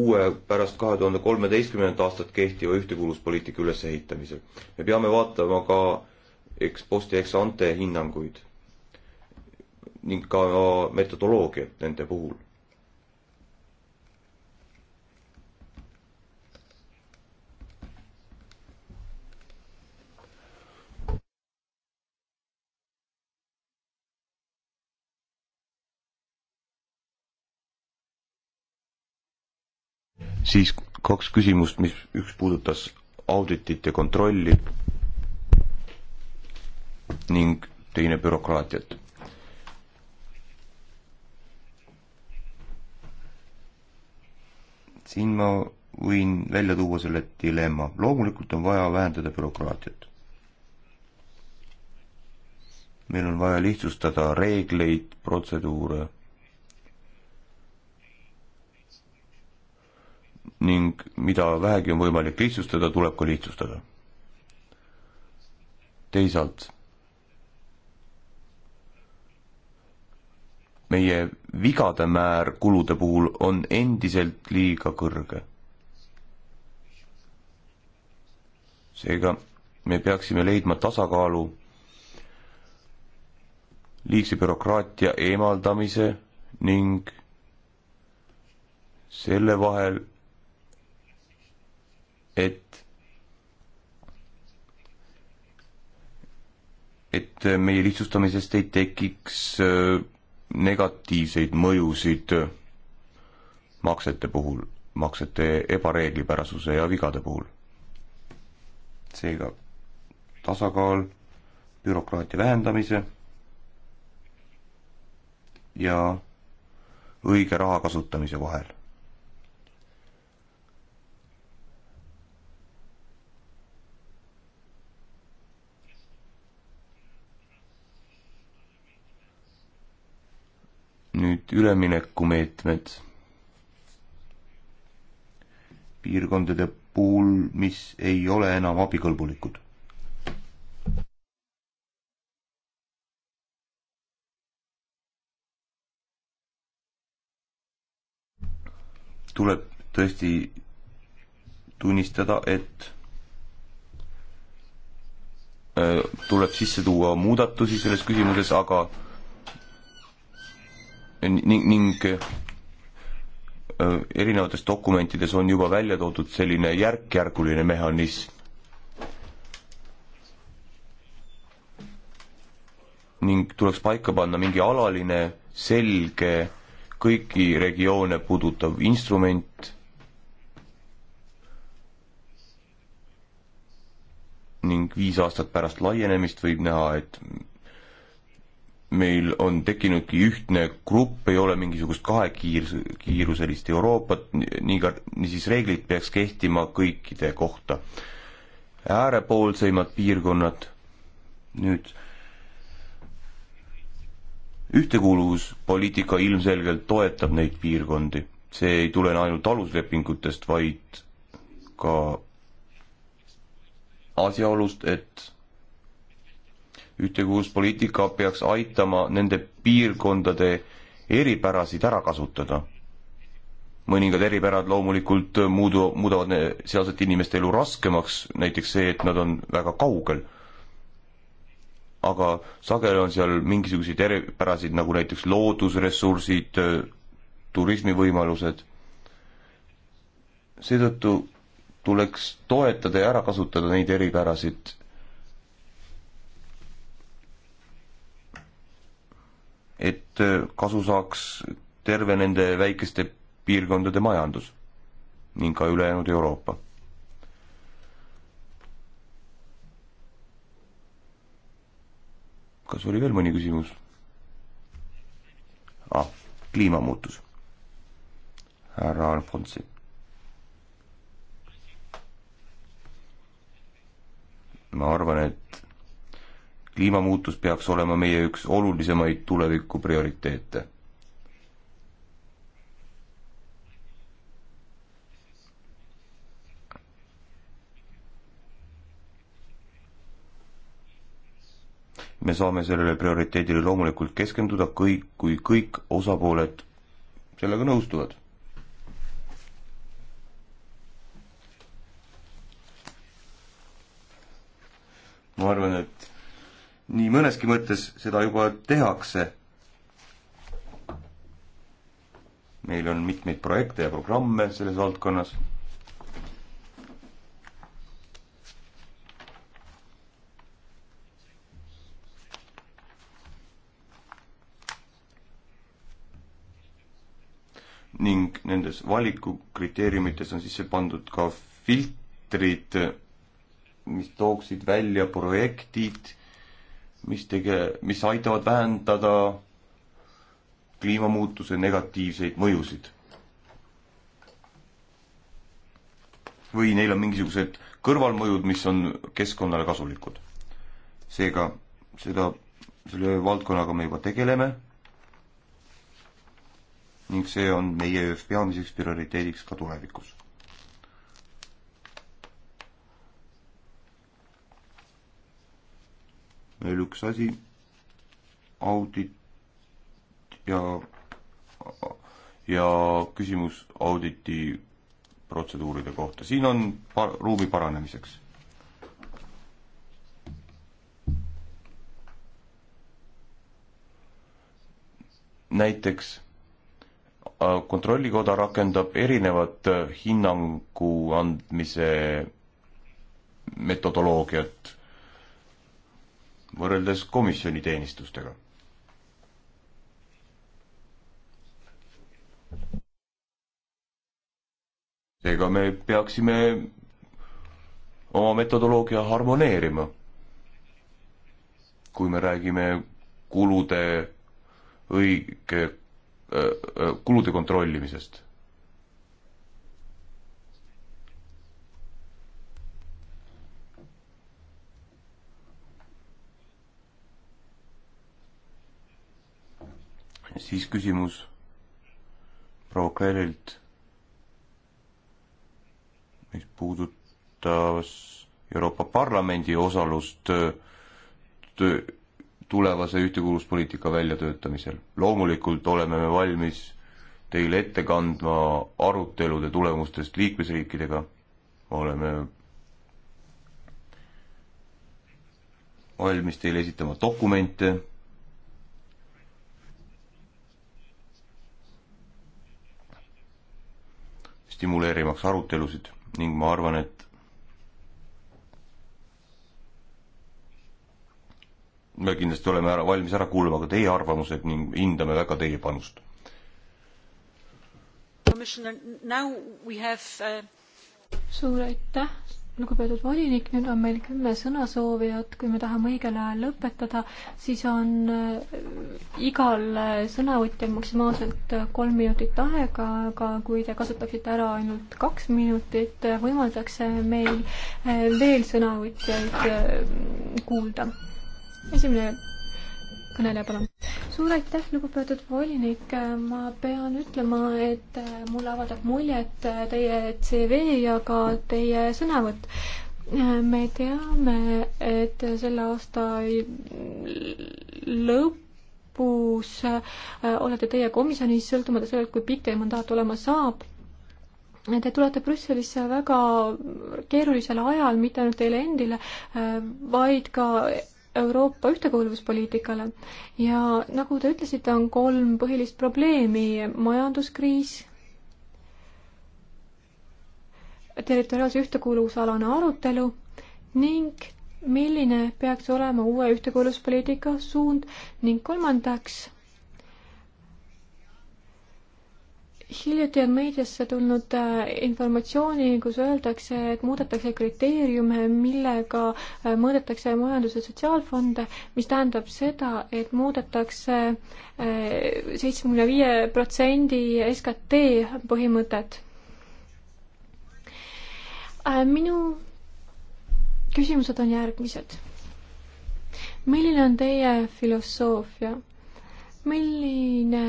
C: uue pärast kahe tuhande kolmeteistkümnendat aastat kehtiva ühtekuuluvuspoliitika ülesehitamisel. me peame vaatama ka eks posti, eks ante hinnanguid ning ka metodoloogiat nende puhul. siis kaks küsimust, mis üks puudutas auditit ja kontrolli ning teine bürokraatiat siin ma võin välja tuua selle dilemma. loomulikult on vaja vähendada bürokraatiat. meil on vaja lihtsustada reegleid, protseduure ning mida vähegi on võimalik lihtsustada, tuleb ka lihtsustada. teisalt meie vigade määr kulude puhul on endiselt liiga kõrge. seega me peaksime leidma tasakaalu liigse bürokraatia eemaldamise ning selle vahel, et et meie lihtsustamisest ei tekiks äh, negatiivseid mõjusid maksete puhul, maksete ebareeglipärasuse ja vigade puhul. seega tasakaal bürokraatia vähendamise ja õige raha kasutamise vahel. nüüd üleminekumeetmed piirkondade puhul, mis ei ole enam abikõlbulikud. tuleb tõesti tunnistada, et äh, tuleb sisse tuua muudatusi selles küsimuses, aga ning, ning äh, erinevates dokumentides on juba välja toodud selline järk-järguline mehhanism. ning tuleks paika panna mingi alaline, selge, kõiki regioone puudutav instrument ning viis aastat pärast laienemist võib näha, et meil on tekkinudki ühtne grupp, ei ole mingisugust kahekiirus, kiiruselist Euroopat, nii ka, niisiis reeglid peaks kehtima kõikide kohta. äärepoolseimad piirkonnad, nüüd ühtekuuluvuspoliitika ilmselgelt toetab neid piirkondi, see ei tulene ainult aluslepingutest, vaid ka asjaolust, et ühtekuuluvuspoliitika peaks aitama nende piirkondade eripärasid ära kasutada. mõningad eripärad loomulikult muudu, muudavad sealsete inimeste elu raskemaks, näiteks see, et nad on väga kaugel. aga sageli on seal mingisuguseid eripärasid, nagu näiteks loodusressursid, turismivõimalused, seetõttu tuleks toetada ja ära kasutada neid eripärasid et äh, kasu saaks terve nende väikeste piirkondade majandus ning ka ülejäänud Euroopa. kas oli veel mõni küsimus? ah, kliimamuutus. härra Alfonsi. ma arvan, et kliimamuutus peaks olema meie üks olulisemaid tuleviku prioriteete. me saame sellele prioriteedile loomulikult keskenduda kõik, kui kõik osapooled sellega nõustuvad ma arvan, et nii mõneski mõttes seda juba tehakse. meil on mitmeid projekte ja programme selles valdkonnas. ning nendes valikukriteeriumites on sisse pandud ka filtrid, mis tooksid välja projektid mis tege-, mis aitavad vähendada kliimamuutuse negatiivseid mõjusid. või neil on mingisugused kõrvalmõjud, mis on keskkonnale kasulikud. seega seda, selle valdkonnaga me juba tegeleme ning see on meie üheks peamiseks prioriteediks ka tulevikus. veel üks asi, audit ja, ja küsimus auditi protseduuride kohta, siin on par-, ruumi paranemiseks näiteks äh, kontrollikoda rakendab erinevat äh, hinnangu andmise metodoloogiat võrreldes komisjoni teenistustega. seega me peaksime oma metodoloogia harmoneerima. kui me räägime kulude õige, äh, äh, kulude kontrollimisest siis küsimus proua Krellilt, mis puudutas Euroopa Parlamendi osalust äh, töö, tulevase ühtekuuluvuspoliitika väljatöötamisel. loomulikult oleme me valmis teile ette kandma arutelude tulemustest liikmesriikidega, oleme valmis teile esitama dokumente stimuleerimaks arutelusid ning ma arvan, et me kindlasti oleme ära, valmis ära kuulama ka teie arvamused ning hindame väga teie panust.
A: Uh,
B: suur aitäh lugupeetud volinik, nüüd on meil kümme sõnasoovijat, kui me tahame õigel ajal lõpetada, siis on äh, igal äh, sõnavõtjal maksimaalselt äh, kolm minutit aega, aga kui te kasutaksite ära ainult kaks minutit, võimaldatakse meil veel sõnavõtjaid kuulda. esimene kõneleja, palun. suur aitäh, lugupeetud volinik, ma pean ütlema, et äh, mulle avaldab muljet äh, teie CV ja ka teie sõnavõtt. Äh, me teame, et selle aasta lõpus olete teie komisjonis, sõltumata sellelt, kui pikk teie mandaat olema saab Te tulete Brüsselisse väga keerulisel ajal, mitte ainult teile endile, vaid ka Euroopa ühtekuuluvuspoliitikale ja nagu te ütlesite, on kolm põhilist probleemi, majanduskriis, territoriaalse ühtekuuluvusalane arutelu ning milline peaks olema uue ühtekuuluvuspoliitika suund ning kolmandaks hiljuti on meediasse tulnud äh, informatsiooni, kus öeldakse, et muudetakse kriteeriume, millega äh, mõõdetakse majandus- ja sotsiaalfonde, mis tähendab seda, et muudetakse äh, seitsmekümne viie protsendi SKT põhimõtet. minu küsimused on järgmised. milline on teie filosoofia? milline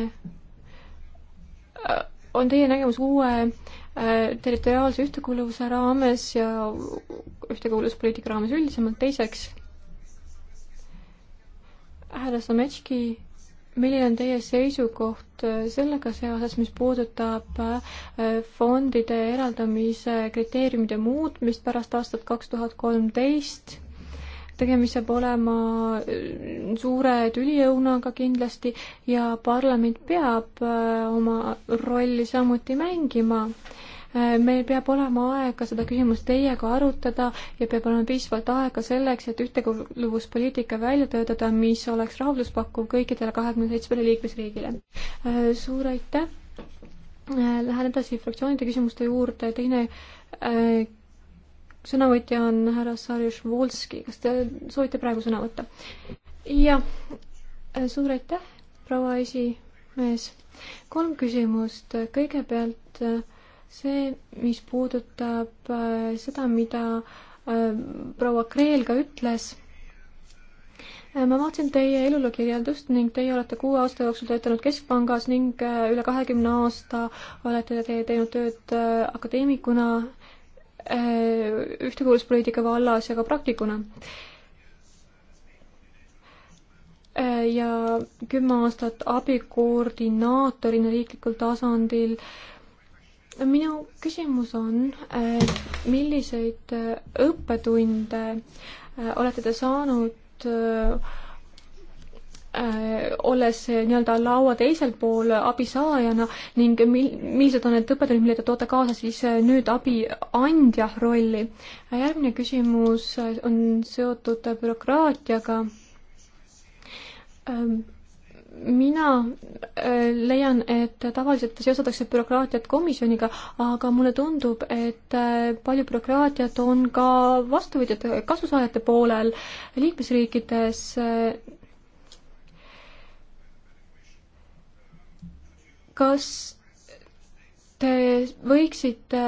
B: on teie nägemus uue äh, territoriaalse ühtekuuluvuse raames ja ühtekuuluvuspoliitika raames üldisemalt, teiseks härra Sametški, milline on teie seisukoht äh, sellega seoses, mis puudutab äh, fondide eraldamise kriteeriumide muutmist pärast aastat kaks tuhat kolmteist? tegemist saab olema äh, suure tüliõunaga kindlasti ja parlament peab äh, oma rolli samuti mängima. Äh, meil peab olema aega seda küsimust teiega arutada ja peab olema piisavalt aega selleks, et ühtekuuluvuspoliitika välja töötada, mis oleks rahulduspakkuv kõikidele kahekümne seitsmele liikmesriigile. suur aitäh! Lähen edasi fraktsioonide küsimuste juurde, teine sõnavõtja on härra Sarjuš Volski, kas te soovite praegu sõna võtta? jah, suur aitäh, proua esimees. kolm küsimust, kõigepealt see, mis puudutab äh, seda, mida äh, proua Kreel ka ütles, äh, ma vaatasin teie elulukirjeldust ning teie olete kuue aasta jooksul töötanud Keskpangas ning üle kahekümne aasta olete te teinud tööd akadeemikuna Äh, ühtekuuluvuspoliitika vallas ja ka praktikuna. Äh, ja kümme aastat abikoordinaatorina riiklikul tasandil minu küsimus on, äh, milliseid õppetunde olete te saanud Äh, olles nii-öelda laua teisel pool abisaajana ning mil-, millised on need õppetunnid, mille te toote kaasa siis äh, nüüd abiandja rolli? Äh, järgmine küsimus on seotud bürokraatiaga. Ähm, mina leian, et tavaliselt seostatakse bürokraatiat komisjoniga, aga mulle tundub, et palju bürokraatiat on ka vastuvõtjate, kasusaajate poolel liikmesriikides kas te võiksite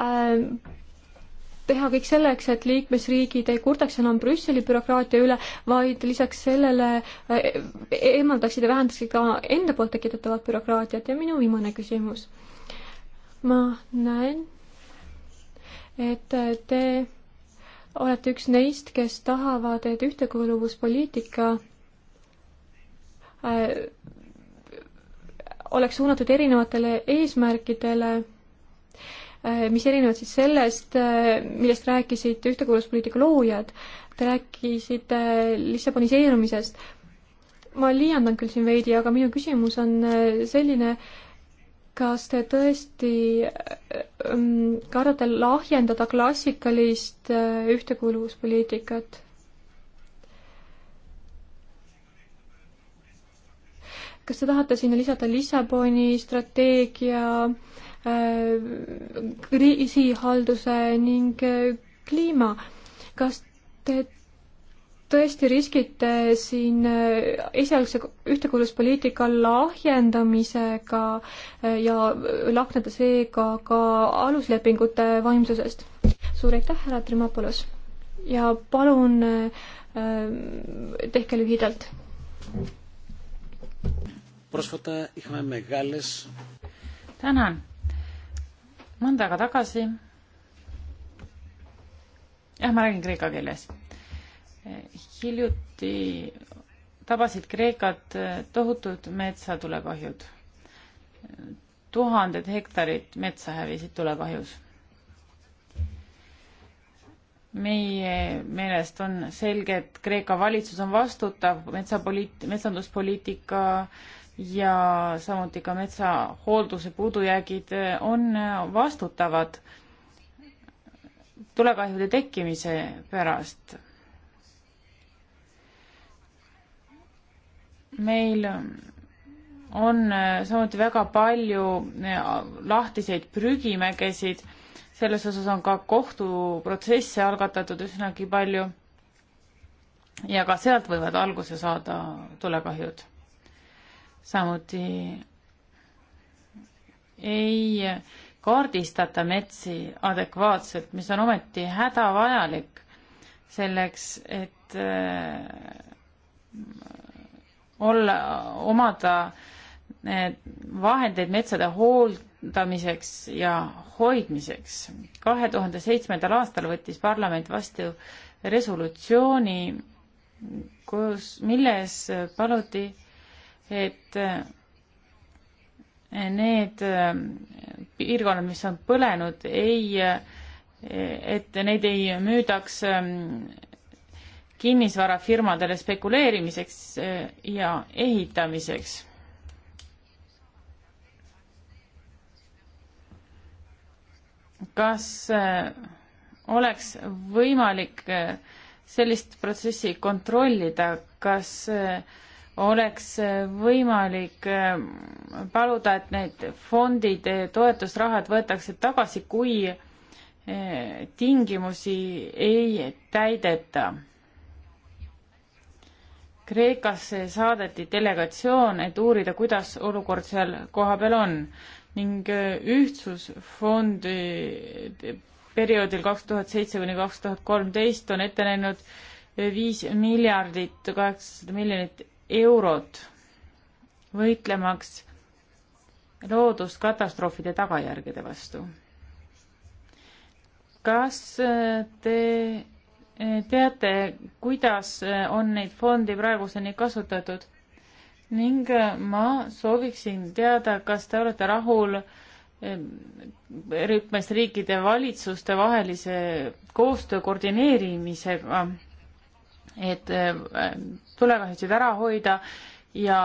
B: äh, teha kõik selleks, et liikmesriigid ei kurdaks enam Brüsseli bürokraatia üle, vaid lisaks sellele äh, eemaldaksid ja vähendaksid ka enda poolt tekitatavat bürokraatiat ja minu viimane küsimus. ma näen, et te olete üks neist, kes tahavad, et ühtekuuluvuspoliitika äh, oleks suunatud erinevatele eesmärkidele, eh, mis erinevad siis sellest, eh, millest rääkisid ühtekuuluvuspoliitika loojad. Te rääkisite eh, lissaboniseerumisest. ma liiandan küll siin veidi, aga minu küsimus on selline, kas te tõesti mm, kardate lahjendada klassikalist ühtekuuluvuspoliitikat? kas te tahate sinna lisada Lissaboni strateegia, äh, kriisihalduse ning äh, kliima, kas te tõesti riskite siin äh, esialgse ühtekuuluvuspoliitika lahjendamisega ja lahknete seega ka aluslepingute vaimsusest? suur aitäh, härra Trimapolos ja palun äh, tehke lühidalt.
C: Πρόσφατα είχαμε μεγάλες...
D: Tänan. Mõnda aega tagasi... Jah, ma räägin kreeka keeles. Hiljuti tabasid Kreekat tohutud metsatulekahjud. Tuhanded hektarid metsa hävisid tulekahjus meie meelest on selge, et Kreeka valitsus on vastutav metsapoliit-, metsanduspoliitika ja samuti ka metsahoolduse puudujäägid eh, on eh, vastutavad tulekahjude tekkimise pärast. meil on eh, samuti väga palju lahtiseid prügimägesid, selles osas on ka kohtuprotsesse algatatud üsnagi palju ja ka sealt võivad alguse saada tulekahjud samuti ei kaardistata metsi adekvaatselt, mis on ometi hädavajalik selleks, et äh, olla, omada äh, vahendeid metsade hooldamiseks ja hoidmiseks. kahe tuhande seitsmendal aastal võttis parlament vastu resolutsiooni, kus, milles paluti et eh, need eh, piirkonnad, mis on põlenud, ei, eh, et neid ei müüdaks mm, kinnisvarafirmadele spekuleerimiseks ja ehitamiseks. kas oleks võimalik sellist protsessi kontrollida, kas äh, oleks võimalik ähm, paluda, et need fondid, toetusrahad võetakse tagasi, kui äh, tingimusi ei täideta. Kreekasse saadeti delegatsioon, et uurida, kuidas olukord seal kohapeal on ning äh, Ühtsusfondi äh, perioodil kaks tuhat seitse kuni kaks tuhat kolmteist on ette näinud viis miljardit kaheksasada miljonit eurot võitlemaks looduskatastroofide tagajärgede vastu. kas äh, te äh, teate, kuidas äh, on neid fondi praeguseni kasutatud ning ma sooviksin teada, kas te olete rahul liikmesriikide valitsuste vahelise koostöö koordineerimisega, et tulekahjusid ära hoida ja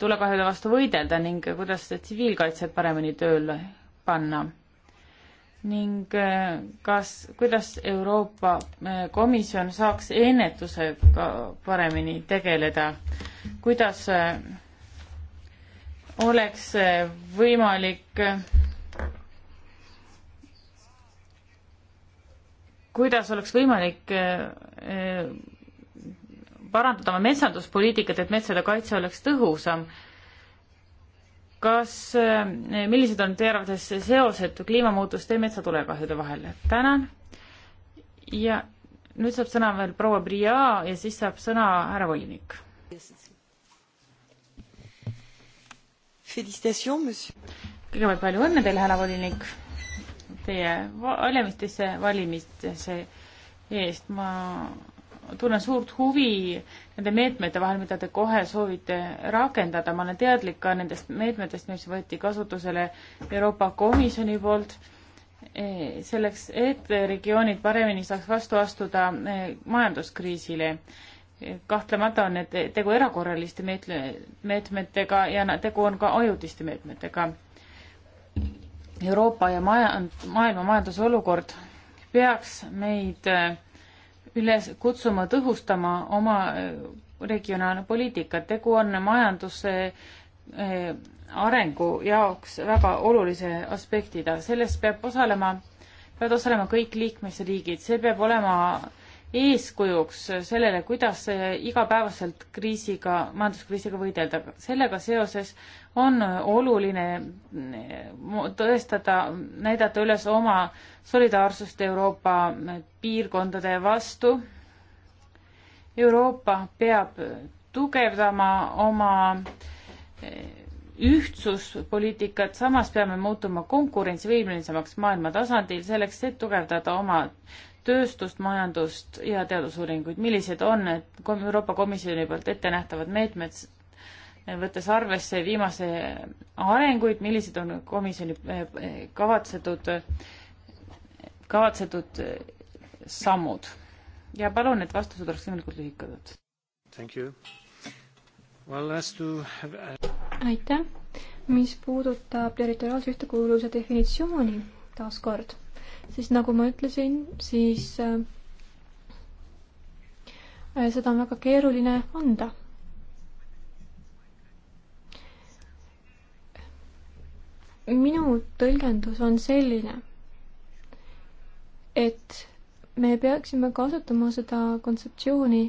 D: tulekahjude vastu võidelda ning kuidas tsiviilkaitset paremini tööle panna. ning äh, kas, kuidas Euroopa äh, Komisjon saaks ennetusega paremini tegeleda, kuidas äh, oleks võimalik kuidas oleks võimalik parandada oma metsanduspoliitikat, et metsade kaitse oleks tõhusam. kas, eh, millised on teie arvates seosed kliimamuutuste ja metsatulekahjude vahel? tänan ja nüüd saab sõna veel proua Bria ja siis saab sõna härra volinik. kõigepealt palju õnne teile, härra volinik, teie valimistesse valimistesse eest. ma tunnen suurt huvi nende meetmete vahel, mida te kohe soovite rakendada, ma olen teadlik ka nendest meetmetest, mis võeti kasutusele Euroopa Komisjoni poolt, e, selleks, et regioonid paremini saaks vastu astuda e, majanduskriisile. E, kahtlemata on need tegu erakorraliste meetle-, meetmetega ja tegu on ka ajutiste meetmetega. Euroopa ja maja, maailma majandusolukord peaks meid äh, üles kutsuma tõhustama oma eh, regionaalpoliitikat, tegu on majanduse eh, arengu jaoks väga olulise aspektida, selles peab osalema, peavad osalema kõik liikmesriigid, see peab olema eeskujuks sellele, kuidas igapäevaselt kriisiga, majanduskriisiga võidelda. sellega seoses on oluline mm, tõestada, näidata üles oma solidaarsust Euroopa piirkondade vastu. Euroopa peab tugevdama oma eh, ühtsuspoliitikat, samas peame muutuma konkurentsivõimelisemaks maailma tasandil selleks, et tugevdada oma tööstust, majandust ja teadusuuringuid. millised on need Euroopa Komisjoni poolt ettenähtavad meetmed, võttes arvesse viimase arenguid, millised on komisjoni eh, kavatsetud, kavatsetud eh, sammud? ja palun, et vastused oleks võimalikult lühikad.
B: Thank you. Well, as to uh, aitäh, mis puudutab territoriaalse ühtekuuluvuse definitsiooni taaskord siis nagu ma ütlesin, siis äh, äh, seda on väga keeruline anda. minu tõlgendus on selline, et me peaksime kasutama seda kontseptsiooni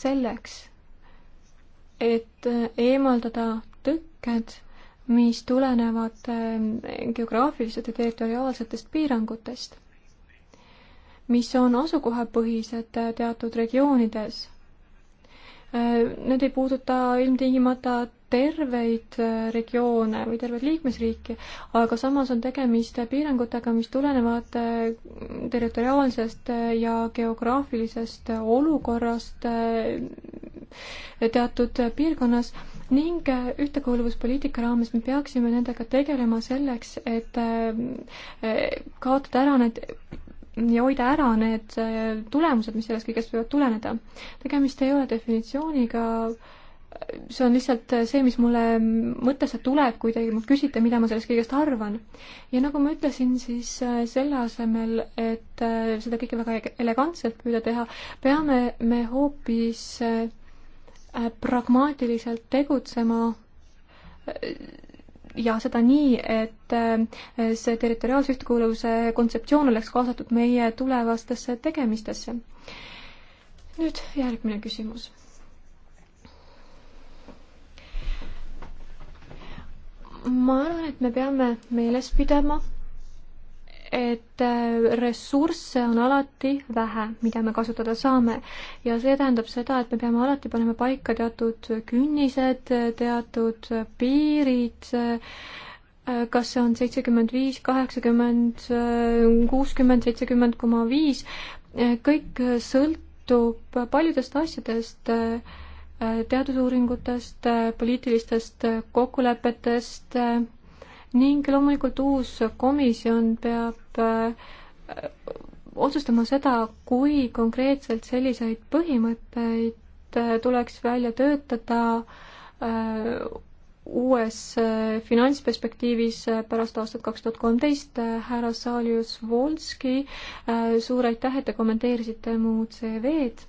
B: selleks, et äh, eemaldada tõkked mis tulenevad ähm, geograafiliselt ja territoriaalsetest piirangutest, mis on asukohapõhised äh, teatud regioonides. Äh, need ei puuduta ilmtingimata terveid äh, regioone või terveid liikmesriike, aga samas on tegemist piirangutega, mis tulenevad äh, territoriaalsest äh, ja geograafilisest olukorrast teatud piirkonnas ning ühtekuuluvuspoliitika raames me peaksime nendega tegelema selleks, et kaotada ära need ja hoida ära need tulemused, mis sellest kõigest võivad tuleneda. tegemist ei ole definitsiooniga äh, see on lihtsalt see, mis mulle mõttesse tuleb, kui te mult küsite, mida ma sellest kõigest arvan. ja nagu ma ütlesin, siis äh, selle asemel, et äh, seda kõike väga elegantselt püüda teha, peame me hoopis äh, pragmaatiliselt tegutsema ja seda nii, et see territoriaalse ühtekuuluvuse kontseptsioon oleks kaasatud meie tulevastesse tegemistesse. nüüd järgmine küsimus ma arvan, et me peame meeles pidama, et äh, ressursse on alati vähe, mida me kasutada saame ja see tähendab seda, et me peame alati panema paika teatud künnised, teatud piirid, äh, kas see on seitsekümmend viis, kaheksakümmend, äh, kuuskümmend, seitsekümmend koma viis, kõik sõltub paljudest asjadest äh, teadusuuringutest, poliitilistest kokkulepetest ning loomulikult uus komisjon peab äh, otsustama seda, kui konkreetselt selliseid põhimõtteid äh, tuleks välja töötada äh, uues finantsperspektiivis pärast aastat kaks tuhat kolmteist. härra Saalius Volski, suur aitäh, et te kommenteerisite mu CV-d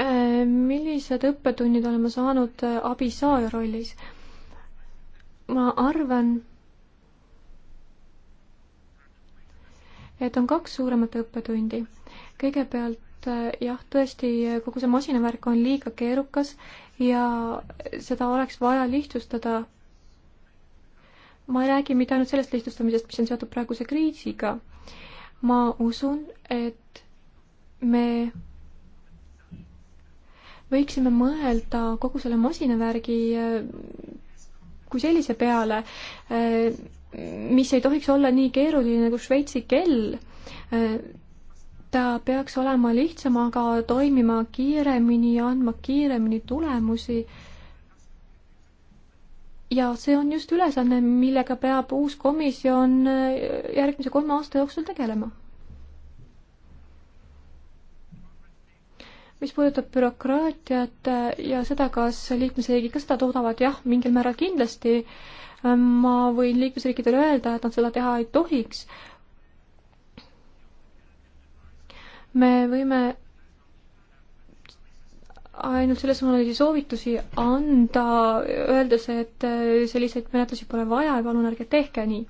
B: Äh, millised õppetunnid oleme saanud äh, abisaaja rollis? ma arvan, et on kaks suuremat õppetundi. kõigepealt äh, jah, tõesti, kogu see masinavärk on liiga keerukas ja seda oleks vaja lihtsustada. ma ei räägi mitte ainult sellest lihtsustamisest, mis on seotud praeguse kriisiga. ma usun, et me võiksime mõelda kogu selle masinavärgi äh, kui sellise peale, äh, mis ei tohiks olla nii keeruline nagu Šveitsi kell. Äh, ta peaks olema lihtsam, aga toimima kiiremini ja andma kiiremini tulemusi. ja see on just ülesanne, millega peab uus komisjon järgmise kolme aasta jooksul tegelema mis puudutab bürokraatiat äh, ja seda, kas liikmesriigid ka seda toodavad, jah, mingil määral kindlasti ähm, ma võin liikmesriikidele öelda, et nad seda teha ei tohiks. me võime ainult sellesuunalisi soovitusi anda, öeldes, et äh, selliseid menetlusi pole vaja ja palun ärge tehke nii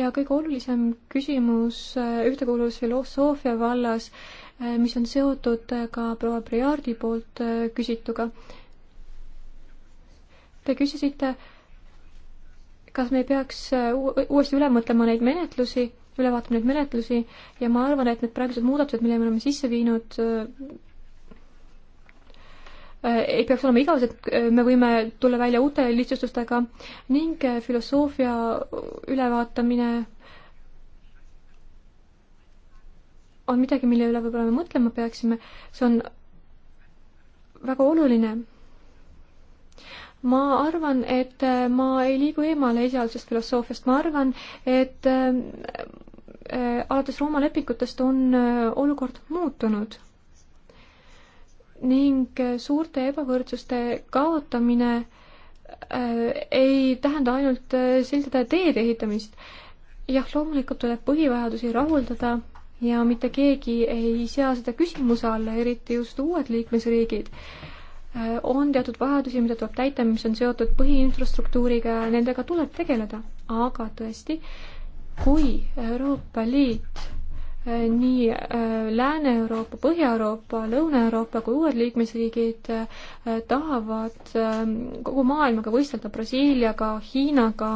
B: ja kõige olulisem küsimus äh, ühtekuuluvusfilosoofia vallas äh, Äh, mis on seotud äh, ka proua Briardi poolt äh, küsituga. Te küsisite, kas me ei peaks uuesti üle mõtlema neid menetlusi, üle vaatama neid menetlusi ja ma arvan, et need praegused muudatused, mille me oleme sisse viinud, ei peaks olema igavesed, me võime tulla välja uute lihtsustustega ning filosoofia ülevaatamine on midagi, mille üle võib-olla me mõtlema peaksime, see on väga oluline. ma arvan, et äh, ma ei liigu eemale esialgsest filosoofiast, ma arvan, et äh, äh, alates Rooma lepingutest on olukord muutunud ning suurte ebavõrdsuste kaotamine ei tähenda ainult sildade ja teede ehitamist. jah, loomulikult tuleb põhivajadusi rahuldada ja mitte keegi ei sea seda küsimuse alla, eriti just uued liikmesriigid. Äh, on teatud vajadusi, mida tuleb täita, mis on seotud põhiinfrastruktuuriga ja nendega tuleb tegeleda, aga tõesti, kui Euroopa Liit Äh, nii äh, Lääne-Euroopa, Põhja-Euroopa, Lõuna-Euroopa kui uued liikmesriigid äh, tahavad ähm, kogu maailmaga võistelda, Brasiiliaga, Hiinaga,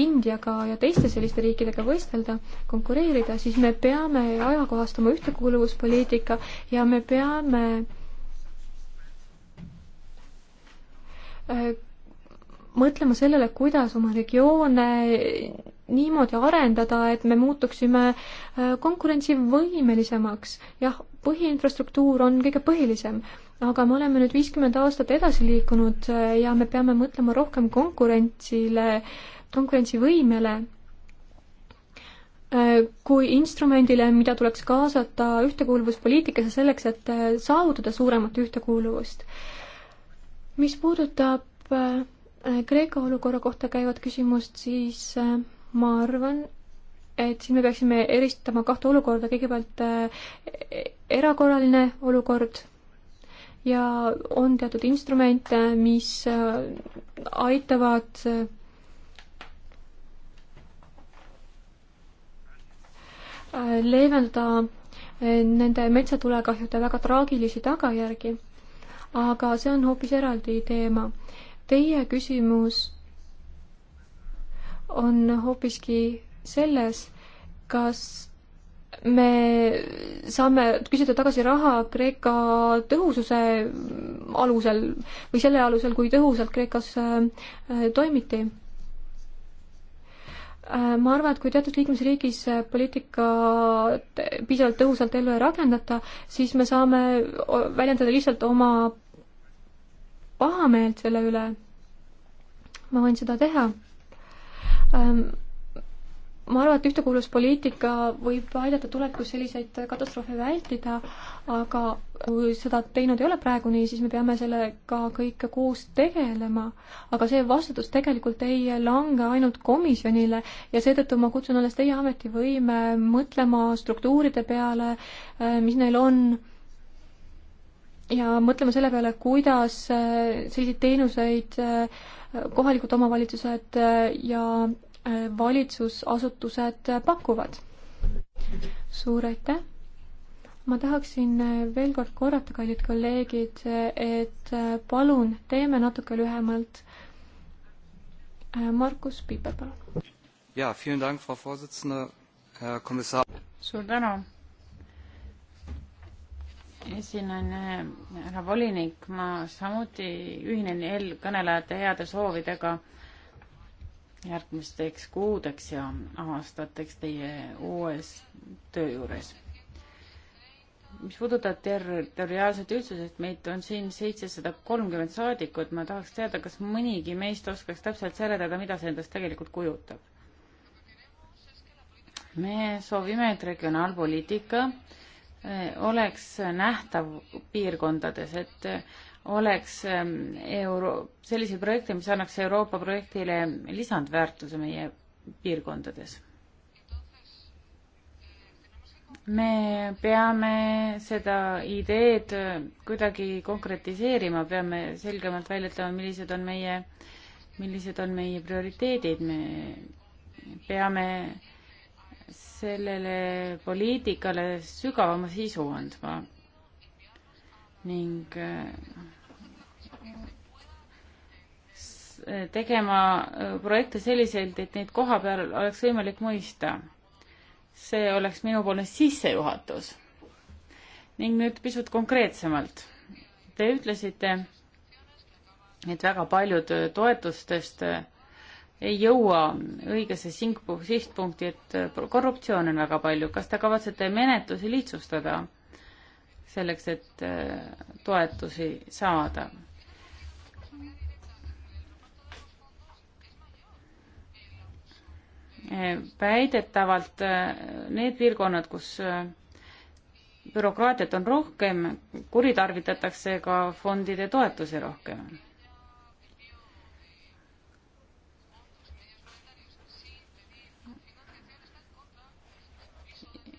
B: Indiaga ja teiste selliste riikidega võistelda, konkureerida, siis me peame ajakohastama ühtekuuluvuspoliitika ja me peame mõtlema sellele, kuidas oma regioone niimoodi arendada, et me muutuksime äh, konkurentsivõimelisemaks. jah, põhiinfrastruktuur on kõige põhilisem, aga me oleme nüüd viiskümmend aastat edasi liikunud äh, ja me peame mõtlema rohkem konkurentsile, konkurentsivõimele äh, kui instrumendile, mida tuleks kaasata ühtekuuluvuspoliitikasse selleks, et saavutada suuremat ühtekuuluvust. mis puudutab Kreeka olukorra kohta käivat küsimust, siis ma arvan, et siin me peaksime eristama kahte olukorda, kõigepealt äh, erakorraline olukord ja on teatud instrumente, mis äh, aitavad äh, leevendada nende metsatulekahjude väga traagilisi tagajärgi. aga see on hoopis eraldi teema. Teie küsimus on hoopiski selles, kas me saame küsida tagasi raha Kreeka tõhususe alusel või selle alusel, kui tõhusalt Kreekas äh, toimiti. Äh, ma arvan, et kui teatud liikmesriigis äh, poliitikat piisavalt tõhusalt ellu ei rakendata, siis me saame väljendada lihtsalt oma pahameelt selle üle. ma võin seda teha Ähm, ma arvan, et ühtekuuluvuspoliitika võib aidata tulevikus selliseid katastroofe vältida, aga kui seda teinud ei ole praeguni, siis me peame sellega kõik koos tegelema. aga see vastutus tegelikult ei lange ainult komisjonile ja seetõttu ma kutsun alles teie ametivõime mõtlema struktuuride peale, äh, mis neil on, ja mõtlema selle peale, kuidas äh, selliseid teenuseid äh, kohalikud omavalitsused äh, ja äh, valitsusasutused äh, pakuvad. suur aitäh! ma tahaksin veel kord korrata, kallid kolleegid, et palun teeme natuke lühemalt. Markus Piiper, palun.
C: jaa, vielen Dank, Frau Vorsitzende, Herr Kommissar.
B: suur
D: tänu, esinaine, eh, härra volinik, ma samuti ühinen eelkõnelejate heade soovidega järgmisteks kuudeks ja aastateks teie uues töö juures. mis puudutab territoriaalset üldsusest, meid on siin seitsesada kolmkümmend saadikut, ma tahaks teada, kas mõnigi meist oskaks täpselt seletada, mida see endast tegelikult kujutab. me soovime, et regionaalpoliitika äh, oleks nähtav piirkondades, et oleks ähm, euro, selliseid projekte, mis annaks Euroopa projektile lisandväärtuse meie piirkondades. me peame seda ideed kuidagi konkretiseerima, peame selgemalt välja ütlema, millised on meie, millised on meie prioriteedid, me peame äh, sellele poliitikale sügavama sisu andma ning äh, tegema äh, projekte selliselt, et neid koha peal oleks võimalik mõista. see oleks minupoolne sissejuhatus. ning nüüd pisut konkreetsemalt. Te ütlesite, et väga paljud toetustest äh, ei jõua õigesse sinkpu, sihtpunkti, et äh, korruptsioon on väga palju. kas te kavatsete menetlusi lihtsustada selleks, et äh, toetusi saada? Äh, väidetavalt need piirkonnad, kus bürokraatiat on rohkem, kuritarvitatakse ka fondide toetusi rohkem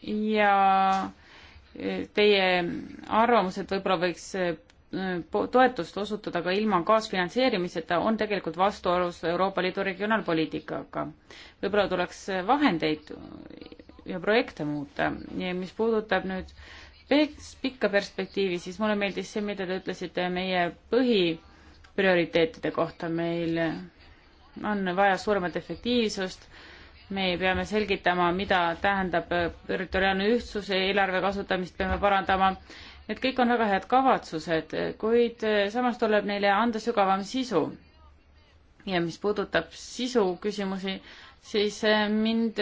D: ja e, teie arvamused võib-olla võiks e, toetust osutada ka ilma kaasfinantseerimiseta, on tegelikult vastuolus Euroopa Liidu regionaalpoliitikaga. võib-olla tuleks vahendeid ja projekte muuta ja mis puudutab nüüd pikka perspektiivi, siis mulle meeldis see, mida te ütlesite meie põhiprioriteetide kohta, meil on vaja suuremat efektiivsust me peame selgitama, mida tähendab äh, territoriaalne ühtsus, eelarve kasutamist peame parandama. Need kõik on väga head kavatsused, kuid äh, samas tuleb neile anda sügavam sisu. ja mis puudutab sisu küsimusi, siis äh, mind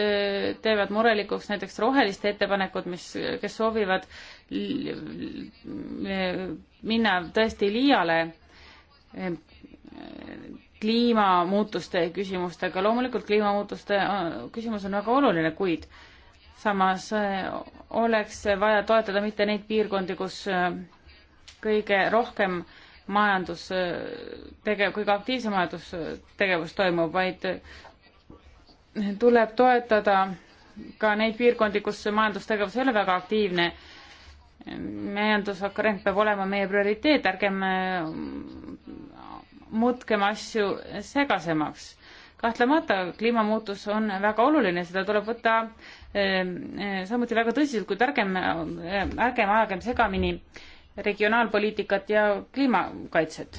D: teevad murelikuks näiteks roheliste ettepanekud, mis, kes soovivad minna tõesti liiale kliimamuutuste küsimustega. loomulikult kliimamuutuste äh, küsimus on väga oluline, kuid samas äh, oleks vaja toetada mitte neid piirkondi, kus äh, kõige rohkem majandus tegev, kõige aktiivsem majandustegevus toimub, vaid tuleb toetada ka neid piirkondi, kus majandustegevus ei ole väga aktiivne. majandusareng peab olema meie prioriteet, ärgem mutkema asju segasemaks. kahtlemata kliimamuutus on väga oluline, seda tuleb võtta ehm, eh, samuti väga tõsiselt, kuid ärgem, eh, ärgem ajagem segamini regionaalpoliitikat ja kliimakaitset.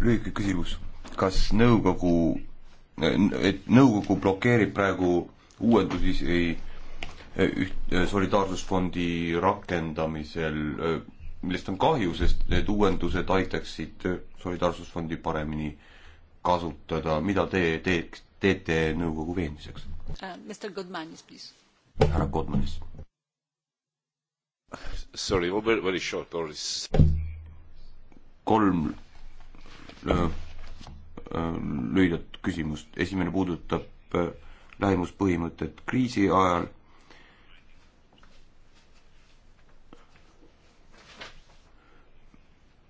C: lühike küsimus, kas nõukogu, et nõukogu blokeerib praegu uuendusi üht, solidaarsusfondi rakendamisel millest on kahju, sest need uuendused aitaksid Solidaarsusfondi paremini kasutada, mida te teeks, teete nõukogu veenmiseks
A: uh,? Mr Goodmanis, please.
C: härra Goodmanis. Sorry, very, very short, Doris. kolm äh, äh, lühidat küsimust, esimene puudutab äh, lähimuspõhimõtet kriisi ajal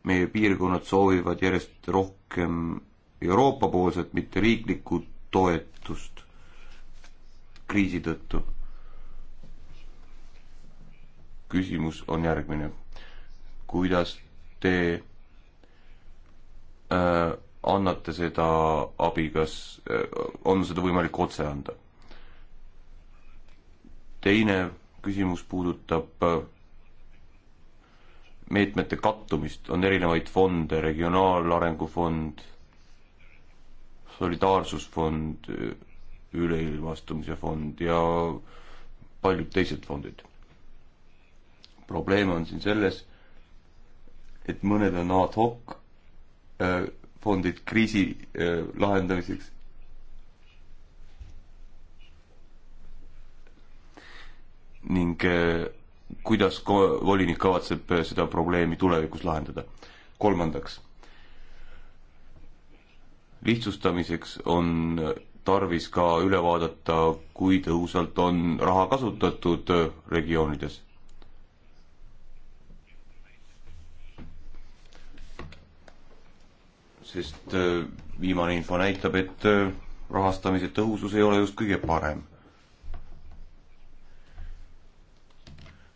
C: meie piirkonnad soovivad järjest rohkem Euroopa-poolset, mitte riiklikku toetust kriisi tõttu. küsimus on järgmine. kuidas te äh, annate seda abi, kas äh, on seda võimalik otse anda? teine küsimus puudutab äh, meetmete kattumist, on erinevaid fonde, Regionaalarengu Fond, Solidaarsusfond, Üleilmastumise Fond ja paljud teised fondid. probleem on siin selles, et mõned on ad hoc äh, fondid kriisi äh, lahendamiseks. ning äh, kuidas ko-, volinik kavatseb äh, seda probleemi tulevikus lahendada. kolmandaks, lihtsustamiseks on tarvis ka üle vaadata, kui tõhusalt on raha kasutatud äh, regioonides. sest äh, viimane info näitab, et rahastamise tõhusus ei ole just kõige parem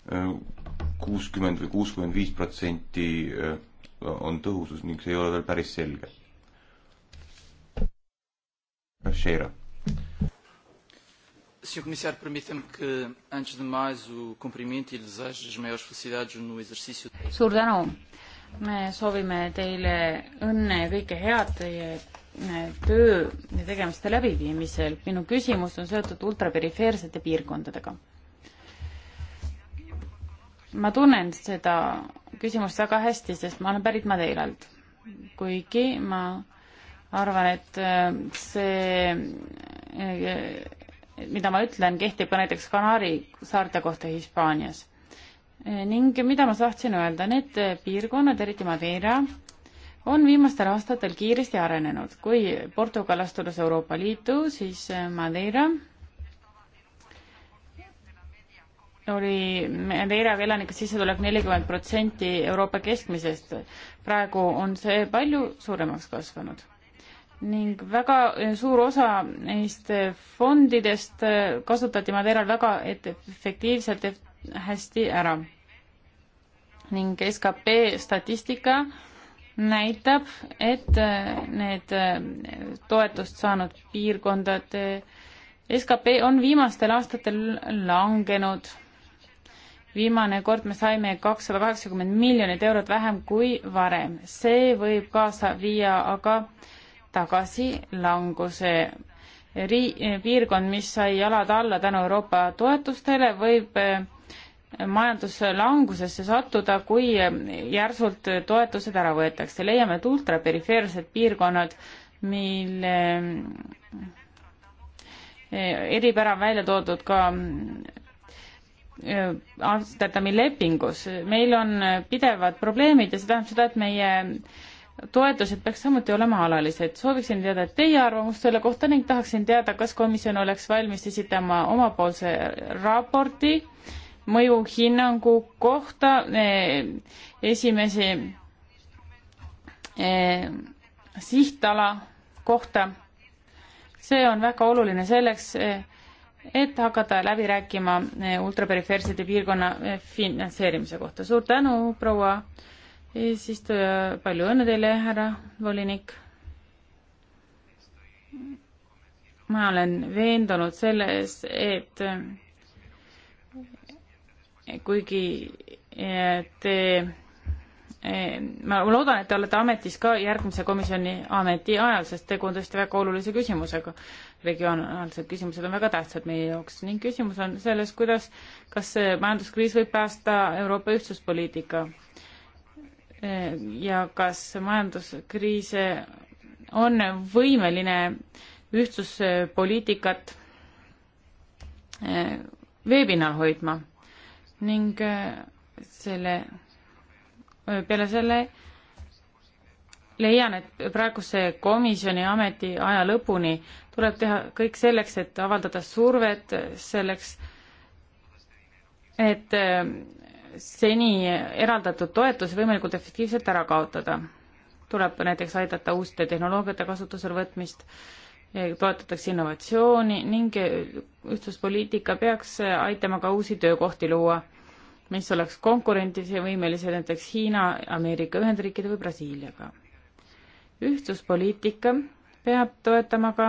C: kuuskümmend või kuuskümmend viis protsenti äh, on tõhusus ning see ei ole veel päris selge. Sheira.
A: Senhor Comissário, permita-me que, antes de mais, o cumprimento e desejo as maiores felicidades no exercício.
D: Suur tänu. me soovime teile õnne ja kõike head teie äh, töö ja tegemiste läbiviimisel. minu küsimus on seotud ultraperifeersete piirkondadega ma tunnen seda küsimust väga hästi, sest ma olen pärit Madeiralt. kuigi ma arvan, et äh, see, äh, mida ma ütlen, kehtib ka näiteks Kanaari saarte kohta Hispaanias. Äh, ning mida ma tahtsin öelda, need piirkonnad, eriti Madeira, on viimastel aastatel kiiresti arenenud. kui Portugal astus Euroopa Liitu, siis Madeira oli nende Iraagi elanike sissetulek nelikümmend protsenti Euroopa keskmisest. praegu on see palju suuremaks kasvanud ning väga suur osa neist fondidest kasutati Madeiral väga efektiivselt ja hästi ära. ning skp statistika näitab, et need toetust saanud piirkondade skp on viimastel aastatel langenud viimane kord me saime kakssada kaheksakümmend miljonit eurot vähem kui varem. see võib kaasa viia aga tagasilanguse. Ri-, piirkond, mis sai jalad alla tänu Euroopa toetustele, võib eh, majanduslangusesse sattuda, kui eh, järsult toetused ära võetakse. leiame, et ultraperifeersed piirkonnad, mille eh, eripära on välja toodud ka mm, Äh, Amsterdami lepingus. meil on pidevad probleemid ja see tähendab seda, et meie toetused peaks samuti olema alalised. sooviksin teada teie arvamust selle kohta ning tahaksin teada, kas komisjon oleks valmis esitama omapoolse raporti mõjuhinnangu kohta eh, esimese eh, sihtala kohta. see on väga oluline selleks, eh, et hakata läbi rääkima eh, ultraperifeersete piirkonna eh, finantseerimise kohta. suur tänu, proua eesistuja, palju õnne teile, härra volinik. ma olen veendunud selles, et eh, kuigi te Eh, ma loodan, et te olete ametis ka järgmise komisjoni ameti ajal, sest tegu on tõesti väga olulise küsimusega. regionaalsed küsimused on väga tähtsad meie jaoks ning küsimus on selles, kuidas, kas majanduskriis võib päästa Euroopa ühtsuspoliitika eh, ja kas majanduskriise on võimeline ühtsuspoliitikat eh, veepinnal hoidma ning selle peale selle leian, et praeguse komisjoni ametiaja lõpuni tuleb teha kõik selleks, et avaldada survet selleks, et eh, seni eraldatud toetus võimalikult efektiivselt ära kaotada. tuleb näiteks aidata uute tehnoloogiate kasutusele võtmist, eh, toetatakse innovatsiooni ning eh, ühtsuspoliitika peaks aitama ka uusi töökohti luua mis oleks konkurentsivõimelised näiteks Hiina, Ameerika Ühendriikide või Brasiiliaga. ühtsuspoliitika peab toetama ka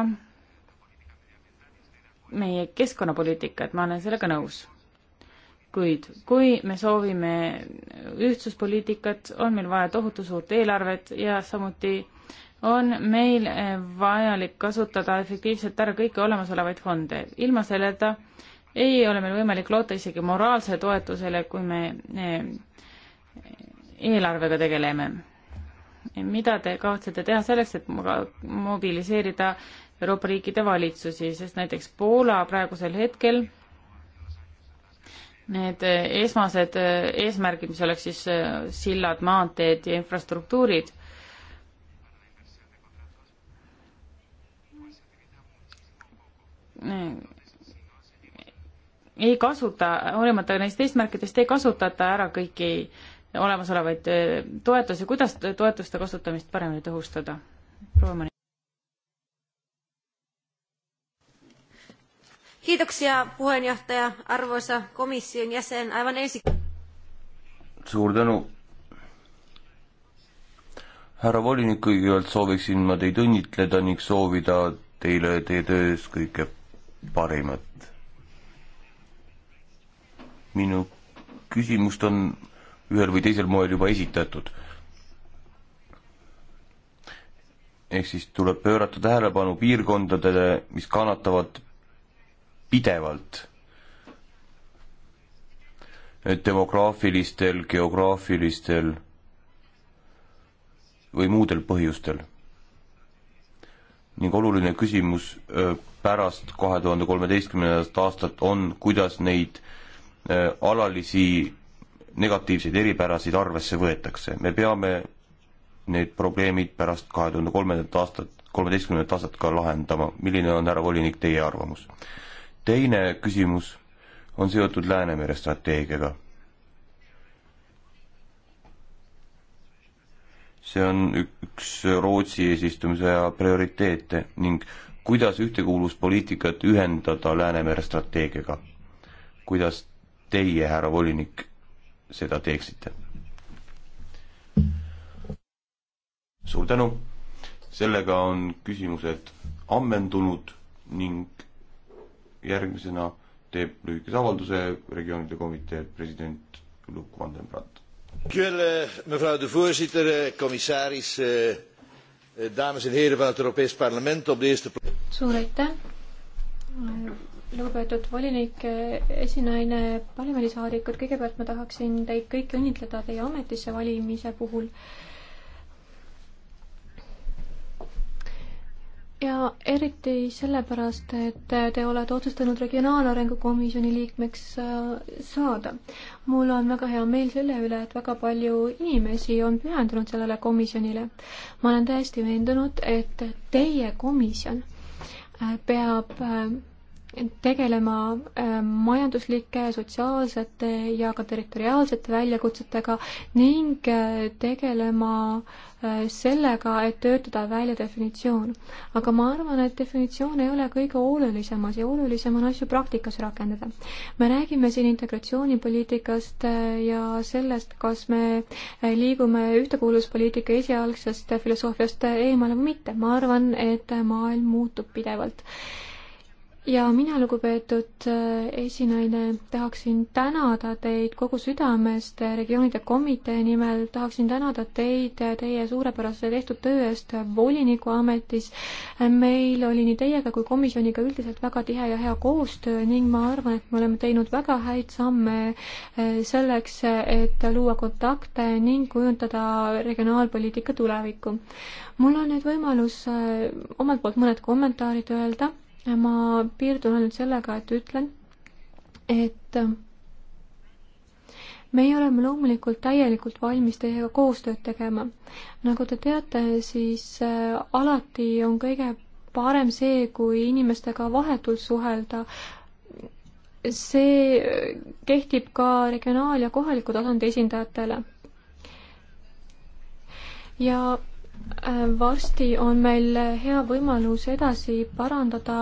D: meie keskkonnapoliitikat, ma olen sellega nõus. kuid kui me soovime ühtsuspoliitikat, on meil vaja tohutu suurt eelarvet ja samuti on meil vajalik kasutada efektiivselt ära kõiki olemasolevaid fonde. ilma selleta äh, ei ole meil võimalik loota isegi moraalsele toetusele, kui me eh, eelarvega tegeleme. mida te kavatsete teha selleks, et mobiliseerida Euroopa riikide valitsusi, sest näiteks Poola praegusel hetkel need eh, esmased eh, eesmärgid, mis oleks siis sillad, maanteed ja infrastruktuurid, ei kasuta, hoolimata neist eesmärkidest, ei kasutata ära kõiki olemasolevaid äh, toetusi, kuidas toetuste kasutamist paremini tõhustada? proua Mari.
B: Kiitoksia puheenjohtaja, arvoisa komission jäsen, aivan ensi...
C: suur tänu. härra volinik, kõigepealt sooviksin ma teid õnnitleda ning soovida teile teie töös kõike parimat minu küsimust on ühel või teisel moel juba esitatud. ehk siis tuleb pöörata tähelepanu piirkondadele, mis kannatavad pidevalt demograafilistel, geograafilistel või muudel põhjustel. ning oluline küsimus äh, pärast kahe tuhande kolmeteistkümnendat aastat on, kuidas neid äh, Äh, alalisi negatiivseid eripärasid arvesse võetakse. me peame need probleemid pärast kahe tuhande kolmendat aastat, kolmeteistkümnendat aastat ka lahendama. milline on, härra volinik, teie arvamus? teine küsimus on seotud Läänemere strateegiaga. see on üks Rootsi eesistumise aja prioriteete ning kuidas ühtekuuluvuspoliitikat ühendada Läänemere strateegiaga? kuidas teie, härra volinik, seda teeksite? suur tänu, sellega on küsimused ammendunud ning järgmisena teeb lühikese avalduse regioonide komitee president Luc van den Brandt. Eh, mevrouw de voorzitter, eh, commissaris, eh, dames en heren van het Europees Parlement op de eerste plaats.
B: suur aitäh lugupeetud volinik, esinaine, parlamendisaadikud, kõigepealt ma tahaksin teid kõiki õnnitleda teie ametisse valimise puhul. ja eriti sellepärast, et te olete otsustanud Regionaalarengu Komisjoni liikmeks äh, saada. mul on väga hea meel selle üle, et väga palju inimesi on pühendunud sellele komisjonile. ma olen täiesti veendunud, et teie komisjon äh, peab äh, tegelema äh, majanduslike, sotsiaalsete ja ka territoriaalsete väljakutsetega ning äh, tegelema äh, sellega, et töötada välja definitsioon. aga ma arvan, et definitsioon ei ole kõige olulisemas ja olulisem on asju praktikas rakendada. me räägime siin integratsioonipoliitikast ja sellest, kas me liigume ühtekuuluvuspoliitika esialgsest filosoofiast eemale või mitte. ma arvan, et maailm muutub pidevalt ja mina, lugupeetud äh, esinaine, tahaksin tänada teid kogu südamest regioonide komitee nimel, tahaksin tänada teid teie suurepärase tehtud töö eest volinikuametis. meil oli nii teiega kui komisjoniga üldiselt väga tihe ja hea koostöö ning ma arvan, et me oleme teinud väga häid samme äh, selleks, et luua kontakte ning kujundada regionaalpoliitika tulevikku. mul on nüüd võimalus äh, omalt poolt mõned kommentaarid öelda ma piirdun ainult sellega, et ütlen, et meie oleme loomulikult täielikult valmis teiega koostööd tegema. nagu te teate, siis äh, alati on kõige parem see, kui inimestega vahetult suhelda. see äh, kehtib ka regionaal- ja kohaliku tasandi esindajatele. ja varsti on meil hea võimalus edasi parandada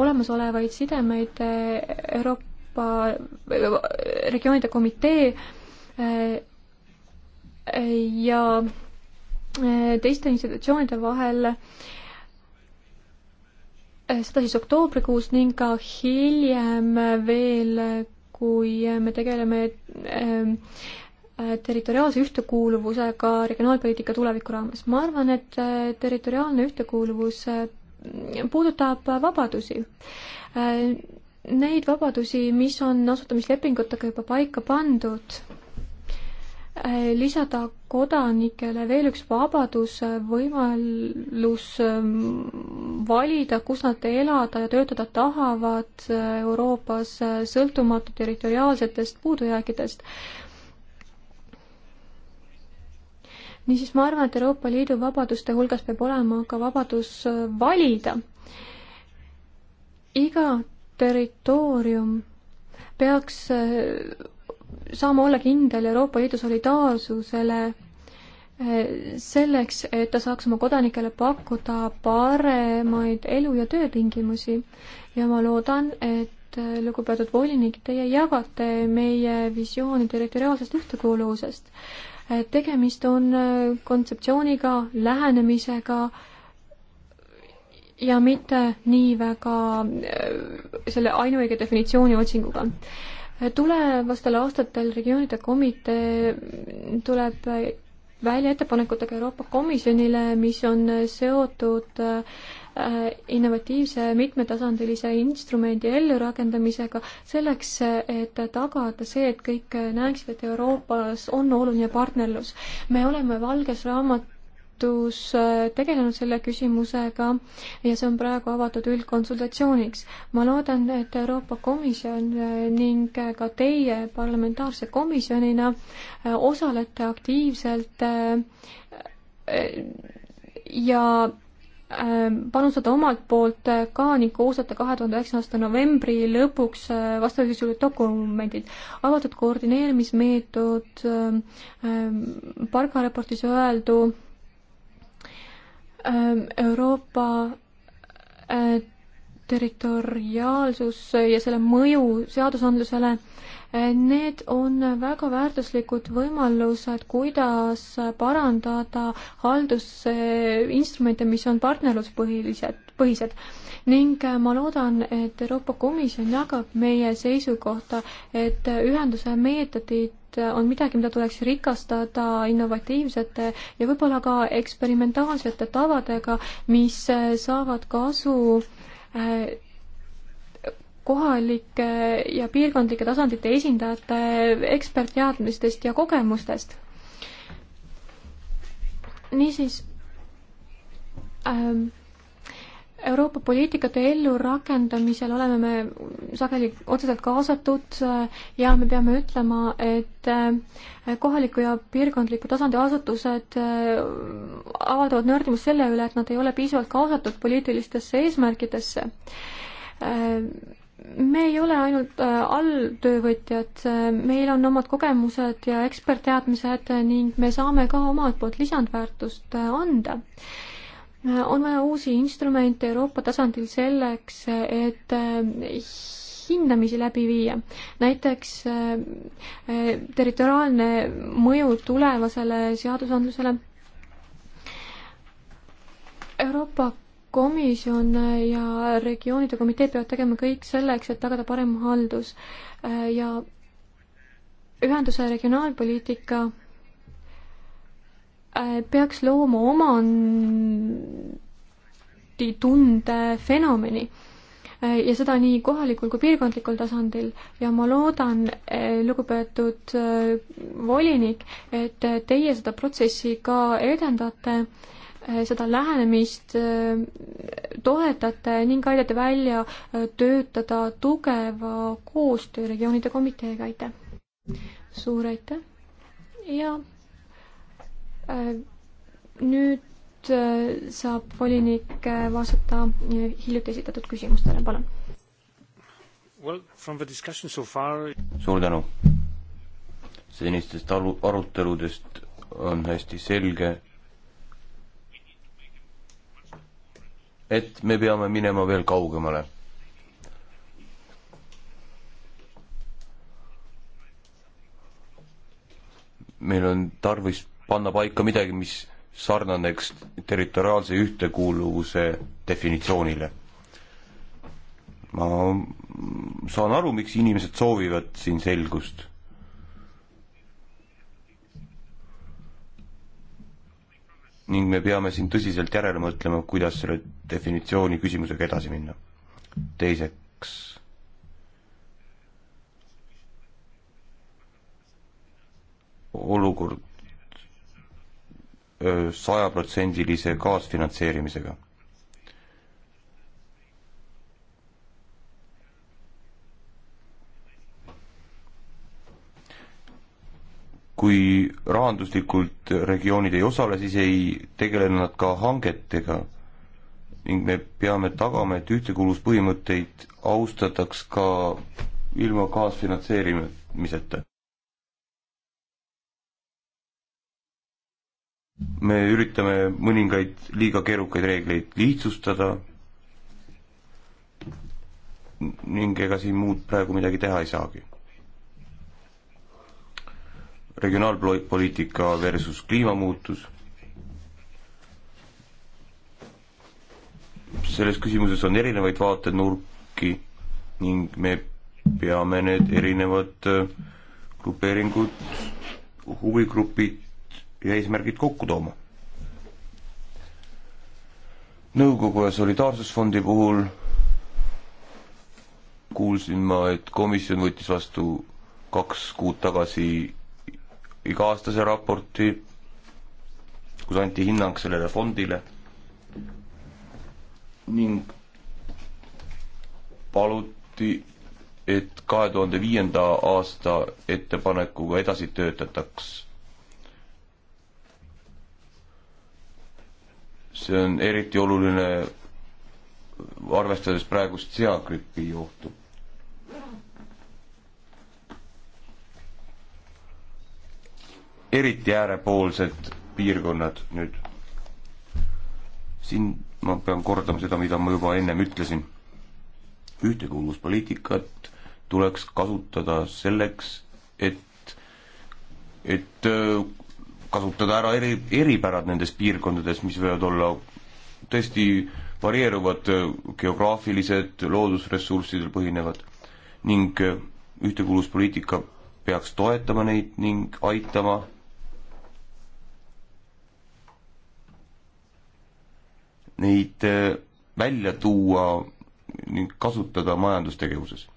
B: olemasolevaid sidemeid Euroopa regioonide komitee ja teiste institutsioonide vahel seda siis oktoobrikuus ning ka hiljem veel, kui me tegeleme Äh, territoriaalse ühtekuuluvusega regionaalpoliitika tuleviku raames. ma arvan, et äh, territoriaalne ühtekuuluvus äh, puudutab vabadusi. Neid vabadusi, mis on asutamislepingutega juba paika pandud, lisada kodanikele veel üks vabadus, võimalus ähm, valida, kus nad elada ja töötada tahavad Euroopas, sõltumatu territoriaalsetest puudujääkidest niisiis ma arvan, et Euroopa Liidu vabaduste hulgas peab olema ka vabadus äh, valida. iga territoorium peaks äh, saama olla kindel Euroopa Liidu solidaarsusele äh, selleks, et ta saaks oma kodanikele pakkuda paremaid elu- ja töötingimusi. ja ma loodan, et lugupeetud volinik, teie jagate meie visiooni territoriaalsest ühtekuuluvusest tegemist on äh, kontseptsiooniga, lähenemisega ja mitte nii väga äh, selle ainuõige definitsiooni otsinguga tulevastel aastatel regioonide komitee tuleb välja ettepanekutega Euroopa Komisjonile, mis on seotud äh, Äh, innovatiivse mitmetasandilise instrumendi ellurakendamisega selleks, et tagada see, et kõik näeksid, et Euroopas on oluline partnerlus. me oleme valges raamat äh, tegelenud selle küsimusega ja see on praegu avatud üldkonsultatsiooniks. ma loodan, et Euroopa Komisjon äh, ning ka teie parlamentaarse komisjonina osalete aktiivselt ja Ähm, panustada omalt poolt äh, ka ning koostada kahe tuhande üheksa aasta novembri lõpuks äh, vastavasisulised dokumendid. avatud koordineerimismeetod, Barca ähm, ähm, raportis öeldu, Euroopa äh, territoriaalsus ja selle mõju seadusandlusele äh, Need on väga väärtuslikud võimalused, kuidas parandada haldusinstrumente, mis on partnerluspõhilised, põhised. ning äh, ma loodan, et Euroopa Komisjon jagab meie seisukohta, et ühenduse meetodid on midagi, mida tuleks rikastada innovatiivsete ja võib-olla ka eksperimentaalsete tavadega, mis äh, saavad kasu äh, kohalike ja piirkondlike tasandite esindajate ekspertteadmistest ja kogemustest. niisiis ähm, Euroopa poliitikate ellurakendamisel oleme me sageli otseselt kaasatud äh, ja me peame ütlema, et äh, kohaliku ja piirkondliku tasandi asutused äh, avaldavad nördimust selle üle, et nad ei ole piisavalt kaasatud poliitilistesse eesmärkidesse me ei ole ainult äh, alltöövõtjad, äh, meil on omad kogemused ja ekspertteadmised ning me saame ka omalt poolt lisandväärtust äh, anda. on vaja uusi instrumente Euroopa tasandil selleks, et hindamisi läbi viia. näiteks territoriaalne mõju tulevasele seadusandlusele. Euroopa komisjon ja regioonide komiteed peavad tegema kõik selleks, et tagada parem haldus ja ühenduse regionaalpoliitika äh, peaks looma omanditunde fenomeni äh, ja seda nii kohalikul kui piirkondlikul tasandil ja ma loodan, äh, lugupeetud volinik, et teie seda protsessi ka edendate Äh, seda lähenemist äh, toetate ning aidate välja äh, töötada tugeva koostöö regioonide komiteega, aitäh! suur aitäh ja nüüd saab volinik vastata hiljuti esitatud küsimustele, palun!
C: Well, from the
B: discussion so far
C: suur tänu! senistest aru, aruteludest on hästi selge, et me peame minema veel kaugemale. meil on tarvis panna paika midagi, mis sarnaneks territoriaalse ühtekuuluvuse definitsioonile. ma saan aru, miks inimesed soovivad siin selgust ning me peame siin tõsiselt järele mõtlema, kuidas selle definitsiooni küsimusega edasi minna. teiseks, olukord sajaprotsendilise kaasfinantseerimisega kui rahanduslikult regioonid ei osale, siis ei tegele nad ka hangetega. ning me peame tagama, et ühtekuuluvuspõhimõtteid austataks ka ilma kaasfinantseerimiseta. me üritame mõningaid liiga keerukaid reegleid lihtsustada ning ega siin muud praegu midagi teha ei saagi regionaalpoliitika versus kliimamuutus. selles küsimuses on erinevaid vaatenurki ning me peame need erinevad äh, grupeeringud, huvigrupid ja eesmärgid kokku tooma. nõukogu ja Solidaarsusfondi puhul kuulsin ma, et komisjon võttis vastu kaks kuud tagasi iga-aastase raporti, kus anti hinnang sellele fondile ning paluti, et kahe tuhande viienda aasta ettepanekuga edasi töötataks. see on eriti oluline, arvestades praegust seagripi juhtu eriti äärepoolsed piirkonnad nüüd. siin ma pean kordama seda, mida ma juba ennem ütlesin. ühtekuuluvuspoliitikat tuleks kasutada selleks, et, et äh, kasutada ära eri, eripärad nendes piirkondades, mis võivad olla tõesti varieeruvad äh, geograafilised, loodusressurssidel põhinevad ning äh, ühtekuuluvuspoliitika peaks toetama neid ning aitama neid äh, välja tuua ning kasutada majandustegevuses.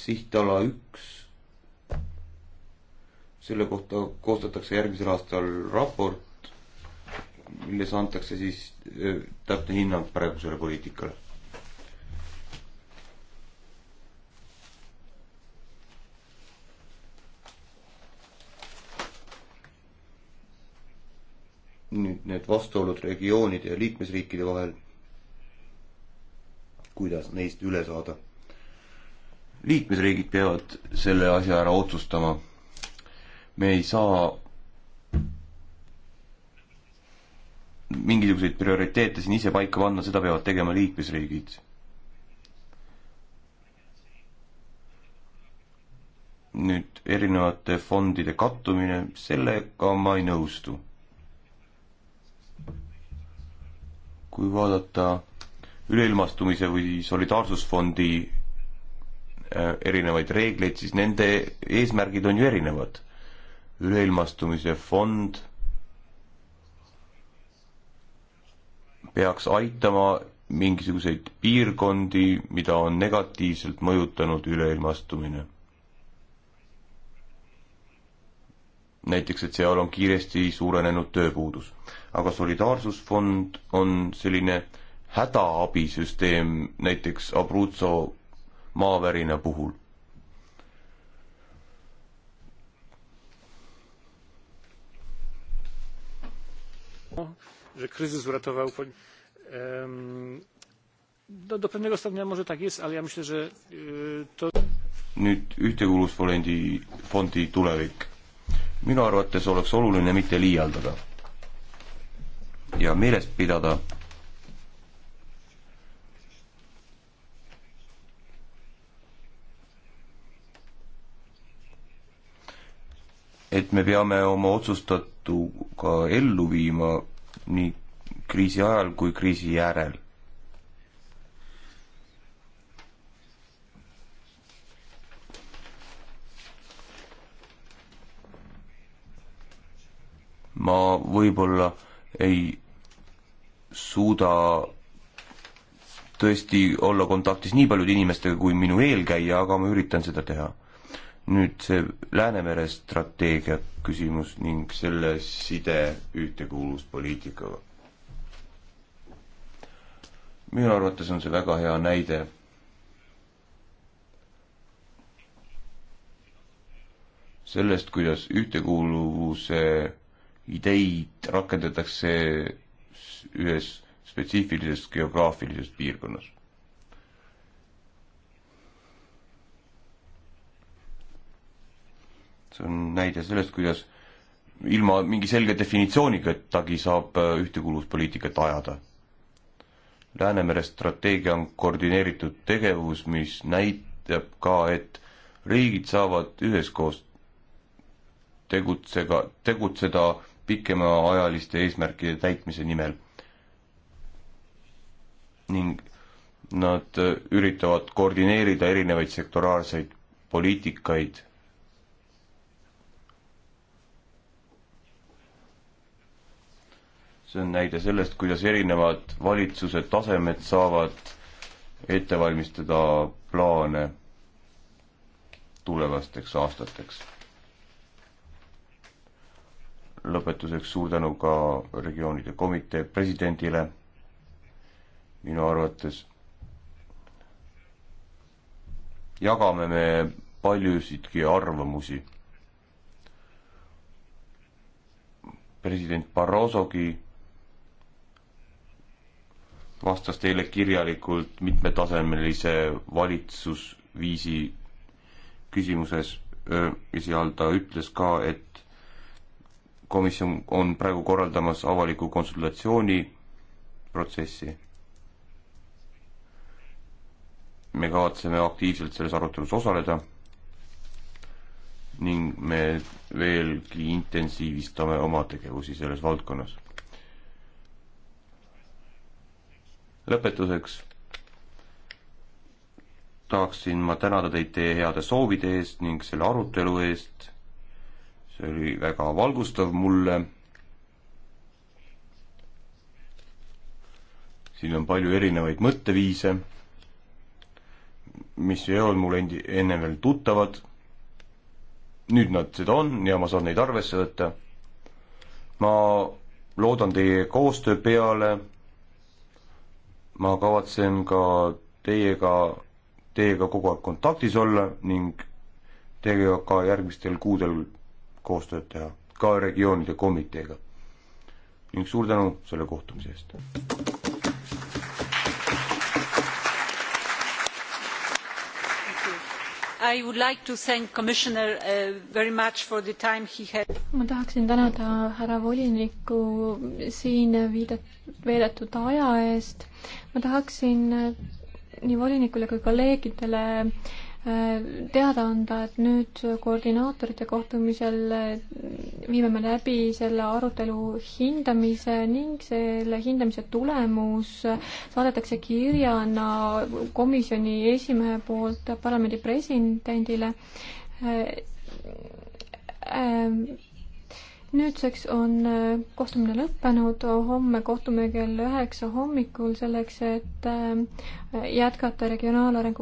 C: sihtala üks, selle kohta koostatakse järgmisel aastal raport, milles antakse siis äh, täpne hinnang praegusele poliitikale nüüd need vastuolud regioonide ja liikmesriikide vahel, kuidas neist üle saada. liikmesriigid peavad selle asja ära otsustama. me ei saa mingisuguseid prioriteete siin ise paika panna, seda peavad tegema liikmesriigid. nüüd erinevate fondide kattumine, sellega ma ei nõustu kui vaadata üleilmastumise või solidaarsusfondi äh, erinevaid reegleid, siis nende eesmärgid on ju erinevad. üleilmastumise fond peaks aitama mingisuguseid piirkondi, mida on negatiivselt mõjutanud üleilmastumine. näiteks, et seal on kiiresti suurenenud tööpuudus aga solidaarsusfond on selline hädaabisüsteem näiteks Abruzzo maavärina puhul. że kryzys uratował um, do, do pewnego stopnia może tak jest, ale ja myślę, że y, to nüüd ühtekuuluvusfondi, fondi tulevik. minu arvates oleks oluline mitte liialdada ja meeles pidada, et me peame oma otsustatuga ellu viima nii kriisi ajal kui kriisi järel ma võib-olla ei suuda tõesti olla kontaktis nii paljude inimestega kui minu eelkäija, aga ma üritan seda teha. nüüd see Läänemere strateegia küsimus ning selle side ühtekuuluvuspoliitikaga. minu arvates on see väga hea näide. sellest, kuidas ühtekuuluvuse ideid rakendatakse ühes spetsiifilises geograafilises piirkonnas. see on näide sellest, kuidas ilma mingi selge definitsioonitagi saab äh, ühtekuuluvuspoliitikat ajada. Läänemere strateegia on koordineeritud tegevus, mis näitab ka, et riigid saavad üheskoos tegutsega, tegutseda pikemaajaliste eesmärkide täitmise nimel. ning nad äh, üritavad koordineerida erinevaid sektoraalseid poliitikaid. see on näide sellest, kuidas erinevad valitsuse tasemed saavad ette valmistada plaane tulevasteks aastateks lõpetuseks suur tänu ka regioonide komitee presidendile. minu arvates jagame me paljusidki arvamusi. president Barrosogi vastas teile kirjalikult mitmetasemelise valitsusviisi küsimuses, esialgu ta ütles ka, et komisjon on praegu korraldamas avaliku konsultatsiooni protsessi. me kavatseme aktiivselt selles arutelus osaleda ning me veelgi intensiivistame oma tegevusi selles valdkonnas. lõpetuseks tahaksin ma tänada teid teie heade soovide eest ning selle arutelu eest see oli väga valgustav mulle. siin on palju erinevaid mõtteviise, mis ei olnud mulle endi-, enne veel tuttavad. nüüd nad seda on ja ma saan neid arvesse võtta. ma loodan teie koostöö peale. ma kavatsen ka teiega, teiega kogu aeg kontaktis olla ning teiega ka järgmistel kuudel koostööd teha, ka regioonide komiteega. ning suur tänu selle kohtumise eest.
A: I would like to thank commissioner uh, very much for the time he had.
B: ma tahaksin tänada härra volinikku siin viidet-, veedetud aja eest. ma tahaksin nii volinikule kui kolleegidele uh, teada anda, et nüüd koordinaatorite kohtumisel viime me läbi selle arutelu hindamise ning selle hindamise tulemus saadetakse kirjana komisjoni esimehe poolt parlamendi presidendile. Ähm, nüüdseks on äh, kohtumine lõppenud, homme kohtume kell üheksa hommikul selleks, et äh, jätkata regionaalarengu